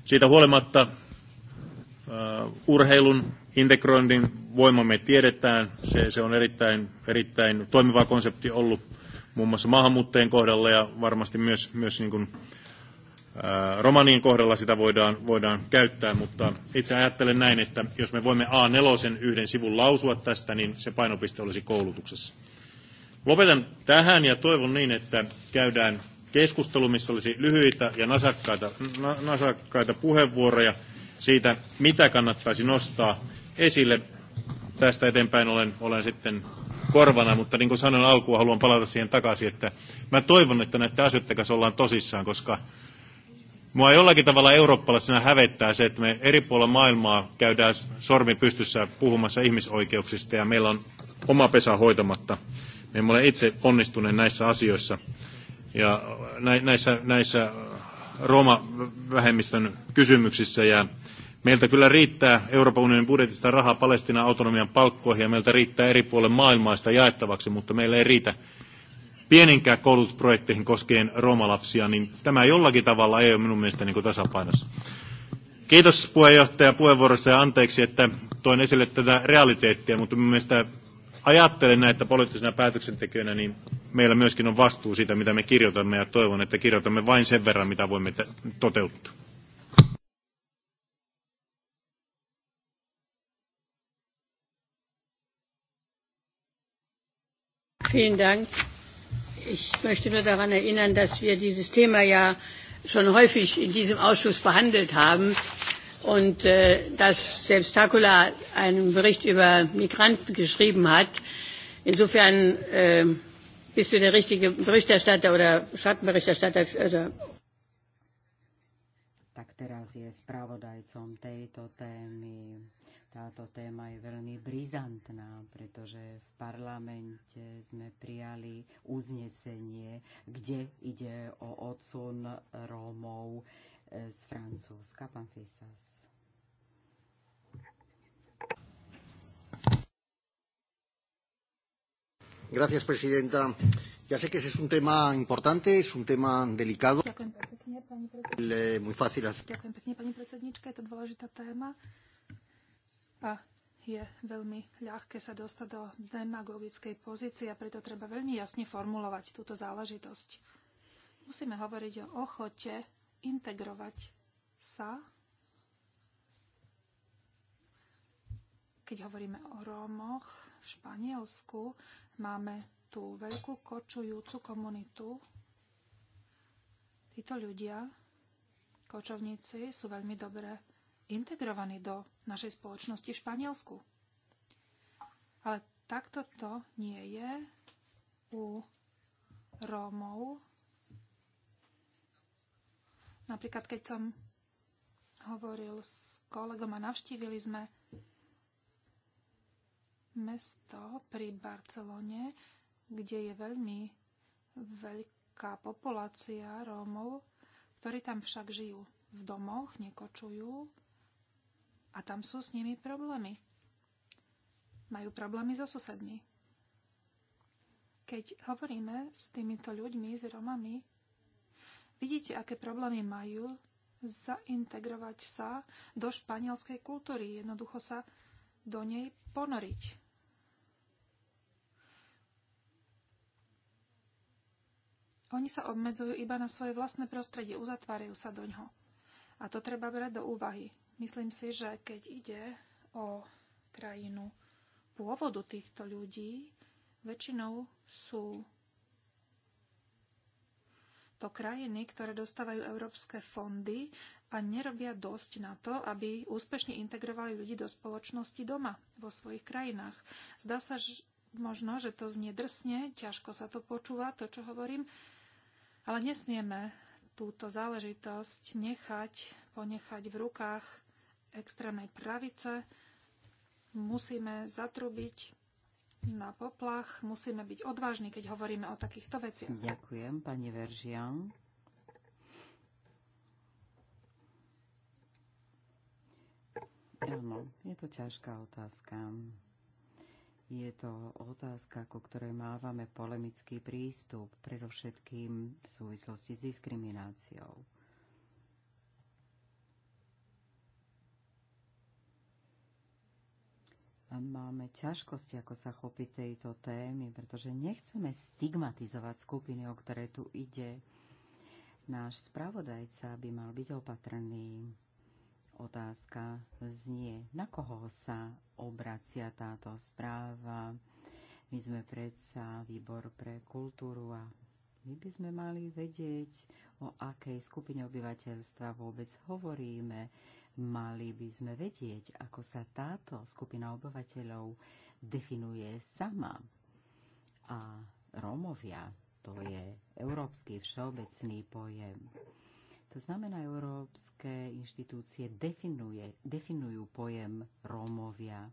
Siitä huolimatta äh, urheilun integroinnin voimamme tiedetään. Se, se on erittäin, erittäin toimiva konsepti ollut muun muassa maahanmuuttajien kohdalla ja varmasti myös, myös niin kuin, uh, romanien kohdalla sitä voidaan, voidaan käyttää, mutta itse ajattelen näin, että jos me voimme A4 yhden sivun lausua tästä, niin se painopiste olisi koulutuksessa. Lopetan tähän ja toivon niin, että käydään keskustelu, missä olisi lyhyitä ja nasakkaita, na, nasakkaita puheenvuoroja siitä, mitä kannattaisi nostaa esille. Tästä eteenpäin olen, olen sitten korvana, mutta niin kuin sanoin alkuun, haluan palata siihen takaisin, että mä toivon, että näiden asioiden kanssa ollaan tosissaan, koska Mua jollakin tavalla eurooppalaisena hävettää se, että me eri puolilla maailmaa käydään sormi pystyssä puhumassa ihmisoikeuksista ja meillä on oma pesä hoitamatta. Me emme ole itse onnistuneet näissä asioissa ja näissä, näissä Rooma-vähemmistön kysymyksissä ja Meiltä kyllä riittää Euroopan unionin budjetista rahaa Palestinan autonomian palkkoihin ja meiltä riittää eri puolen maailmaa sitä jaettavaksi, mutta meillä ei riitä pieninkään koulutusprojekteihin koskien roomalapsia, niin tämä jollakin tavalla ei ole minun mielestäni niin tasapainossa. Kiitos puheenjohtaja puheenvuorossa ja anteeksi, että toin esille tätä realiteettia, mutta minun mielestä ajattelen näitä poliittisena päätöksentekijöinä, niin meillä myöskin on vastuu siitä, mitä me kirjoitamme, ja toivon, että kirjoitamme vain sen verran, mitä voimme toteuttaa. Vielen Dank. Ich möchte nur daran erinnern, dass wir dieses Thema ja schon häufig in diesem Ausschuss behandelt haben und äh, dass selbst Takula einen Bericht über Migranten geschrieben hat. Insofern äh, Bist du der richtige Berichterstatter oder Schattenberichterstatter? Oder tak teraz je spravodajcom tejto témy. Táto téma je veľmi brizantná, pretože v parlamente sme prijali uznesenie, kde ide o odsun Rómov e, z Francúzska. Pán Fisas. Gracias, presidenta. Ya sé que ese es un tema importante, es un tema delicado. Ďakujem pekne, pani predsednička. Muy fácil. Je to dôležitá téma. je veľmi ľahké sa dostať do demagogickej pozície a preto treba veľmi jasne formulovať túto záležitosť. Musíme hovoriť o ochote integrovať sa, keď hovoríme o Rómoch v Španielsku, Máme tú veľkú kočujúcu komunitu. Títo ľudia, kočovníci, sú veľmi dobre integrovaní do našej spoločnosti v Španielsku. Ale takto to nie je u Rómov. Napríklad, keď som hovoril s kolegom a navštívili sme mesto pri Barcelone, kde je veľmi veľká populácia Rómov, ktorí tam však žijú v domoch, nekočujú a tam sú s nimi problémy. Majú problémy so susedmi. Keď hovoríme s týmito ľuďmi, s Romami, vidíte, aké problémy majú zaintegrovať sa do španielskej kultúry, jednoducho sa do nej ponoriť. Oni sa obmedzujú iba na svoje vlastné prostredie, uzatvárajú sa do ňoho. A to treba brať do úvahy. Myslím si, že keď ide o krajinu pôvodu týchto ľudí, väčšinou sú to krajiny, ktoré dostávajú európske fondy a nerobia dosť na to, aby úspešne integrovali ľudí do spoločnosti doma, vo svojich krajinách. Zdá sa že možno, že to znie drsne, ťažko sa to počúva, to, čo hovorím, ale nesmieme túto záležitosť nechať, ponechať v rukách extrémnej pravice. Musíme zatrubiť na poplach, musíme byť odvážni, keď hovoríme o takýchto veciach. Ďakujem, pani Veržian. Áno, je to ťažká otázka. Je to otázka, ku ktorej mávame polemický prístup, predovšetkým v súvislosti s diskrimináciou. A máme ťažkosti, ako sa chopiť tejto témy, pretože nechceme stigmatizovať skupiny, o ktoré tu ide. Náš spravodajca by mal byť opatrný Otázka znie, na koho sa obracia táto správa. My sme predsa výbor pre kultúru a my by sme mali vedieť, o akej skupine obyvateľstva vôbec hovoríme. Mali by sme vedieť, ako sa táto skupina obyvateľov definuje sama. A Rómovia, to je európsky všeobecný pojem. To znamená, európske inštitúcie definuje, definujú pojem Rómovia.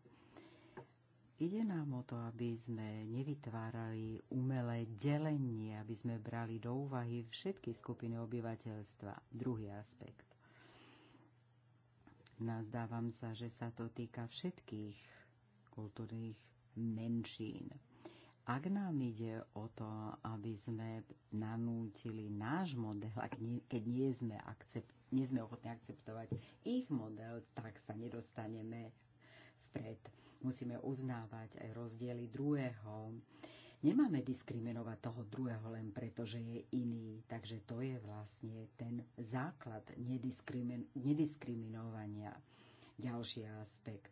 Ide nám o to, aby sme nevytvárali umelé delenie, aby sme brali do úvahy všetky skupiny obyvateľstva. Druhý aspekt. Nazdávam sa, že sa to týka všetkých kultúrnych menšín. Ak nám ide o to, aby sme nanútili náš model, ak nie, keď nie sme, akcept, nie sme ochotní akceptovať ich model, tak sa nedostaneme vpred. Musíme uznávať aj rozdiely druhého. Nemáme diskriminovať toho druhého len preto, že je iný. Takže to je vlastne ten základ nediskrimin- nediskriminovania. Ďalší aspekt.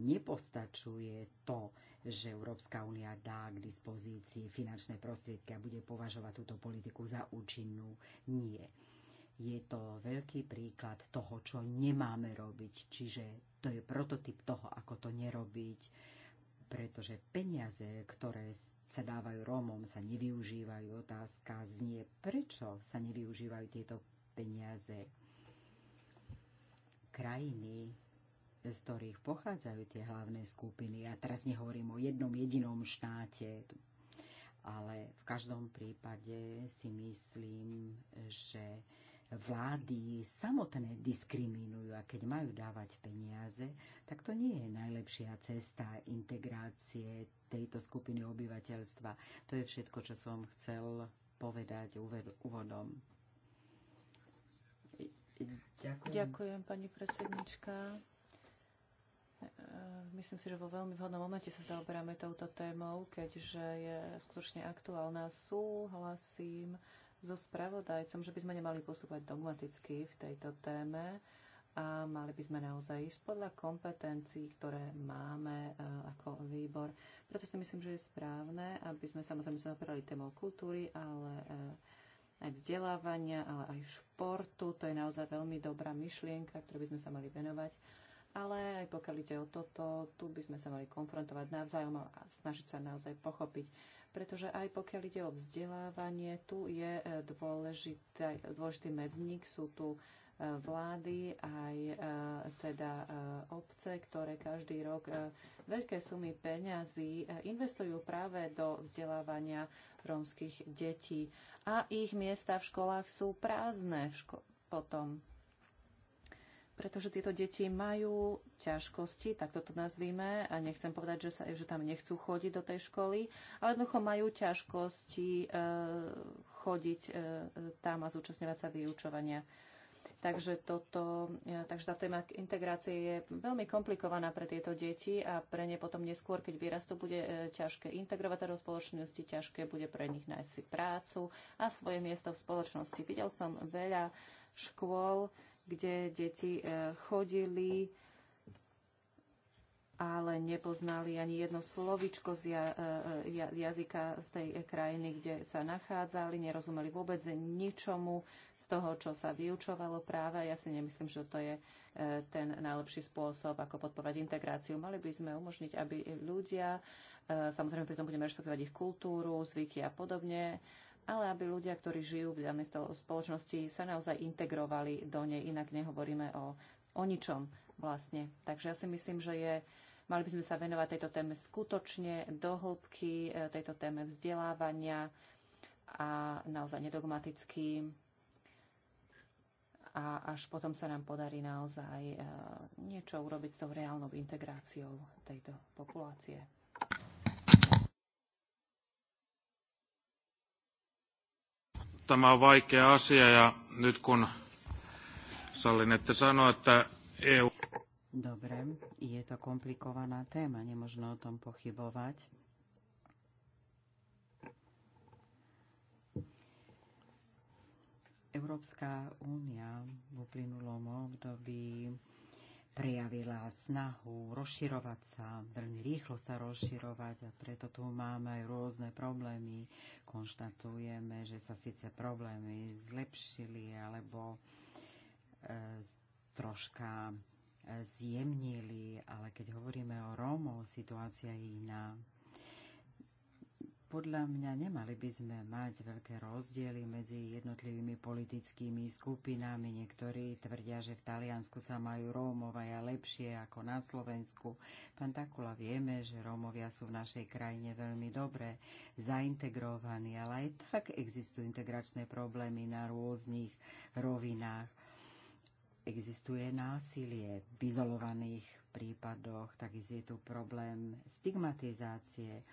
Nepostačuje to, že Európska únia dá k dispozícii finančné prostriedky a bude považovať túto politiku za účinnú. Nie. Je to veľký príklad toho, čo nemáme robiť. Čiže to je prototyp toho, ako to nerobiť, pretože peniaze, ktoré sa dávajú Rómom, sa nevyužívajú. Otázka znie, prečo sa nevyužívajú tieto peniaze. Krajiny z ktorých pochádzajú tie hlavné skupiny. Ja teraz nehovorím o jednom jedinom štáte, ale v každom prípade si myslím, že vlády samotné diskriminujú a keď majú dávať peniaze, tak to nie je najlepšia cesta integrácie tejto skupiny obyvateľstva. To je všetko, čo som chcel povedať úvodom. Ďakujem. Ďakujem, pani predsednička. Eh, myslím si, že vo veľmi vhodnom momente sa zaoberáme touto témou, keďže je skutočne aktuálna. Súhlasím so spravodajcom, že by sme nemali postupovať dogmaticky v tejto téme a mali by sme naozaj ísť podľa kompetencií, ktoré máme eh, ako výbor. Preto si myslím, že je správne, aby sme samozrejme sa zaoberali témou kultúry, ale eh, aj vzdelávania, ale aj športu. To je naozaj veľmi dobrá myšlienka, ktorú by sme sa mali venovať ale aj pokiaľ ide o toto, tu by sme sa mali konfrontovať navzájom a snažiť sa naozaj pochopiť. Pretože aj pokiaľ ide o vzdelávanie, tu je e, dôležitý, dôležitý medzník, sú tu e, vlády, aj e, teda obce, ktoré každý rok veľké sumy peňazí investujú práve do vzdelávania rómskych detí. A ich miesta v školách sú prázdne v ško- potom pretože tieto deti majú ťažkosti, tak toto nazvíme, a nechcem povedať, že, sa, že tam nechcú chodiť do tej školy, ale jednoducho majú ťažkosti e, chodiť e, tam a zúčastňovať sa vyučovania. Takže, toto, e, takže tá téma integrácie je veľmi komplikovaná pre tieto deti a pre ne potom neskôr, keď vyrastú, bude e, ťažké integrovať sa do spoločnosti, ťažké bude pre nich nájsť si prácu a svoje miesto v spoločnosti. Videl som veľa škôl, kde deti e, chodili, ale nepoznali ani jedno slovičko z e, e, jazyka z tej krajiny, kde sa nachádzali, nerozumeli vôbec ničomu z toho, čo sa vyučovalo práve. Ja si nemyslím, že to je ten najlepší spôsob, ako podporovať integráciu. Mali by sme umožniť, aby ľudia, samozrejme pritom budeme rešpektovať ich kultúru, zvyky a podobne, ale aby ľudia, ktorí žijú v danej spoločnosti, sa naozaj integrovali do nej, inak nehovoríme o, o ničom vlastne. Takže ja si myslím, že je, mali by sme sa venovať tejto téme skutočne do hĺbky, e, tejto téme vzdelávania a naozaj nedogmaticky. A až potom sa nám podarí naozaj e, niečo urobiť s tou reálnou integráciou tejto populácie. Tämä on vaikea asia ja nyt kun sallin, että sanoa, että EU... Dobre, je to komplikovaná téma, nemožno o tom pochybovať. Európska únia v uplynulom období prejavila snahu rozširovať sa, veľmi rýchlo sa rozširovať a preto tu máme aj rôzne problémy. Konštatujeme, že sa síce problémy zlepšili alebo e, troška e, zjemnili, ale keď hovoríme o Rómov, situácia je iná. Podľa mňa nemali by sme mať veľké rozdiely medzi jednotlivými politickými skupinami. Niektorí tvrdia, že v Taliansku sa majú Rómovia lepšie ako na Slovensku. Pán Takula, vieme, že Rómovia sú v našej krajine veľmi dobre zaintegrovaní, ale aj tak existujú integračné problémy na rôznych rovinách. Existuje násilie v izolovaných prípadoch, takisto je tu problém stigmatizácie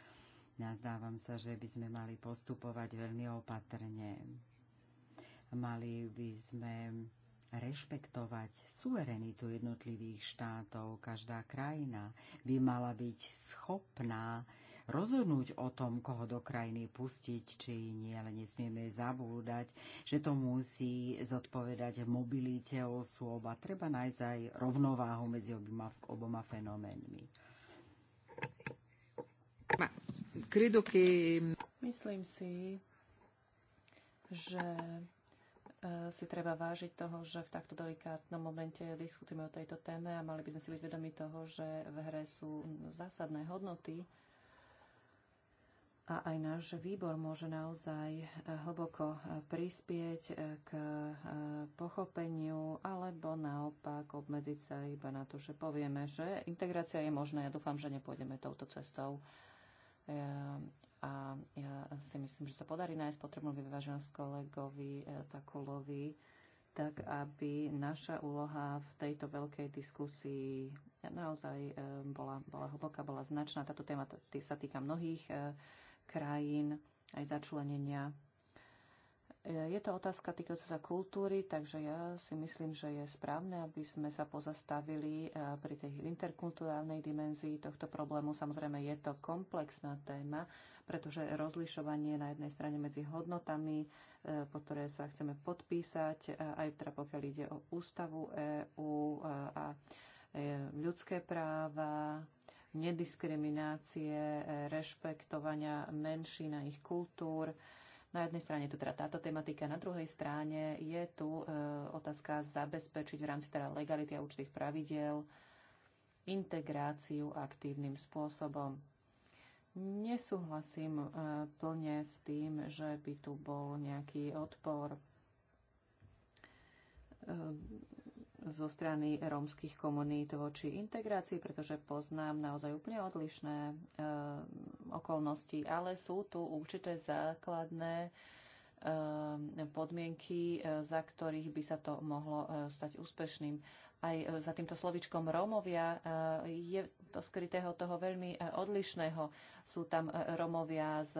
Nazdávam sa, že by sme mali postupovať veľmi opatrne. Mali by sme rešpektovať suverenitu jednotlivých štátov. Každá krajina by mala byť schopná rozhodnúť o tom, koho do krajiny pustiť či nie, ale nesmieme zabúdať, že to musí zodpovedať mobilite osôb a treba nájsť aj rovnováhu medzi oboma, oboma fenoménmi. Ma, credo che... Myslím si, že e, si treba vážiť toho, že v takto delikátnom momente diskutujeme o tejto téme a mali by sme si byť vedomi toho, že v hre sú zásadné hodnoty a aj náš výbor môže naozaj e, hlboko e, prispieť k pochopeniu alebo naopak obmedziť sa iba na to, že povieme, že integrácia je možná. Ja dúfam, že nepôjdeme touto cestou a ja si myslím, že sa podarí nájsť potrebnú vyváženosť kolegovi e, Takulovi, tak aby naša úloha v tejto veľkej diskusii naozaj e, bola, bola hlboká, bola značná. Táto téma sa týka mnohých e, krajín, aj začlenenia je to otázka týkajúca sa kultúry, takže ja si myslím, že je správne, aby sme sa pozastavili eh, pri tej interkulturálnej dimenzii tohto problému. Samozrejme, je to komplexná téma, pretože rozlišovanie na jednej strane medzi hodnotami, eh, po ktoré sa chceme podpísať, eh, aj teda pokiaľ ide o ústavu EÚ a ľudské práva, nediskriminácie, rešpektovania menšín a ich kultúr, na jednej strane je tu teda táto tematika, na druhej strane je tu e, otázka zabezpečiť v rámci teda legality a určitých pravidel integráciu aktívnym spôsobom. Nesúhlasím e, plne s tým, že by tu bol nejaký odpor. E, zo strany rómskych komunít voči integrácii, pretože poznám naozaj úplne odlišné e, okolnosti, ale sú tu určité základné e, podmienky, e, za ktorých by sa to mohlo e, stať úspešným. Aj e, za týmto slovičkom Rómovia e, je to skrytého toho veľmi e, odlišného. Sú tam e, Rómovia z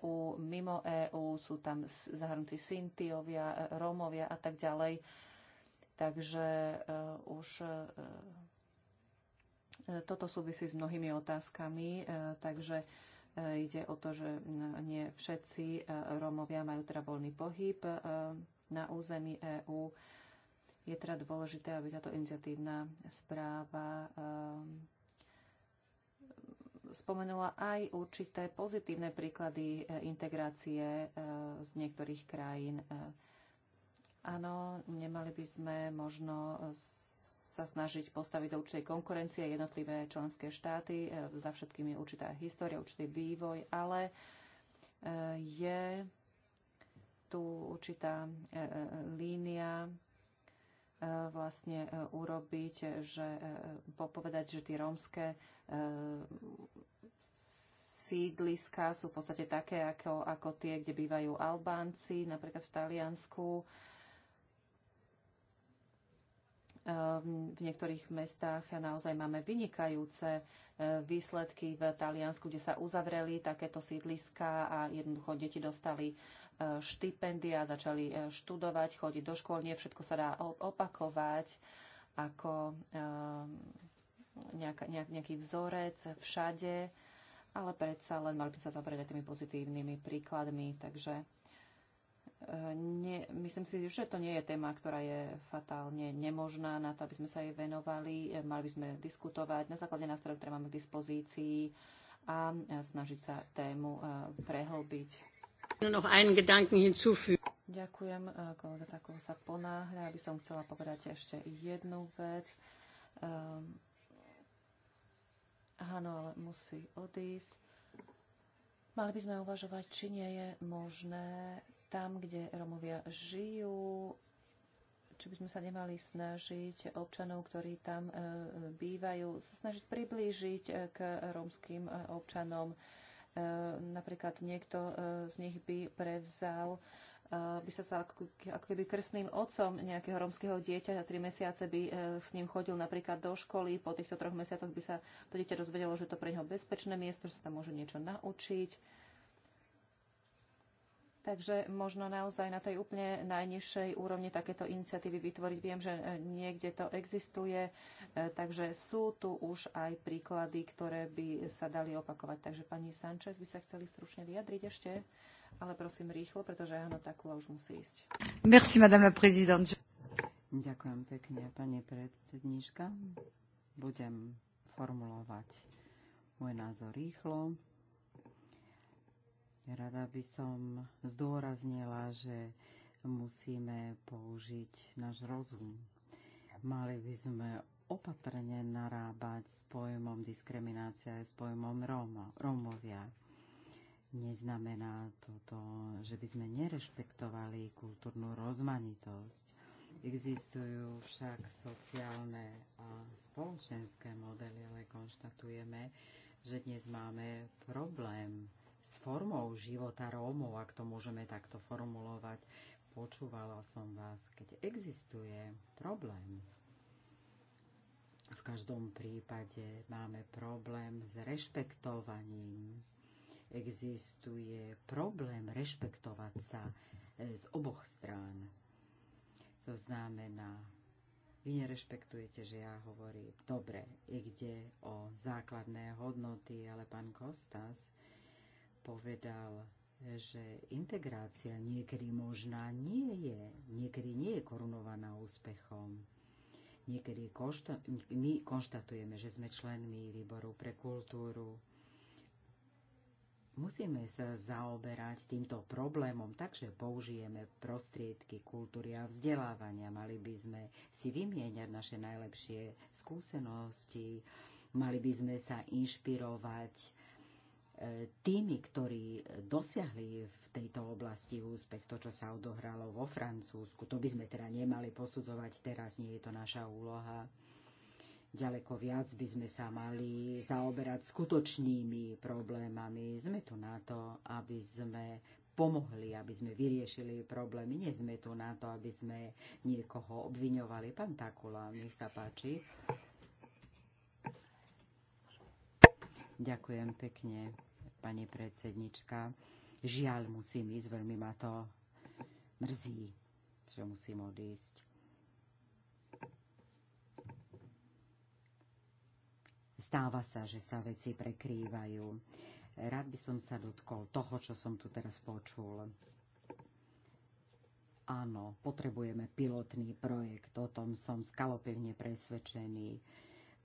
EÚ, e mimo EÚ, sú tam zahrnutí Sintiovia, e, Rómovia a tak ďalej. Takže eh, už eh, eh, toto súvisí s mnohými otázkami, takže ide o to, že nie všetci Rómovia majú teda voľný pohyb na území EÚ. Je teda dôležité, aby táto iniciatívna správa spomenula aj určité pozitívne príklady integrácie z niektorých krajín Áno, nemali by sme možno e, sa snažiť postaviť do určitej konkurencie jednotlivé členské štáty. E, za všetkým je určitá história, určitý vývoj, ale e, je tu určitá línia vlastne urobiť, že povedať, že tie rómske sídliska sú v podstate také ako, ako tie, kde bývajú Albánci, napríklad v Taliansku. Ehm, v niektorých mestách naozaj máme vynikajúce e, výsledky v Taliansku, kde sa uzavreli takéto sídliska a jednoducho deti dostali e, štipendia, začali e, študovať, chodiť do škôl. Nie všetko sa dá opakovať ako ehm, nejaký vzorec všade, ale predsa len mali by sa zabrať aj tými pozitívnymi príkladmi. Takže Eh, nie, myslím si, že to nie je téma, ktorá je fatálne nemožná na to, aby sme sa jej venovali. Eh, mali by sme diskutovať na základe nástrojov, ktoré máme k dispozícii a snažiť sa tému eh, prehlbiť. Ďakujem, kolega Takov sa ponáhľa. Aby som chcela povedať ešte jednu vec. áno, ale musí odísť. Mali by sme uvažovať, či nie je možné tam, kde Romovia žijú, či by sme sa nemali snažiť občanov, ktorí tam e, bývajú, sa snažiť priblížiť e, k rómskym e, občanom. Napríklad niekto z nich by prevzal by sa stal ako, keby krstným otcom nejakého rómskeho dieťa a tri mesiace by s ním chodil napríklad do školy, po týchto troch mesiacoch by sa to dieťa dozvedelo, že to pre neho bezpečné miesto, že sa tam môže niečo naučiť Takže možno naozaj na tej úplne najnižšej úrovni takéto iniciatívy vytvoriť. Viem, že e, niekde to existuje, e, takže sú tu už aj príklady, ktoré by sa dali opakovať. Takže pani Sanchez, by sa chceli stručne vyjadriť ešte, ale prosím rýchlo, pretože áno, takú už musí ísť. Merci, madame la présidente. Ďakujem pekne, pani predsedníčka. Budem formulovať môj názor rýchlo. Rada by som zdôraznila, že musíme použiť náš rozum. Mali by sme opatrne narábať s pojmom diskriminácia aj s pojmom Róma, Rómovia. Neznamená toto, že by sme nerešpektovali kultúrnu rozmanitosť. Existujú však sociálne a spoločenské modely, ale konštatujeme, že dnes máme problém s formou života Rómov, ak to môžeme takto formulovať. Počúvala som vás, keď existuje problém. V každom prípade máme problém s rešpektovaním. Existuje problém rešpektovať sa e, z oboch strán. To znamená, vy nerešpektujete, že ja hovorím, dobre, ide o základné hodnoty, ale pán Kostas povedal, že integrácia niekedy možná nie je, niekedy nie je korunovaná úspechom. Niekedy konšta- my konštatujeme, že sme členmi výboru pre kultúru. Musíme sa zaoberať týmto problémom, takže použijeme prostriedky kultúry a vzdelávania. Mali by sme si vymieňať naše najlepšie skúsenosti, mali by sme sa inšpirovať tými, ktorí dosiahli v tejto oblasti úspech, to, čo sa odohralo vo Francúzsku, to by sme teda nemali posudzovať teraz, nie je to naša úloha. Ďaleko viac by sme sa mali zaoberať skutočnými problémami. Sme tu na to, aby sme pomohli, aby sme vyriešili problémy. Nie sme tu na to, aby sme niekoho obviňovali. Pán Takula, nech sa páči. Ďakujem pekne pani predsednička. Žiaľ, musím ísť, veľmi ma to mrzí, že musím odísť. Stáva sa, že sa veci prekrývajú. Rád by som sa dotkol toho, čo som tu teraz počul. Áno, potrebujeme pilotný projekt, o tom som skalopevne presvedčený.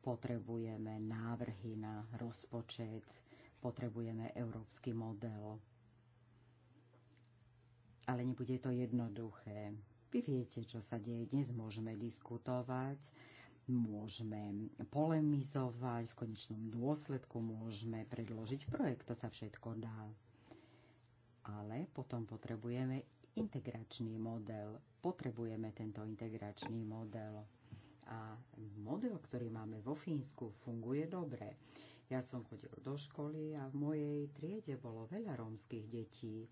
Potrebujeme návrhy na rozpočet, Potrebujeme európsky model. Ale nebude to jednoduché. Vy viete, čo sa deje. Dnes môžeme diskutovať, môžeme polemizovať, v konečnom dôsledku môžeme predložiť projekt, to sa všetko dá. Ale potom potrebujeme integračný model. Potrebujeme tento integračný model. A model, ktorý máme vo Fínsku, funguje dobre. Ja som chodil do školy a v mojej triede bolo veľa rómskych detí.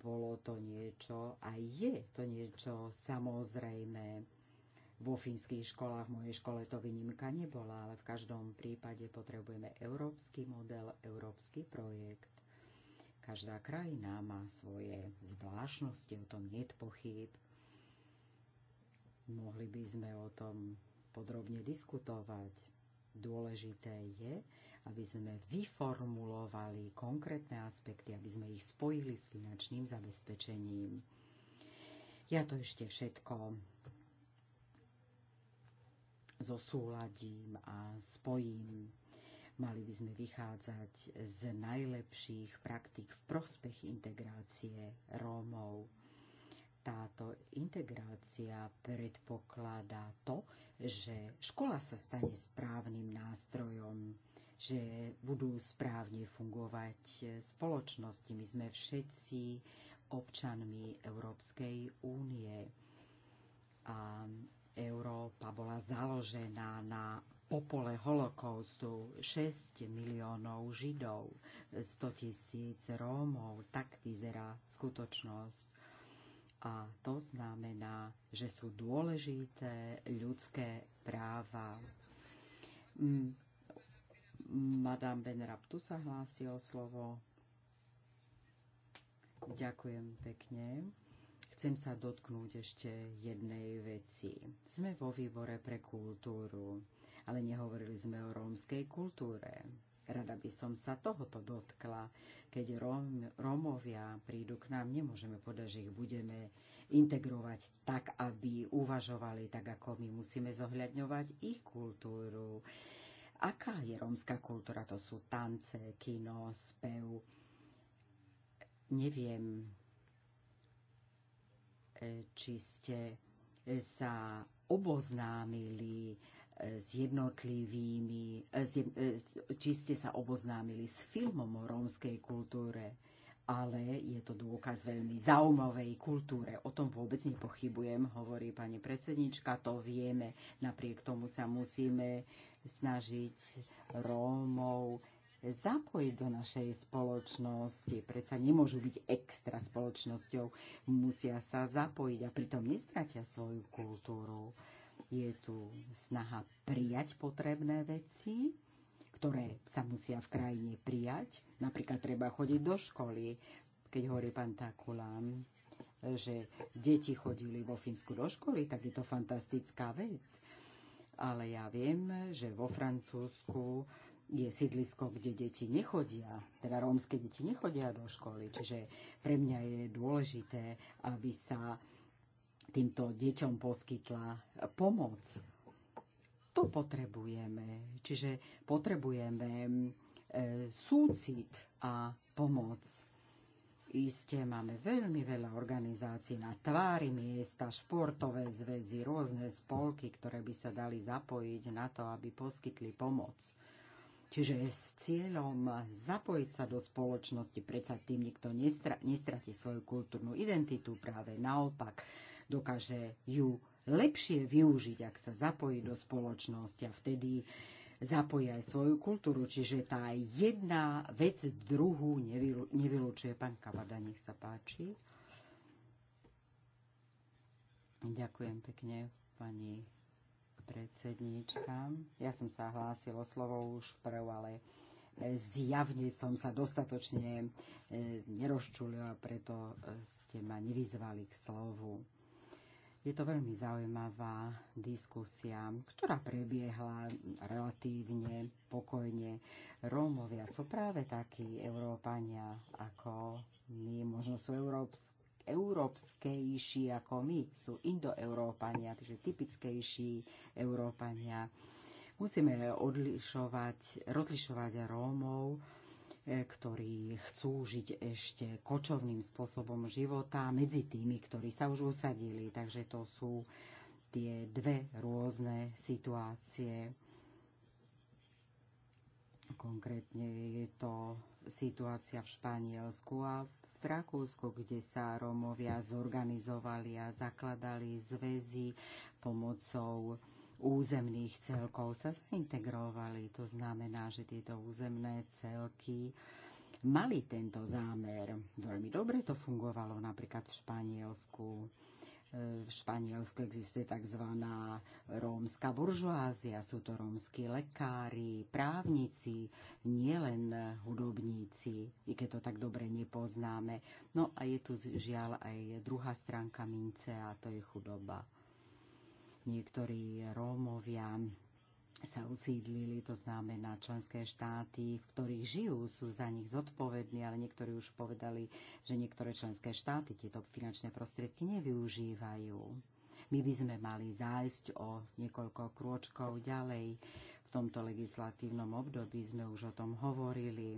Bolo to niečo a je to niečo samozrejme. Vo fínskych školách, v mojej škole to výnimka nebola, ale v každom prípade potrebujeme európsky model, európsky projekt. Každá krajina má svoje zvláštnosti, o tom nie je pochyb. Mohli by sme o tom podrobne diskutovať. Dôležité je, aby sme vyformulovali konkrétne aspekty, aby sme ich spojili s finančným zabezpečením. Ja to ešte všetko zosúladím a spojím. Mali by sme vychádzať z najlepších praktík v prospech integrácie Rómov táto integrácia predpokladá to, že škola sa stane správnym nástrojom, že budú správne fungovať spoločnosti. My sme všetci občanmi Európskej únie. A Európa bola založená na popole holokaustu 6 miliónov Židov, 100 tisíc Rómov. Tak vyzerá skutočnosť a to znamená, že sú dôležité ľudské práva. Mm, Madame Ben tu sa hlási o slovo. Ďakujem pekne. Chcem sa dotknúť ešte jednej veci. Sme vo výbore pre kultúru, ale nehovorili sme o rómskej kultúre. Rada by som sa tohoto dotkla. Keď Róm, Rómovia prídu k nám, nemôžeme povedať, že ich budeme integrovať tak, aby uvažovali tak, ako my musíme zohľadňovať ich kultúru. Aká je rómska kultúra? To sú tance, kino, spev. Neviem, e, či ste sa oboznámili s jednotlivými, eh, eh, či ste sa oboznámili s filmom o rómskej kultúre, ale je to dôkaz veľmi zaujímavej kultúre. O tom vôbec nepochybujem, hovorí pani predsednička, to vieme. Napriek tomu sa musíme snažiť Rómov zapojiť do našej spoločnosti. Predsa nemôžu byť extra spoločnosťou, musia sa zapojiť a pritom nestratia svoju kultúru je tu snaha prijať potrebné veci, ktoré sa musia v krajine prijať. Napríklad treba chodiť do školy, keď hovorí pán Takulán, že deti chodili vo Fínsku do školy, tak je to fantastická vec. Ale ja viem, že vo Francúzsku je sídlisko, kde deti nechodia, teda rómske deti nechodia do školy. Čiže pre mňa je dôležité, aby sa týmto deťom poskytla pomoc. To potrebujeme. Čiže potrebujeme e, súcit a pomoc. Isté máme veľmi veľa organizácií na tvári miesta, športové zväzy, rôzne spolky, ktoré by sa dali zapojiť na to, aby poskytli pomoc. Čiže s cieľom zapojiť sa do spoločnosti, predsa tým nikto nestratí svoju kultúrnu identitu, práve naopak dokáže ju lepšie využiť, ak sa zapojí do spoločnosti a vtedy zapojí aj svoju kultúru. Čiže tá jedna vec druhú nevylučuje. Pán Kavada, nech sa páči. Ďakujem pekne, pani predsedníčka. Ja som sa hlásil o slovo už prv, ale e, zjavne som sa dostatočne e, nerozčulila, preto e, ste ma nevyzvali k slovu. Je to veľmi zaujímavá diskusia, ktorá prebiehla relatívne pokojne. Rómovia sú práve takí Európania ako my, možno sú európsky európskejší ako my, sú indoeurópania, takže typickejší Európania. Musíme odlišovať, rozlišovať Rómov E, ktorí chcú žiť ešte kočovným spôsobom života medzi tými, ktorí sa už usadili. Takže to sú tie dve rôzne situácie. Konkrétne je to situácia v Španielsku a v Rakúsku, kde sa Rómovia zorganizovali a zakladali zväzy pomocou územných celkov sa zaintegrovali. To znamená, že tieto územné celky mali tento zámer. Veľmi dobre to fungovalo napríklad v Španielsku. V Španielsku existuje tzv. rómska buržoázia. Sú to rómsky lekári, právnici, nielen hudobníci, i keď to tak dobre nepoznáme. No a je tu žiaľ aj druhá stránka mince a to je chudoba niektorí Rómovia sa usídlili, to znamená členské štáty, v ktorých žijú, sú za nich zodpovední, ale niektorí už povedali, že niektoré členské štáty tieto finančné prostriedky nevyužívajú. My by sme mali zájsť o niekoľko krôčkov ďalej tomto legislatívnom období sme už o tom hovorili.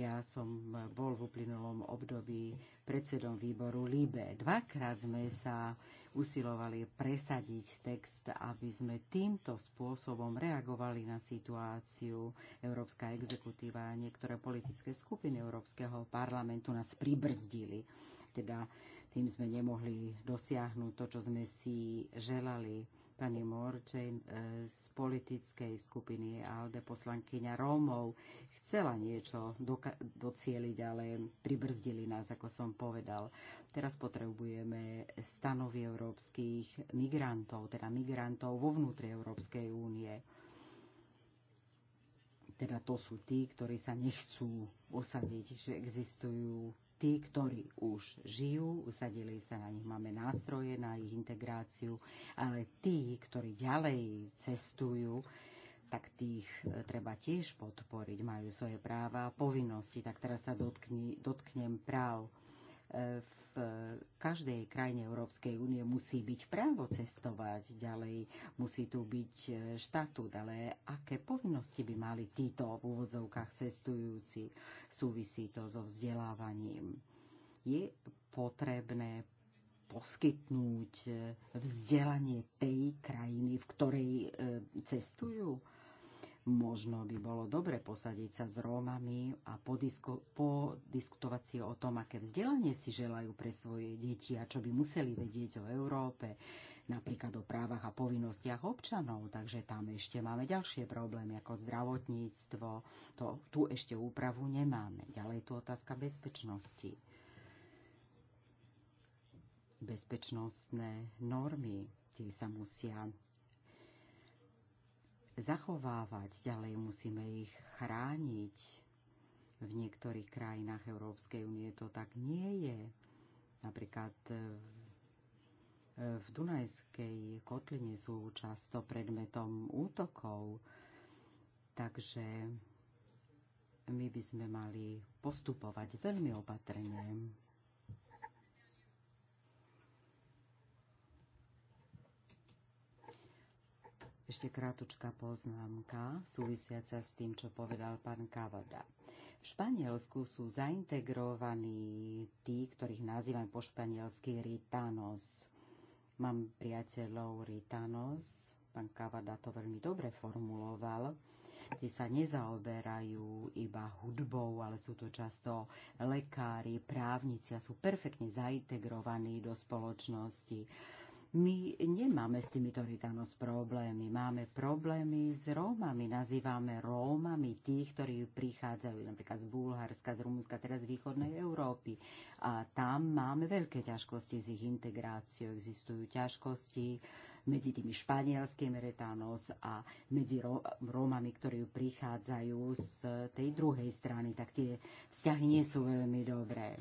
Ja som bol v uplynulom období predsedom výboru LIBE. Dvakrát sme sa usilovali presadiť text, aby sme týmto spôsobom reagovali na situáciu. Európska exekutíva a niektoré politické skupiny Európskeho parlamentu nás pribrzdili. Teda tým sme nemohli dosiahnuť to, čo sme si želali pani Morčen e, z politickej skupiny ALDE, poslankyňa Rómov, chcela niečo docieliť, ale pribrzdili nás, ako som povedal. Teraz potrebujeme stanovy európskych migrantov, teda migrantov vo vnútri Európskej únie teda to sú tí, ktorí sa nechcú osadiť, že existujú tí, ktorí už žijú, usadili sa na nich, máme nástroje na ich integráciu, ale tí, ktorí ďalej cestujú, tak tých e, treba tiež podporiť, majú svoje práva a povinnosti. Tak teraz sa dotkni, dotknem práv v každej krajine Európskej únie musí byť právo cestovať ďalej, musí tu byť štatút, ale aké povinnosti by mali títo v úvodzovkách cestujúci? Súvisí to so vzdelávaním. Je potrebné poskytnúť vzdelanie tej krajiny, v ktorej e, cestujú? Možno by bolo dobre posadiť sa s Rómami a podisku- podiskutovať si o tom, aké vzdelanie si želajú pre svoje deti a čo by museli vedieť o Európe, napríklad o právach a povinnostiach občanov. Takže tam ešte máme ďalšie problémy ako zdravotníctvo. To, tu ešte úpravu nemáme. Ďalej tu otázka bezpečnosti. Bezpečnostné normy tie sa musia zachovávať, ďalej musíme ich chrániť. V niektorých krajinách Európskej únie to tak nie je. Napríklad v Dunajskej kotline sú často predmetom útokov, takže my by sme mali postupovať veľmi opatrne. Ešte krátučká poznámka súvisiaca s tým, čo povedal pán Kavada. V Španielsku sú zaintegrovaní tí, ktorých nazývam po španielsky Ritanos. Mám priateľov Ritanos, pán Kavada to veľmi dobre formuloval, tí sa nezaoberajú iba hudbou, ale sú to často lekári, právnici a sú perfektne zaintegrovaní do spoločnosti my nemáme s týmito Ritanos problémy. Máme problémy s Rómami. Nazývame Rómami tých, ktorí prichádzajú napríklad z Bulharska, z Rumunska, teraz z východnej Európy. A tam máme veľké ťažkosti s ich integráciou. Existujú ťažkosti medzi tými španielskými retanos a medzi Rómami, ktorí prichádzajú z tej druhej strany, tak tie vzťahy nie sú veľmi dobré.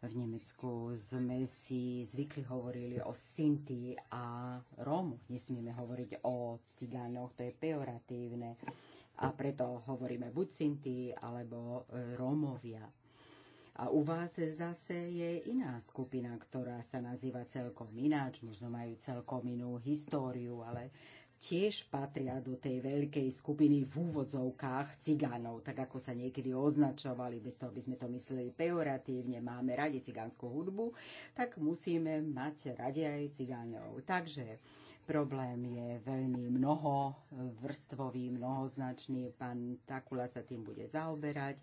V Nemecku sme si zvykli hovorili o Sinti a Rómu. Nesmieme hovoriť o cigánoch, to je peoratívne. A preto hovoríme buď Sinti alebo e, Rómovia. A u vás zase je iná skupina, ktorá sa nazýva celkom ináč, možno majú celkom inú históriu, ale tiež patria do tej veľkej skupiny v úvodzovkách cigánov, tak ako sa niekedy označovali, bez toho by sme to mysleli pejoratívne, máme radi cigánsku hudbu, tak musíme mať radi aj cigánov. Takže problém je veľmi mnoho vrstvový, mnohoznačný. Pán Takula sa tým bude zaoberať.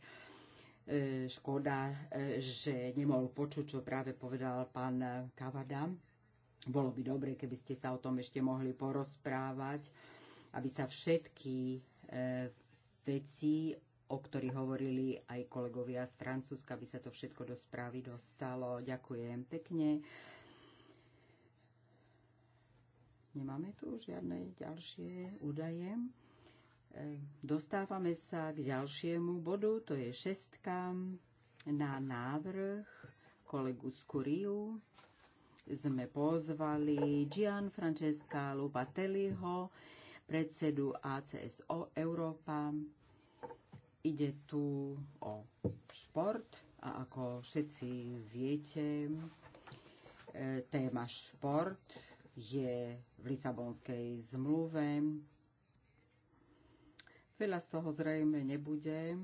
E, škoda, e, že nemohol počuť, čo práve povedal pán Kavada. Bolo by dobre, keby ste sa o tom ešte mohli porozprávať, aby sa všetky e, veci, o ktorých hovorili aj kolegovia z Francúzska, aby sa to všetko do správy dostalo. Ďakujem pekne. Nemáme tu žiadne ďalšie údaje. E, dostávame sa k ďalšiemu bodu, to je šestka na návrh kolegu Skuriu sme pozvali Gian Francesca Lupateliho, predsedu ACSO Európa. Ide tu o šport a ako všetci viete, e, téma šport je v Lisabonskej zmluve. Veľa z toho zrejme nebude,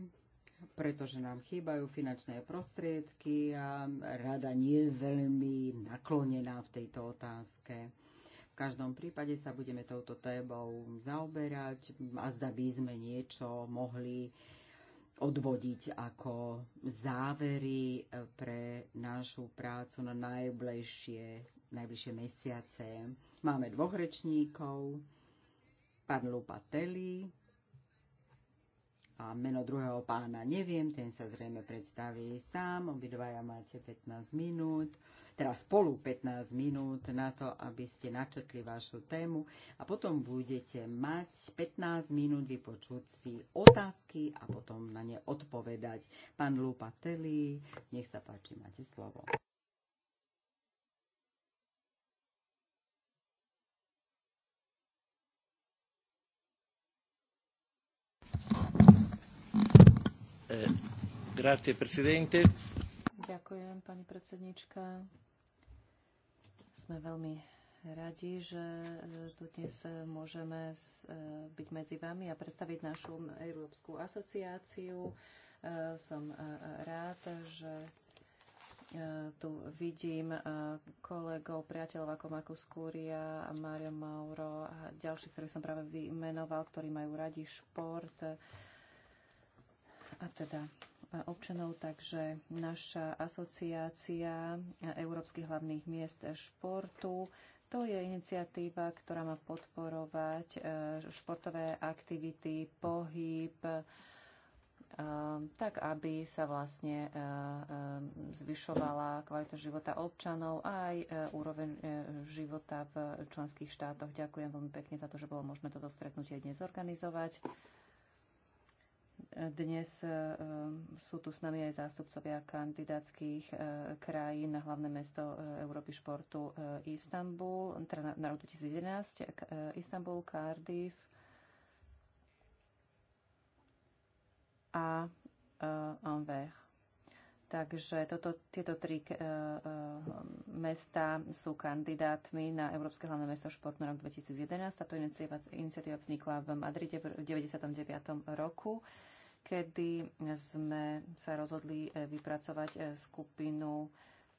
pretože nám chýbajú finančné prostriedky a rada nie je veľmi naklonená v tejto otázke. V každom prípade sa budeme touto tébou zaoberať a zda by sme niečo mohli odvodiť ako závery pre našu prácu na najbližšie, najbližšie mesiace. Máme dvoch rečníkov, pán Lupa Telly a meno druhého pána neviem, ten sa zrejme predstaví sám, obidvaja máte 15 minút, teda spolu 15 minút na to, aby ste načetli vašu tému a potom budete mať 15 minút vypočuť si otázky a potom na ne odpovedať. Pán Teli, nech sa páči, máte slovo. Eh, Ďakujem, pani predsednička. Sme veľmi radi, že eh, tu dnes eh, môžeme byť medzi vami a predstaviť našu Európsku asociáciu. Som rád, že tu vidím kolegov, priateľov ako Markus Kúria, Mario Mauro a ďalších, ktorých som práve vymenoval, ktorí majú radi šport, a teda občanov, takže naša asociácia Európskych hlavných miest športu to je iniciatíva, ktorá má podporovať e, športové aktivity, pohyb, e, tak aby sa vlastne e, zvyšovala kvalita života občanov a aj úroveň života v členských štátoch. Ďakujem veľmi pekne za to, že bolo možné toto stretnutie dnes zorganizovať. Dnes e, sú tu s nami aj zástupcovia kandidátskych e, krajín na hlavné mesto e, Európy športu Istanbul, teda na rok 2011, Istanbul, Cardiff a Anvers. Takže toto, tieto tri mesta sú kandidátmi na Európske hlavné mesto šport na rok 2011. Táto iniciatíva, iniciatíva vznikla v Madride v 99. roku kedy sme sa rozhodli eh, vypracovať eh, skupinu,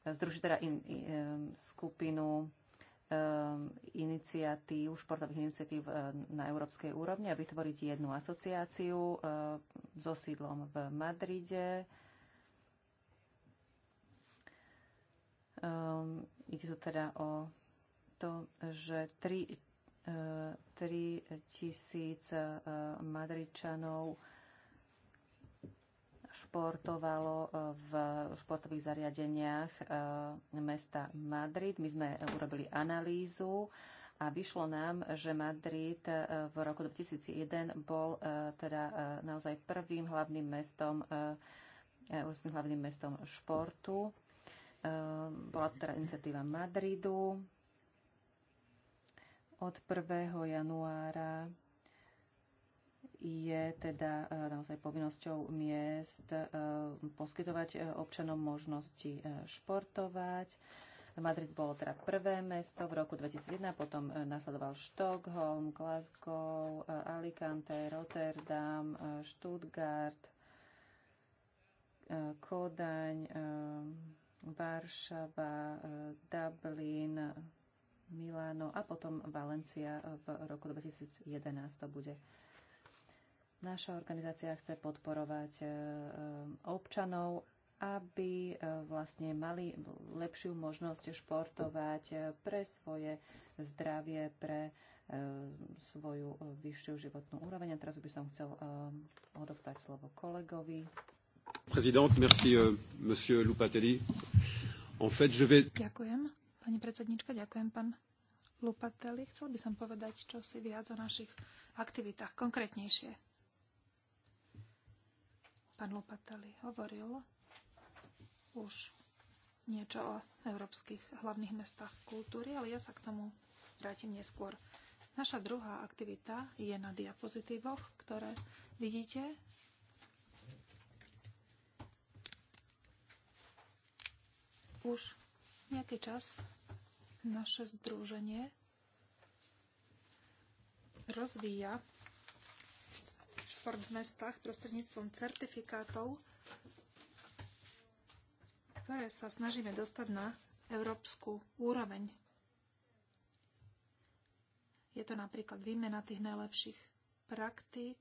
eh, združiť teda in, in, skupinu iniciatív, športových iniciatív na európskej úrovni a vytvoriť jednu asociáciu so sídlom v Madride. Ide tu teda o to, že 3 tisíc Madričanov športovalo eh, v športových zariadeniach eh, mesta Madrid. My sme eh, urobili analýzu a vyšlo nám, že Madrid v roku 2001 bol teda naozaj prvým hlavným mestom, úsmým hlavným mestom športu. Bola to teda iniciatíva Madridu od 1. januára je teda e, naozaj povinnosťou miest e, poskytovať e, občanom možnosti športovať. Madrid bolo teda prvé mesto v roku 2001, potom nasledoval Štokholm, Glasgow, Alicante, Rotterdam, Stuttgart, Kodaň, Varšava, Dublin, Milano a potom Valencia v roku 2011 to bude. Naša organizácia chce podporovať e, e, občanov, aby e, vlastne mali lepšiu možnosť športovať pre svoje zdravie, pre svoju vyššiu životnú úroveň. A teraz by som chcel odovstať slovo kolegovi. Prezident, merci, monsieur Lupatelli. En fait, je vais... Ďakujem, pani predsednička, ďakujem, pán Lupatelli. Chcel by som povedať čo si viac o našich aktivitách, konkrétnejšie. Pán Lopatali hovoril už niečo o európskych hlavných mestách kultúry, ale ja sa k tomu vrátim neskôr. Naša druhá aktivita je na diapozitívoch, ktoré vidíte. Už nejaký čas naše združenie rozvíja podpor v mestách prostredníctvom certifikátov, ktoré sa snažíme dostať na európsku úroveň. Je to napríklad výmena tých najlepších praktík,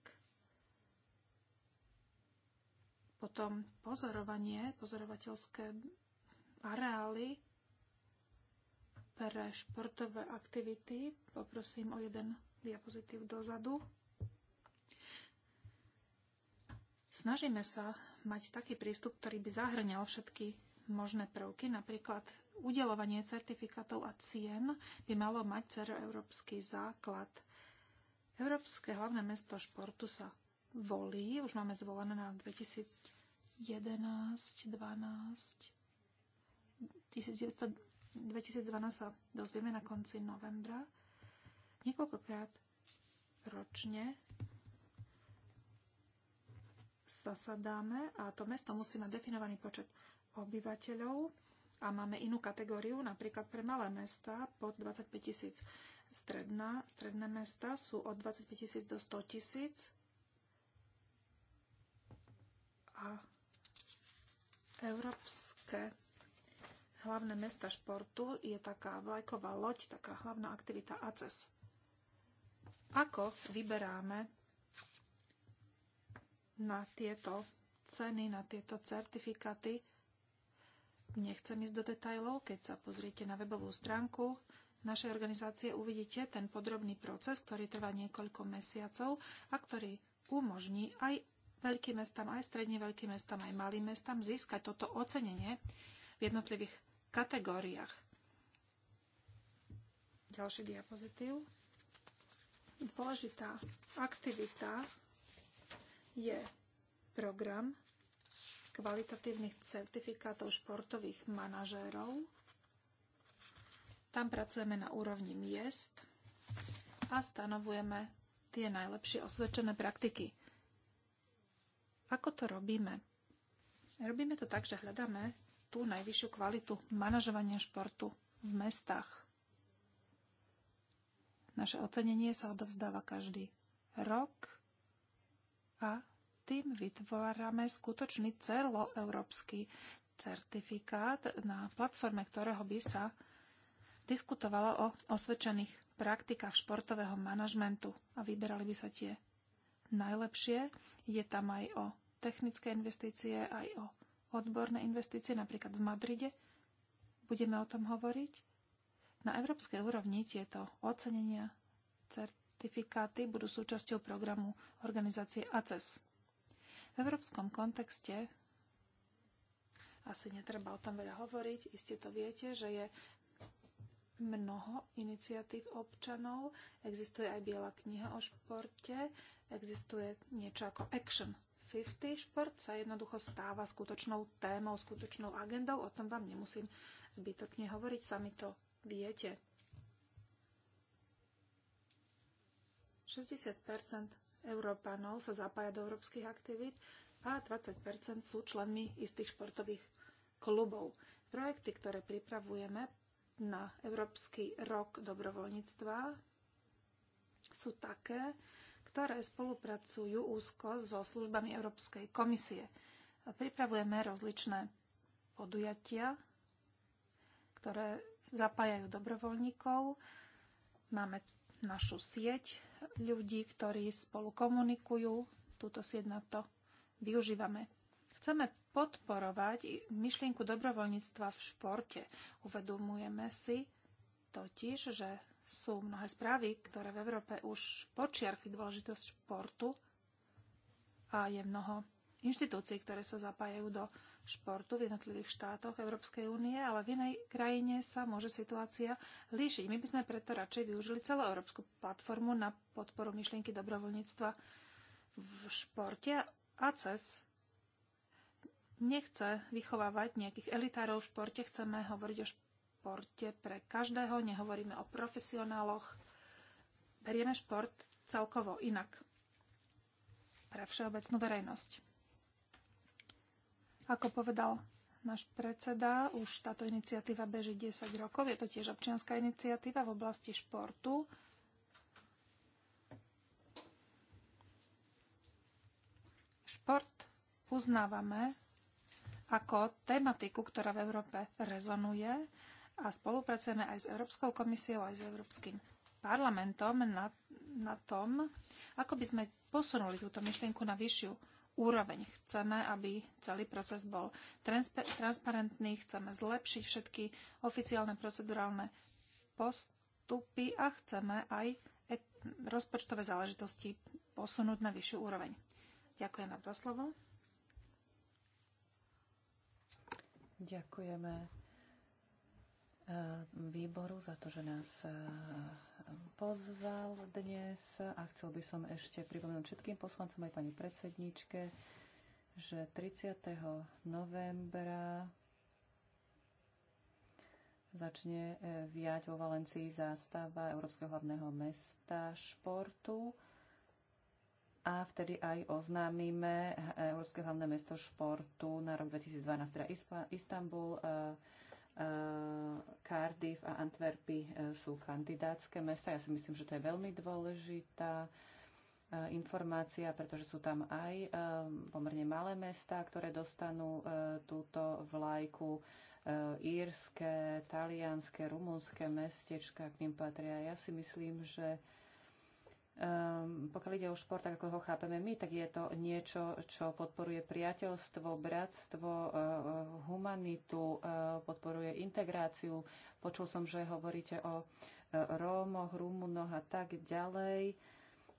potom pozorovanie, pozorovateľské areály pre športové aktivity. Poprosím o jeden diapozitív dozadu. Snažíme sa mať taký prístup, ktorý by zahrňal všetky možné prvky, napríklad udelovanie certifikátov a cien by malo mať ceroeurópsky základ. Európske hlavné mesto športu sa volí, už máme zvolené na 2011, 12, 2012 sa dozvieme na konci novembra. Niekoľkokrát ročne zasadáme a to mesto musí mať definovaný počet obyvateľov a máme inú kategóriu, napríklad pre malé mesta pod 25 tisíc. Stredná, stredné mesta sú od 25 tisíc do 100 tisíc a európske hlavné mesta športu je taká vlajková loď, taká hlavná aktivita ACES. Ako vyberáme na tieto ceny, na tieto certifikáty. Nechcem ísť do detajlov, keď sa pozriete na webovú stránku našej organizácie, uvidíte ten podrobný proces, ktorý trvá niekoľko mesiacov a ktorý umožní aj veľkým mestám, aj stredne veľkým mestám, aj malým mestám získať toto ocenenie v jednotlivých kategóriách. Ďalší diapozitív. Dôležitá aktivita je program kvalitatívnych certifikátov športových manažérov. Tam pracujeme na úrovni miest a stanovujeme tie najlepšie osvedčené praktiky. Ako to robíme? Robíme to tak, že hľadáme tú najvyššiu kvalitu manažovania športu v mestách. Naše ocenenie sa odovzdáva každý rok a tým vytvárame skutočný celoeurópsky certifikát na platforme, ktorého by sa diskutovalo o osvedčených praktikách športového manažmentu a vyberali by sa tie najlepšie. Je tam aj o technické investície, aj o odborné investície, napríklad v Madride. Budeme o tom hovoriť. Na európskej úrovni tieto ocenenia, cert- certifikáty budú súčasťou programu organizácie ACES. V európskom kontexte asi netreba o tom veľa hovoriť, iste to viete, že je mnoho iniciatív občanov, existuje aj Biela kniha o športe, existuje niečo ako Action 50. Šport sa jednoducho stáva skutočnou témou, skutočnou agendou, o tom vám nemusím zbytočne hovoriť, sami to viete. 60 Európanov sa zapája do európskych aktivít a 20 sú členmi istých športových klubov. Projekty, ktoré pripravujeme na Európsky rok dobrovoľníctva, sú také, ktoré spolupracujú úzko so službami Európskej komisie. Pripravujeme rozličné podujatia, ktoré zapájajú dobrovoľníkov. Máme našu sieť ľudí, ktorí spolu komunikujú. Túto sieť na to využívame. Chceme podporovať myšlienku dobrovoľníctva v športe. Uvedomujeme si totiž, že sú mnohé správy, ktoré v Európe už počiarkli dôležitosť športu a je mnoho inštitúcií, ktoré sa zapájajú do športu v jednotlivých štátoch Európskej únie, ale v inej krajine sa môže situácia líšiť. My by sme preto radšej využili celú európsku platformu na podporu myšlienky dobrovoľníctva v športe a cez nechce vychovávať nejakých elitárov v športe, chceme hovoriť o športe pre každého, nehovoríme o profesionáloch. Berieme šport celkovo inak pre všeobecnú verejnosť. Ako povedal náš predseda, už táto iniciatíva beží 10 rokov. Je to tiež občianská iniciatíva v oblasti športu. Šport uznávame ako tematiku, ktorá v Európe rezonuje a spolupracujeme aj s Európskou komisiou, aj s Európskym parlamentom na, na tom, ako by sme posunuli túto myšlienku na vyššiu úroveň. Chceme, aby celý proces bol transparentný, chceme zlepšiť všetky oficiálne procedurálne postupy a chceme aj e- rozpočtové záležitosti posunúť na vyššiu úroveň. Ďakujem vám za slovo. Ďakujeme výboru za to, že nás e, pozval dnes a chcel by som ešte pripomenúť všetkým poslancom aj pani predsedničke, že 30. novembra začne e, viať vo Valencii zástava Európskeho hlavného mesta športu a vtedy aj oznámime e, Európske hlavné mesto športu na rok 2012, teda Istanbul, Eh, Cardiff a Antwerpy eh, sú kandidátske mesta. Ja si myslím, že to je veľmi dôležitá eh, informácia, pretože sú tam aj pomerne malé mesta, ktoré dostanú túto vlajku írske, talianské, rumunské mestečka k ním patria. Ja si myslím, že Um, pokiaľ ide o šport, tak ako ho chápeme my, tak je to niečo, čo podporuje priateľstvo, bratstvo, uh, humanitu, uh, podporuje integráciu. Počul som, že hovoríte o uh, Rómoch, Rumunoch a tak ďalej.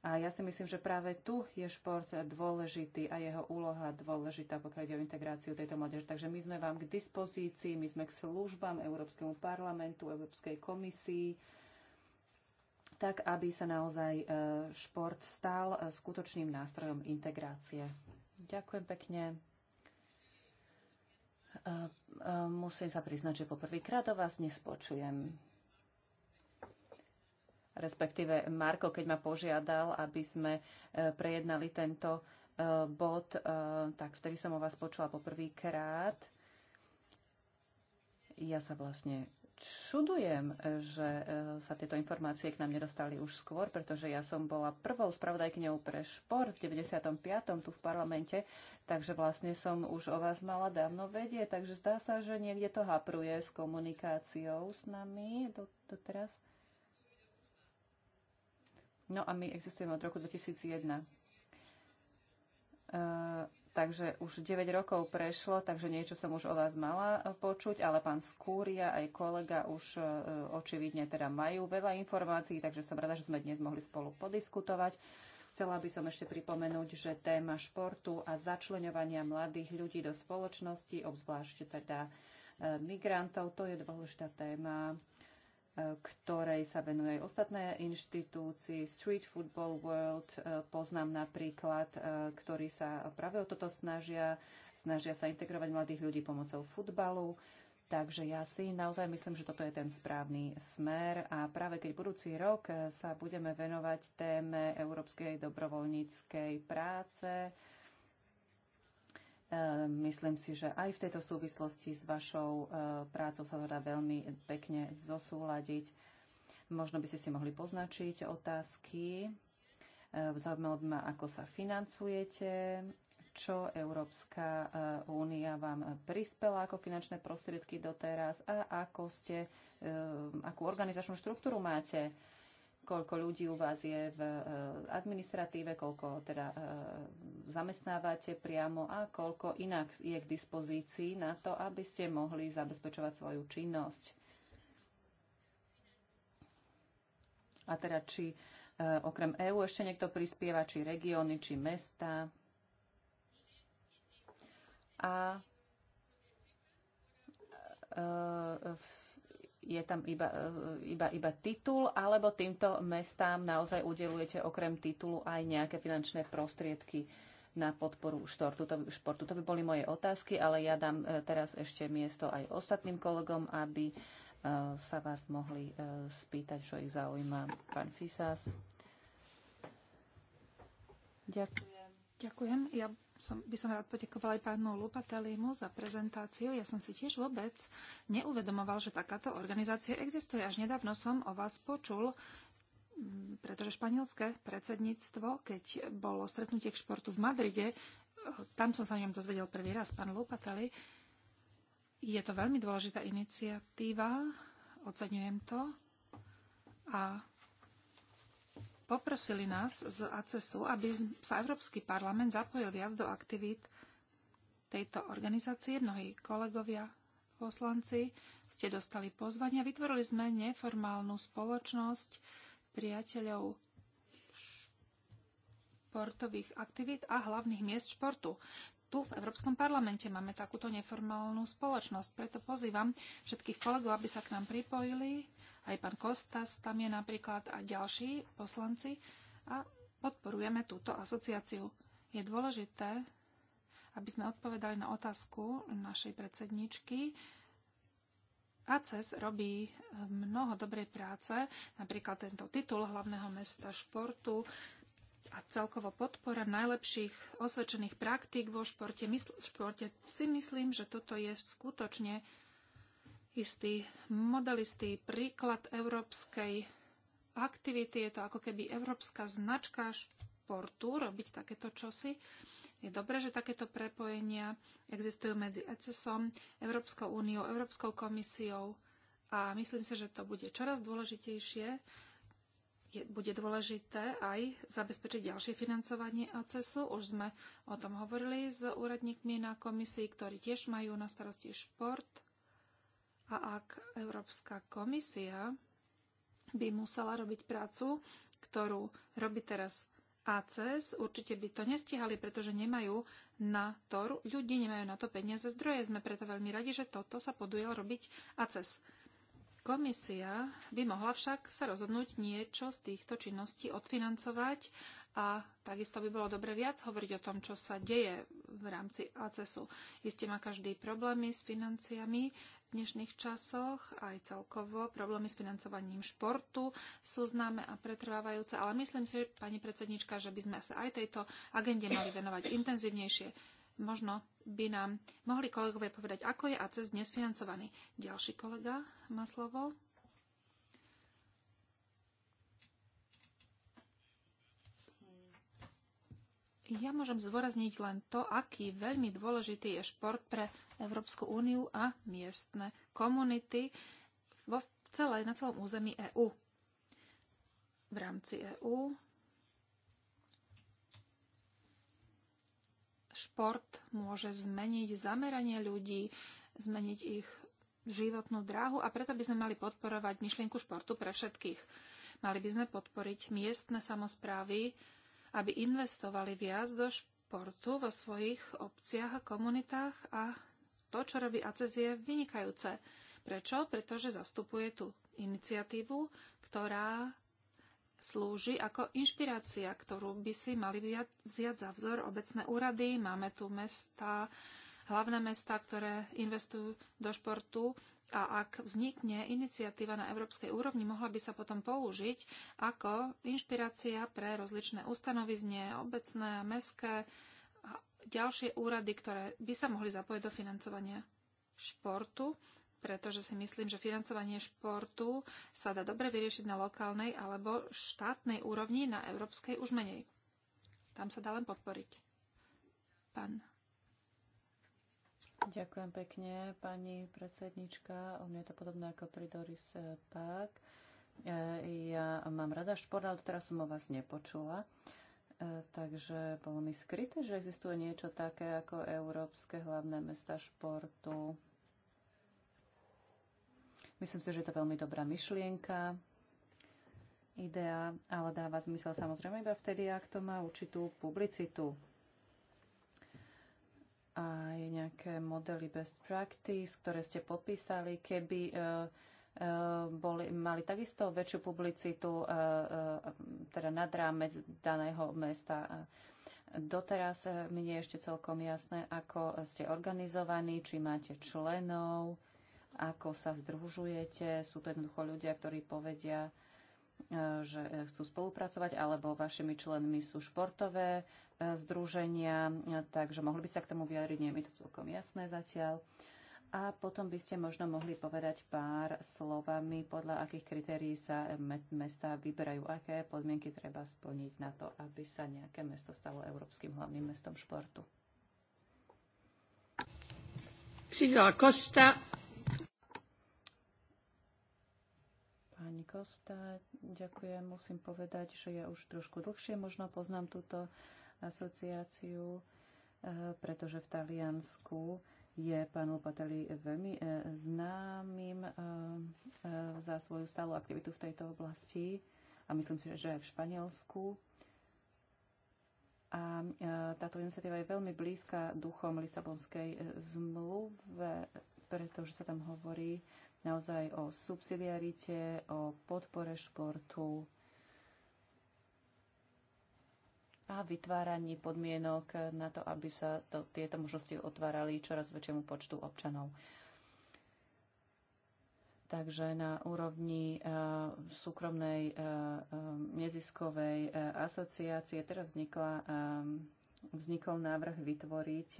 A ja si myslím, že práve tu je šport dôležitý a jeho úloha dôležitá, pokiaľ ide o integráciu tejto mládeže. Takže my sme vám k dispozícii, my sme k službám Európskemu parlamentu, Európskej komisii tak aby sa naozaj e, šport stal e, skutočným nástrojom integrácie. Ďakujem pekne. E, musím sa priznať, že poprvýkrát o vás nespočujem. Respektíve Marko, keď ma požiadal, aby sme prejednali tento bod, tak vtedy som o vás počula poprvýkrát. Ja sa vlastne čudujem, e, že e, sa tieto informácie k nám nedostali už skôr, pretože ja som bola prvou spravodajkňou pre šport v 95. tu v parlamente, takže vlastne som už o vás mala dávno vedie, takže zdá sa, že niekde to hapruje s komunikáciou s nami doteraz. No a my existujeme od roku 2001. Uh, Takže už 9 rokov prešlo, takže niečo som už o vás mala e, počuť, ale pán Skúria aj kolega už e, očividne teda majú veľa informácií, takže som rada, že sme dnes mohli spolu podiskutovať. Chcela by som ešte pripomenúť, že téma športu a začlenovania mladých ľudí do spoločnosti, obzvlášť teda e, migrantov, to je dôležitá téma ktorej sa venuje aj ostatné inštitúcie, Street Football World, e, poznám napríklad, e, ktorí sa práve o toto snažia, snažia sa integrovať mladých ľudí pomocou futbalu. Takže ja si naozaj myslím, že toto je ten správny smer a práve keď budúci rok e, sa budeme venovať téme európskej dobrovoľníckej práce, E, myslím si, že aj v tejto súvislosti s vašou e, prácou sa to dá veľmi pekne zosúľadiť. Možno by ste si mohli poznačiť otázky. E, zaujímalo by ma, ako sa financujete, čo Európska únia vám prispela ako finančné prostriedky doteraz a ako ste, akú organizačnú štruktúru máte koľko ľudí u vás je v eh, administratíve, koľko teda eh, zamestnávate priamo a koľko inak je k dispozícii na to, aby ste mohli zabezpečovať svoju činnosť. A teda či eh, okrem EÚ ešte niekto prispieva, či regióny, či mesta. A je tam iba, e, iba, iba titul, alebo týmto mestám naozaj udelujete okrem titulu aj nejaké finančné prostriedky na podporu športu. To, športu. to by boli moje otázky, ale ja dám e, teraz ešte miesto aj ostatným kolegom, aby e, sa vás mohli spýtať, čo ich zaujíma. Pán Fisas. Ďakujem. Ďakujem. Ja som, by som rád poďakovala aj pánu Lupatelimu za prezentáciu. Ja som si tiež vôbec neuvedomoval, že takáto organizácia existuje. Až nedávno som o vás počul, pretože španielské predsedníctvo, keď bolo stretnutie k športu v Madride, tam som sa o ňom dozvedel prvý raz, pán Lupateli. Je to veľmi dôležitá iniciatíva, oceňujem to. A poprosili nás z ACESu, aby sa Európsky parlament zapojil viac do aktivít tejto organizácie. Mnohí kolegovia, poslanci, ste dostali pozvania. Vytvorili sme neformálnu spoločnosť priateľov športových aktivít a hlavných miest športu tu v Európskom parlamente máme takúto neformálnu spoločnosť. Preto pozývam všetkých kolegov, aby sa k nám pripojili. Aj pán Kostas tam je napríklad a ďalší poslanci. A podporujeme túto asociáciu. Je dôležité, aby sme odpovedali na otázku našej predsedničky, ACES robí eh, mnoho dobrej práce, napríklad tento titul hlavného mesta športu, a celkovo podpora najlepších osvedčených praktík vo športe, mysl- v športe si myslím, že toto je skutočne istý modelistý príklad európskej aktivity. Je to ako keby európska značka športu robiť takéto čosi. Je dobré, že takéto prepojenia existujú medzi ECSom, Európskou úniou, Európskou komisiou a myslím si, že to bude čoraz dôležitejšie je, bude dôležité aj zabezpečiť ďalšie financovanie ACESu. Už sme o tom hovorili s úradníkmi na komisii, ktorí tiež majú na starosti šport. A ak Európska komisia by musela robiť prácu, ktorú robí teraz ACES, určite by to nestihali, pretože nemajú na to ľudí, nemajú na to peniaze, zdroje. Sme preto veľmi radi, že toto sa podujel robiť ACES. Komisia by mohla však sa rozhodnúť niečo z týchto činností odfinancovať a takisto by bolo dobre viac hovoriť o tom, čo sa deje v rámci ACESu. Isté má každý problémy s financiami v dnešných časoch, aj celkovo problémy s financovaním športu sú známe a pretrvávajúce, ale myslím si, pani predsednička, že by sme sa aj tejto agende mali venovať intenzívnejšie Možno by nám mohli kolegovia povedať, ako je ACES dnes financovaný. Ďalší kolega má slovo. Ja môžem zvorazniť len to, aký veľmi dôležitý je šport pre Európsku úniu a miestne komunity vo na celom území EÚ. V rámci EÚ šport môže zmeniť zameranie ľudí, zmeniť ich životnú dráhu a preto by sme mali podporovať myšlienku športu pre všetkých. Mali by sme podporiť miestne samozprávy, aby investovali viac do športu vo svojich obciach a komunitách a to, čo robí ACES, je vynikajúce. Prečo? Pretože zastupuje tú iniciatívu, ktorá slúži ako inšpirácia, ktorú by si mali vziať za vzor obecné úrady. Máme tu mesta, hlavné mesta, ktoré investujú do športu a ak vznikne iniciatíva na európskej úrovni, mohla by sa potom použiť ako inšpirácia pre rozličné ustanovizne, obecné, mestské a ďalšie úrady, ktoré by sa mohli zapojiť do financovania športu pretože si myslím, že financovanie športu sa dá dobre vyriešiť na lokálnej alebo štátnej úrovni, na európskej už menej. Tam sa dá len podporiť. Pán. Ďakujem pekne, pani predsednička. U mňa je to podobné ako pri Doris eh, Pák. Eh, ja mám rada šport, ale teraz som o vás nepočula. Eh, takže bolo mi skryté, že existuje niečo také ako Európske hlavné mesta športu. Myslím si, že je to veľmi dobrá myšlienka, idea, ale dáva zmysel samozrejme iba vtedy, ak to má určitú publicitu a aj nejaké modely best practice, ktoré ste popísali, keby e, e, boli, mali takisto väčšiu publicitu e, teda nad rámec daného mesta. Doteraz nie je ešte celkom jasné, ako ste organizovaní, či máte členov, ako sa združujete. Sú to jednoducho ľudia, ktorí povedia, e, že e, chcú spolupracovať, alebo vašimi členmi sú športové e, združenia, takže mohli by sa k tomu vyjadriť, nie je mi to celkom jasné zatiaľ. A potom by ste možno mohli povedať pár slovami, podľa akých kritérií sa mesta vyberajú, aké podmienky treba splniť na to, aby sa nejaké mesto stalo európskym hlavným mestom športu. Silvia Costa, pani Kosta. Ďakujem. Musím povedať, že ja už trošku dlhšie možno poznám túto asociáciu, eh, pretože v Taliansku je pán Lopateli veľmi eh, známym eh, za svoju stálu aktivitu v tejto oblasti a myslím si, že aj v Španielsku. A táto iniciatíva je veľmi blízka duchom Lisabonskej zmluve, pretože sa tam hovorí naozaj o subsidiarite, o podpore športu a vytváraní podmienok na to, aby sa to, tieto možnosti otvárali čoraz väčšiemu počtu občanov. Takže na úrovni uh, súkromnej uh, neziskovej uh, asociácie teraz vznikla, vznikol návrh vytvoriť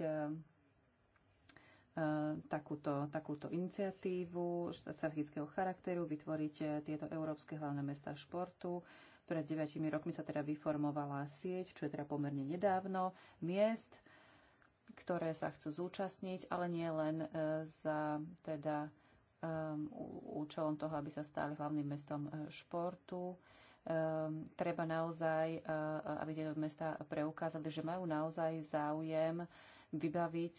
takúto, takúto iniciatívu strategického charakteru, vytvoriť eh, tieto európske hlavné mesta športu. Pred 9 rokmi sa teda vyformovala sieť, čo je teda pomerne nedávno, miest, ktoré sa chcú zúčastniť, ale nie len eh, za teda ehm, účelom toho, aby sa stali hlavným mestom eh, športu. Ehm, treba naozaj, aby tieto mesta preukázali, že majú naozaj záujem vybaviť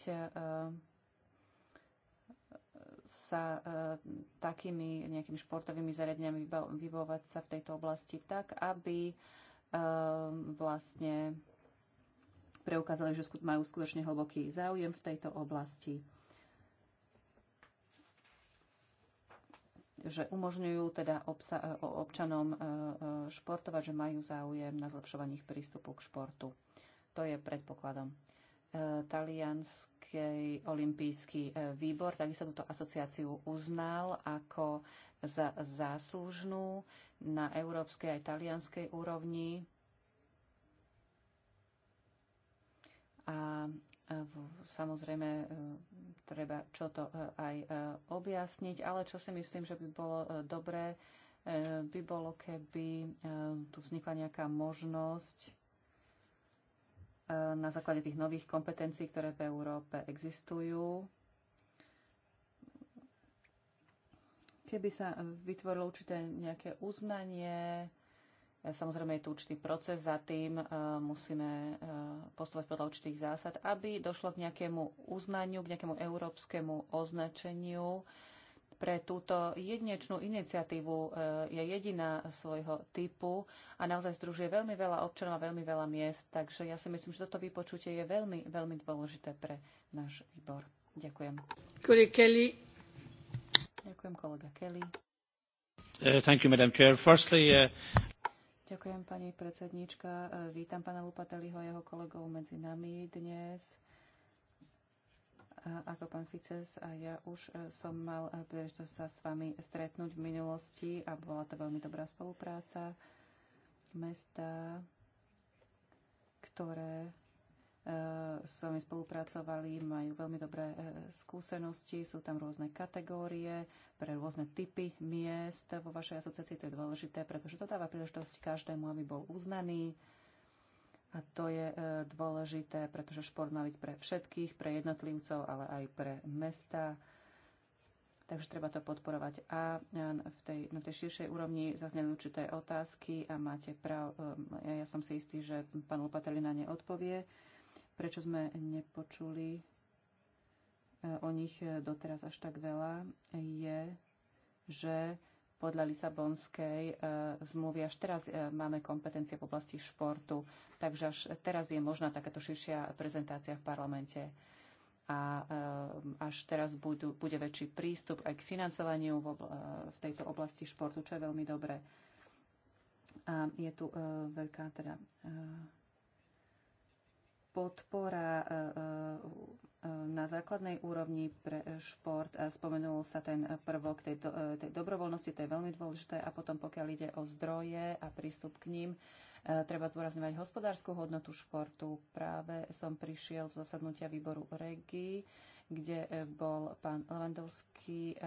sa e, takými nejakými športovými zariadeniami vybovať sa v tejto oblasti tak, aby e, vlastne preukázali, že majú skutočne hlboký záujem v tejto oblasti. že umožňujú teda obsa- e, občanom športovať, že majú záujem na zlepšovaní ich prístupu k športu. To je predpokladom. Taliansk Európskej olimpijský e, výbor, takisto túto asociáciu uznal ako za záslužnú na európskej a talianskej úrovni. A e, samozrejme e, treba čo to aj objasniť, ale čo si myslím, že by bolo dobré, by bolo, keby tu vznikla nejaká možnosť Eh, na základe tých nových kompetencií, ktoré v Európe existujú. Keby sa vytvorilo určité nejaké uznanie, eh, Samozrejme je tu určitý proces, za tým eh, musíme postupovať podľa určitých zásad, aby došlo k nejakému uznaniu, k nejakému európskemu označeniu pre túto jedinečnú iniciatívu. E, je jediná svojho typu a naozaj združuje veľmi veľa občanov a veľmi veľa miest. Takže ja si myslím, že toto vypočutie je veľmi, veľmi dôležité pre náš výbor. Ďakujem. Kolega Kelly. Ďakujem, kolega Kelly. Uh, thank you, Madam Chair. Firstly, uh... Ďakujem, pani predsedníčka. Uh, vítam pána Lupateliho a jeho kolegov medzi nami dnes ako pán Fices a ja už e, som mal e, príležitosť sa s vami stretnúť v minulosti a bola to veľmi dobrá spolupráca mesta, ktoré e, s vami spolupracovali, majú veľmi dobré skúsenosti, sú tam rôzne kategórie pre rôzne typy miest vo vašej asociácii, to je dôležité, pretože to dáva príležitosť každému, aby bol uznaný, a to je e, dôležité, pretože šport má byť pre všetkých, pre jednotlivcov, ale aj pre mesta. Takže treba to podporovať. A e, v tej, na tej širšej úrovni zazneli určité otázky a máte prav, ja, e, ja som si istý, že pán Lopatelina na ne odpovie. Prečo sme nepočuli o nich doteraz až tak veľa, je, že podľa Lisabonskej e, zmluvy. Až teraz e, máme kompetencie v oblasti športu, takže až teraz je možná takáto širšia prezentácia v parlamente. A e, až teraz budú, bude väčší prístup aj k financovaniu v, v tejto oblasti športu, čo je veľmi dobré. A je tu veľká teda podpora E, na základnej úrovni pre šport. E, spomenul sa ten prvok tej, do, e, tej dobrovoľnosti, to je veľmi dôležité. A potom pokiaľ ide o zdroje a prístup k ním, treba zdôrazňovať hospodárskú hodnotu športu. Práve som prišiel z zasadnutia výboru REGI, kde bol pán Levandovský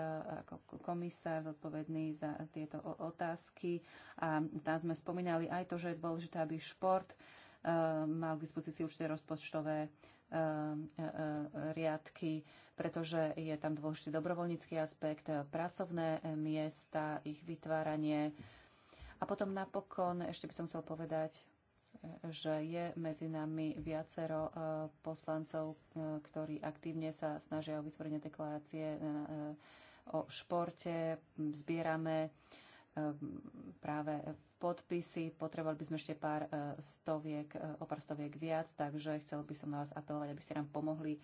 ako komisár zodpovedný za tieto otázky. A tam sme spomínali aj to, že je dôležité, aby šport mal k dispozícii určité rozpočtové E, e, e, riadky, pretože je tam dôležitý dobrovoľnícky aspekt, pracovné miesta, ich vytváranie. A potom napokon ešte by som chcel povedať, že je medzi nami viacero poslancov, ktorí aktívne sa snažia o vytvorenie deklarácie o športe. Zbierame Ehm, práve podpisy. Potrebovali by sme ešte pár e, stoviek, e, o pár stoviek viac, takže chcel by som na vás apelovať, aby ste nám pomohli e,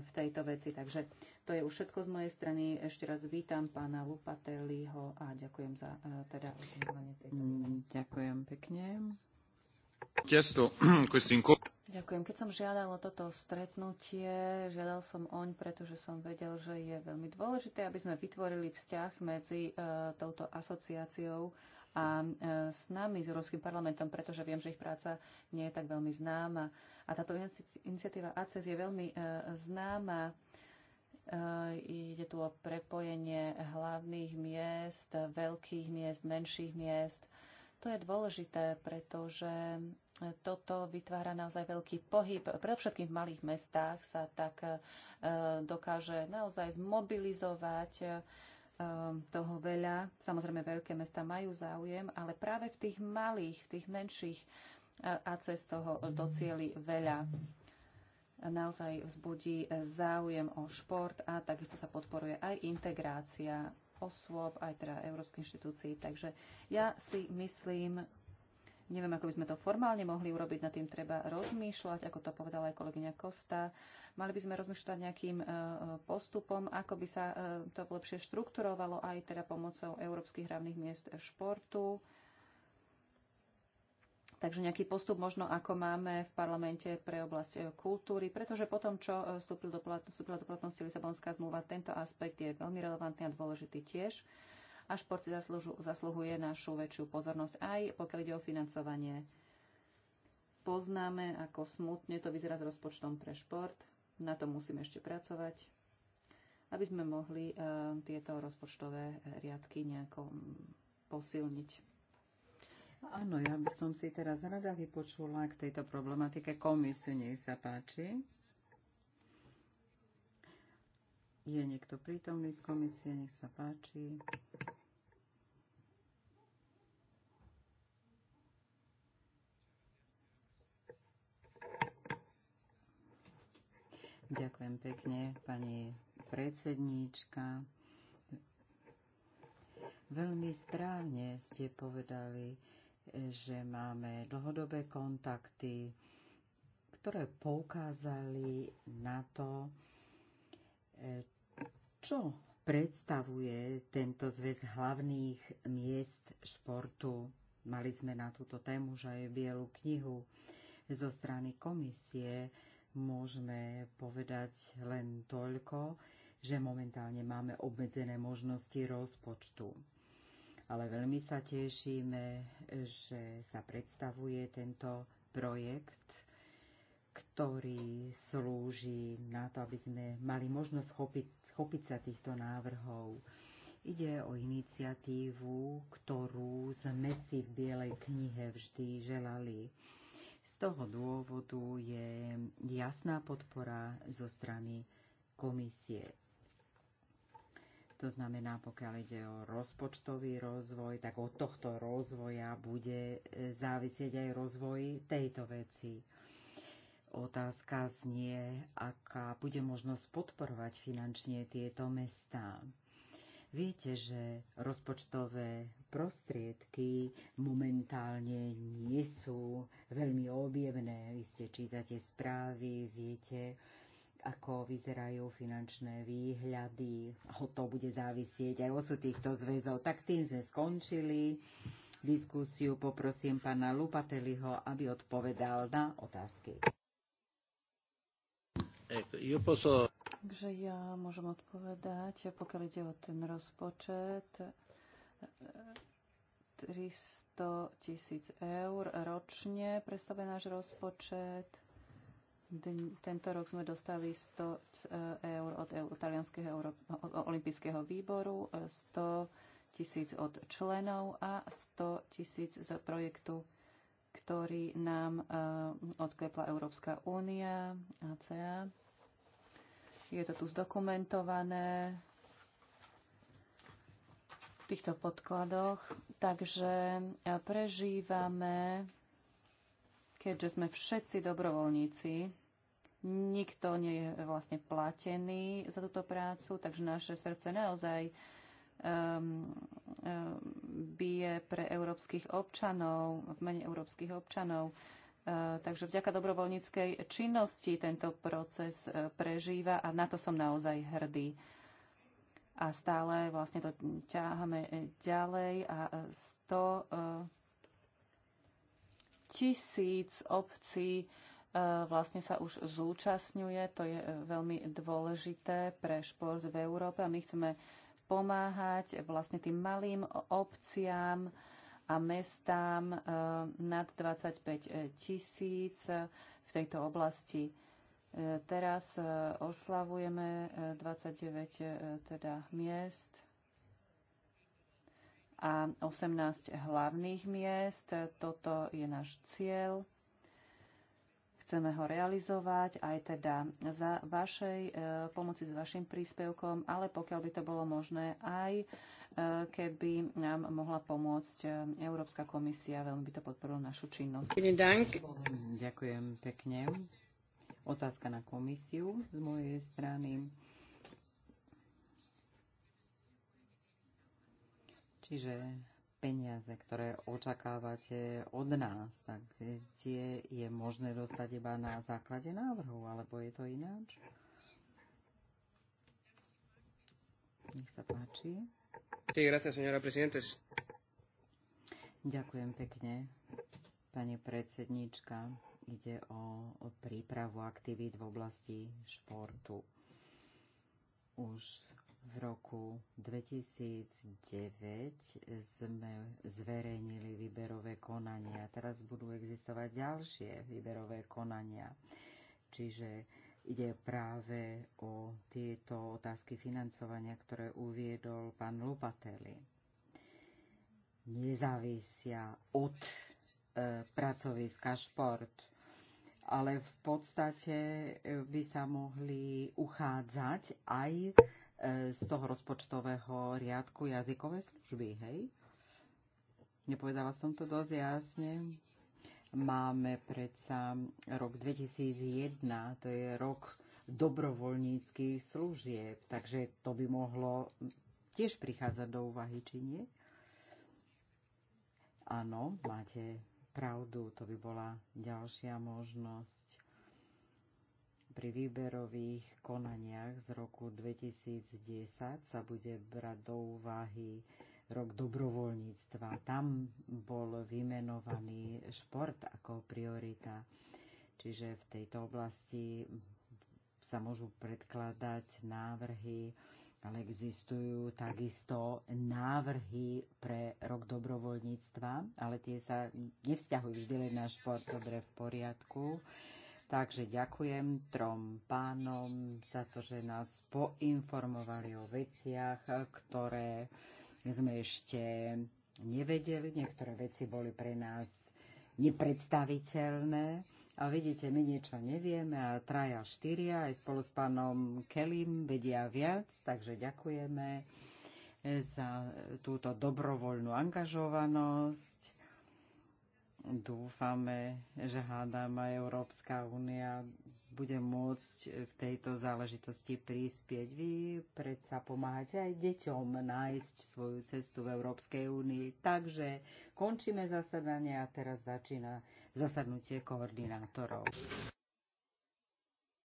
v tejto veci. Takže to je už všetko z mojej strany. Ešte raz vítam pána Lupatelliho a ďakujem za teda organizovanie tejto mm, Ďakujem pekne. Ďakujem. Keď som žiadala toto stretnutie, žiadal som oň, pretože som vedel, že je veľmi dôležité, aby sme vytvorili vzťah medzi e, touto asociáciou a e, s nami, s Európskym parlamentom, pretože viem, že ich práca nie je tak veľmi známa. A táto iniciatíva ACES je veľmi e, známa. E, ide tu o prepojenie hlavných miest, veľkých miest, menších miest. To je dôležité, pretože toto vytvára naozaj veľký pohyb. Predovšetkým v malých mestách sa tak e, dokáže naozaj zmobilizovať e, toho veľa. Samozrejme, veľké mesta majú záujem, ale práve v tých malých, v tých menších e, a cez toho docieli veľa naozaj vzbudí záujem o šport a takisto sa podporuje aj integrácia osôb, aj teda európskych inštitúcií. Takže ja si myslím, Neviem, ako by sme to formálne mohli urobiť, nad tým treba rozmýšľať, ako to povedala aj kolegyňa Kosta. Mali by sme rozmýšľať nejakým e, e, postupom, ako by sa e, to lepšie štrukturovalo aj teda pomocou európskych hravných miest športu. Takže nejaký postup možno, ako máme v parlamente pre oblasť kultúry, pretože potom, čo vstúpil do plat, vstúpila do platnosti Lisabonská zmluva, tento aspekt je veľmi relevantný a dôležitý tiež a šport si zasluhuje našu väčšiu pozornosť aj pokiaľ ide o financovanie. Poznáme, ako smutne to vyzerá s rozpočtom pre šport. Na to musíme ešte pracovať, aby sme mohli uh, tieto rozpočtové riadky nejako posilniť. Áno, ja by som si teraz rada vypočula k tejto problematike komisiu, nej sa páči. Je niekto prítomný z komisie, nech sa páči. Ďakujem pekne, pani predsedníčka. Veľmi správne ste povedali, že máme dlhodobé kontakty, ktoré poukázali na to, čo predstavuje tento zväz hlavných miest športu. Mali sme na túto tému už aj bielu knihu zo strany komisie môžeme povedať len toľko, že momentálne máme obmedzené možnosti rozpočtu. Ale veľmi sa tešíme, že sa predstavuje tento projekt, ktorý slúži na to, aby sme mali možnosť chopiť, chopiť sa týchto návrhov. Ide o iniciatívu, ktorú sme si v Bielej knihe vždy želali toho dôvodu je jasná podpora zo strany komisie. To znamená, pokiaľ ide o rozpočtový rozvoj, tak od tohto rozvoja bude e, závisieť aj rozvoj tejto veci. Otázka znie, aká bude možnosť podporovať finančne tieto mestá. Viete, že rozpočtové prostriedky momentálne nie sú veľmi objemné. Vy ste čítate správy, viete, ako vyzerajú finančné výhľady. o to bude závisieť aj osud týchto zväzov. Tak tým sme skončili diskusiu. Poprosím pána Lupateliho, aby odpovedal na otázky. Ecco, Takže ja môžem odpovedať, pokiaľ ide o ten rozpočet, 300 e, tisíc eur ročne predstavuje náš rozpočet. Tento rok sme dostali 100 e, eur od Talianského olympijského výboru, 100 e, tisíc od členov a 100 tisíc z projektu, ktorý nám odklepla Európska únia, ACA je to tu zdokumentované v týchto podkladoch. Takže e, prežívame, keďže sme všetci dobrovoľníci, nikto nie je vlastne platený za túto prácu, takže naše srdce naozaj um, um, bije pre európskych občanov, v mene európskych občanov. E, takže vďaka dobrovoľníckej činnosti tento proces e, prežíva a na to som naozaj hrdý. A stále vlastne to ťahame e, ďalej a 100 tisíc obcí vlastne sa už zúčastňuje. To je veľmi dôležité pre šport v Európe a my chceme pomáhať vlastne tým malým obciám, a mestám eh, nad 25 eh, tisíc eh, v tejto oblasti. Teraz oslavujeme 29 teda miest a 18 hlavných miest. Toto je náš cieľ chceme ho realizovať aj teda za vašej pomoci s vašim príspevkom, ale pokiaľ by to bolo možné aj keby nám mohla pomôcť eh, Európska komisia. Veľmi by to podporilo našu činnosť. Ďakujem pekne. Otázka na komisiu z mojej strany. Čiže peniaze, ktoré očakávate od nás, tak tie je možné dostať iba na základe návrhu, alebo je to ináč? Nech sa páči. Sí, gracias, señora presidente. Ďakujem pekne, pani predsednička. Ide o, o prípravu aktivít v oblasti športu. Už v roku 2009 sme zverejnili výberové konania. Teraz budú existovať ďalšie výberové konania. Čiže ide práve o tieto otázky financovania, ktoré uviedol pán Lopatelli. Nezávisia od e, pracoviska šport, ale v podstate e, by sa mohli uchádzať aj e, z toho rozpočtového riadku jazykové služby, hej? Nepovedala som to dosť jasne. Máme predsa rok 2001, to je rok dobrovoľníckých služieb, takže to by mohlo tiež prichádzať do úvahy, či nie? Áno, máte pravdu, to by bola ďalšia možnosť pri výberových konaniach z roku 2010 sa bude brať do úvahy rok dobrovoľníctva. Tam bol vymenovaný šport ako priorita. Čiže v tejto oblasti sa môžu predkladať návrhy, ale existujú takisto návrhy pre rok dobrovoľníctva, ale tie sa nevzťahujú vždy len na šport, dobre v poriadku. Takže ďakujem trom pánom za to, že nás poinformovali o veciach, ktoré sme ešte nevedeli, niektoré veci boli pre nás nepredstaviteľné. A vidíte, my niečo nevieme a traja štyria aj spolu s pánom Kelim vedia viac, takže ďakujeme za túto dobrovoľnú angažovanosť. Dúfame, že hádam aj Európska únia budem môcť v tejto záležitosti prispieť. Vy predsa pomáhate aj deťom nájsť svoju cestu v Európskej únii. Takže končíme zasadanie a teraz začína zasadnutie koordinátorov.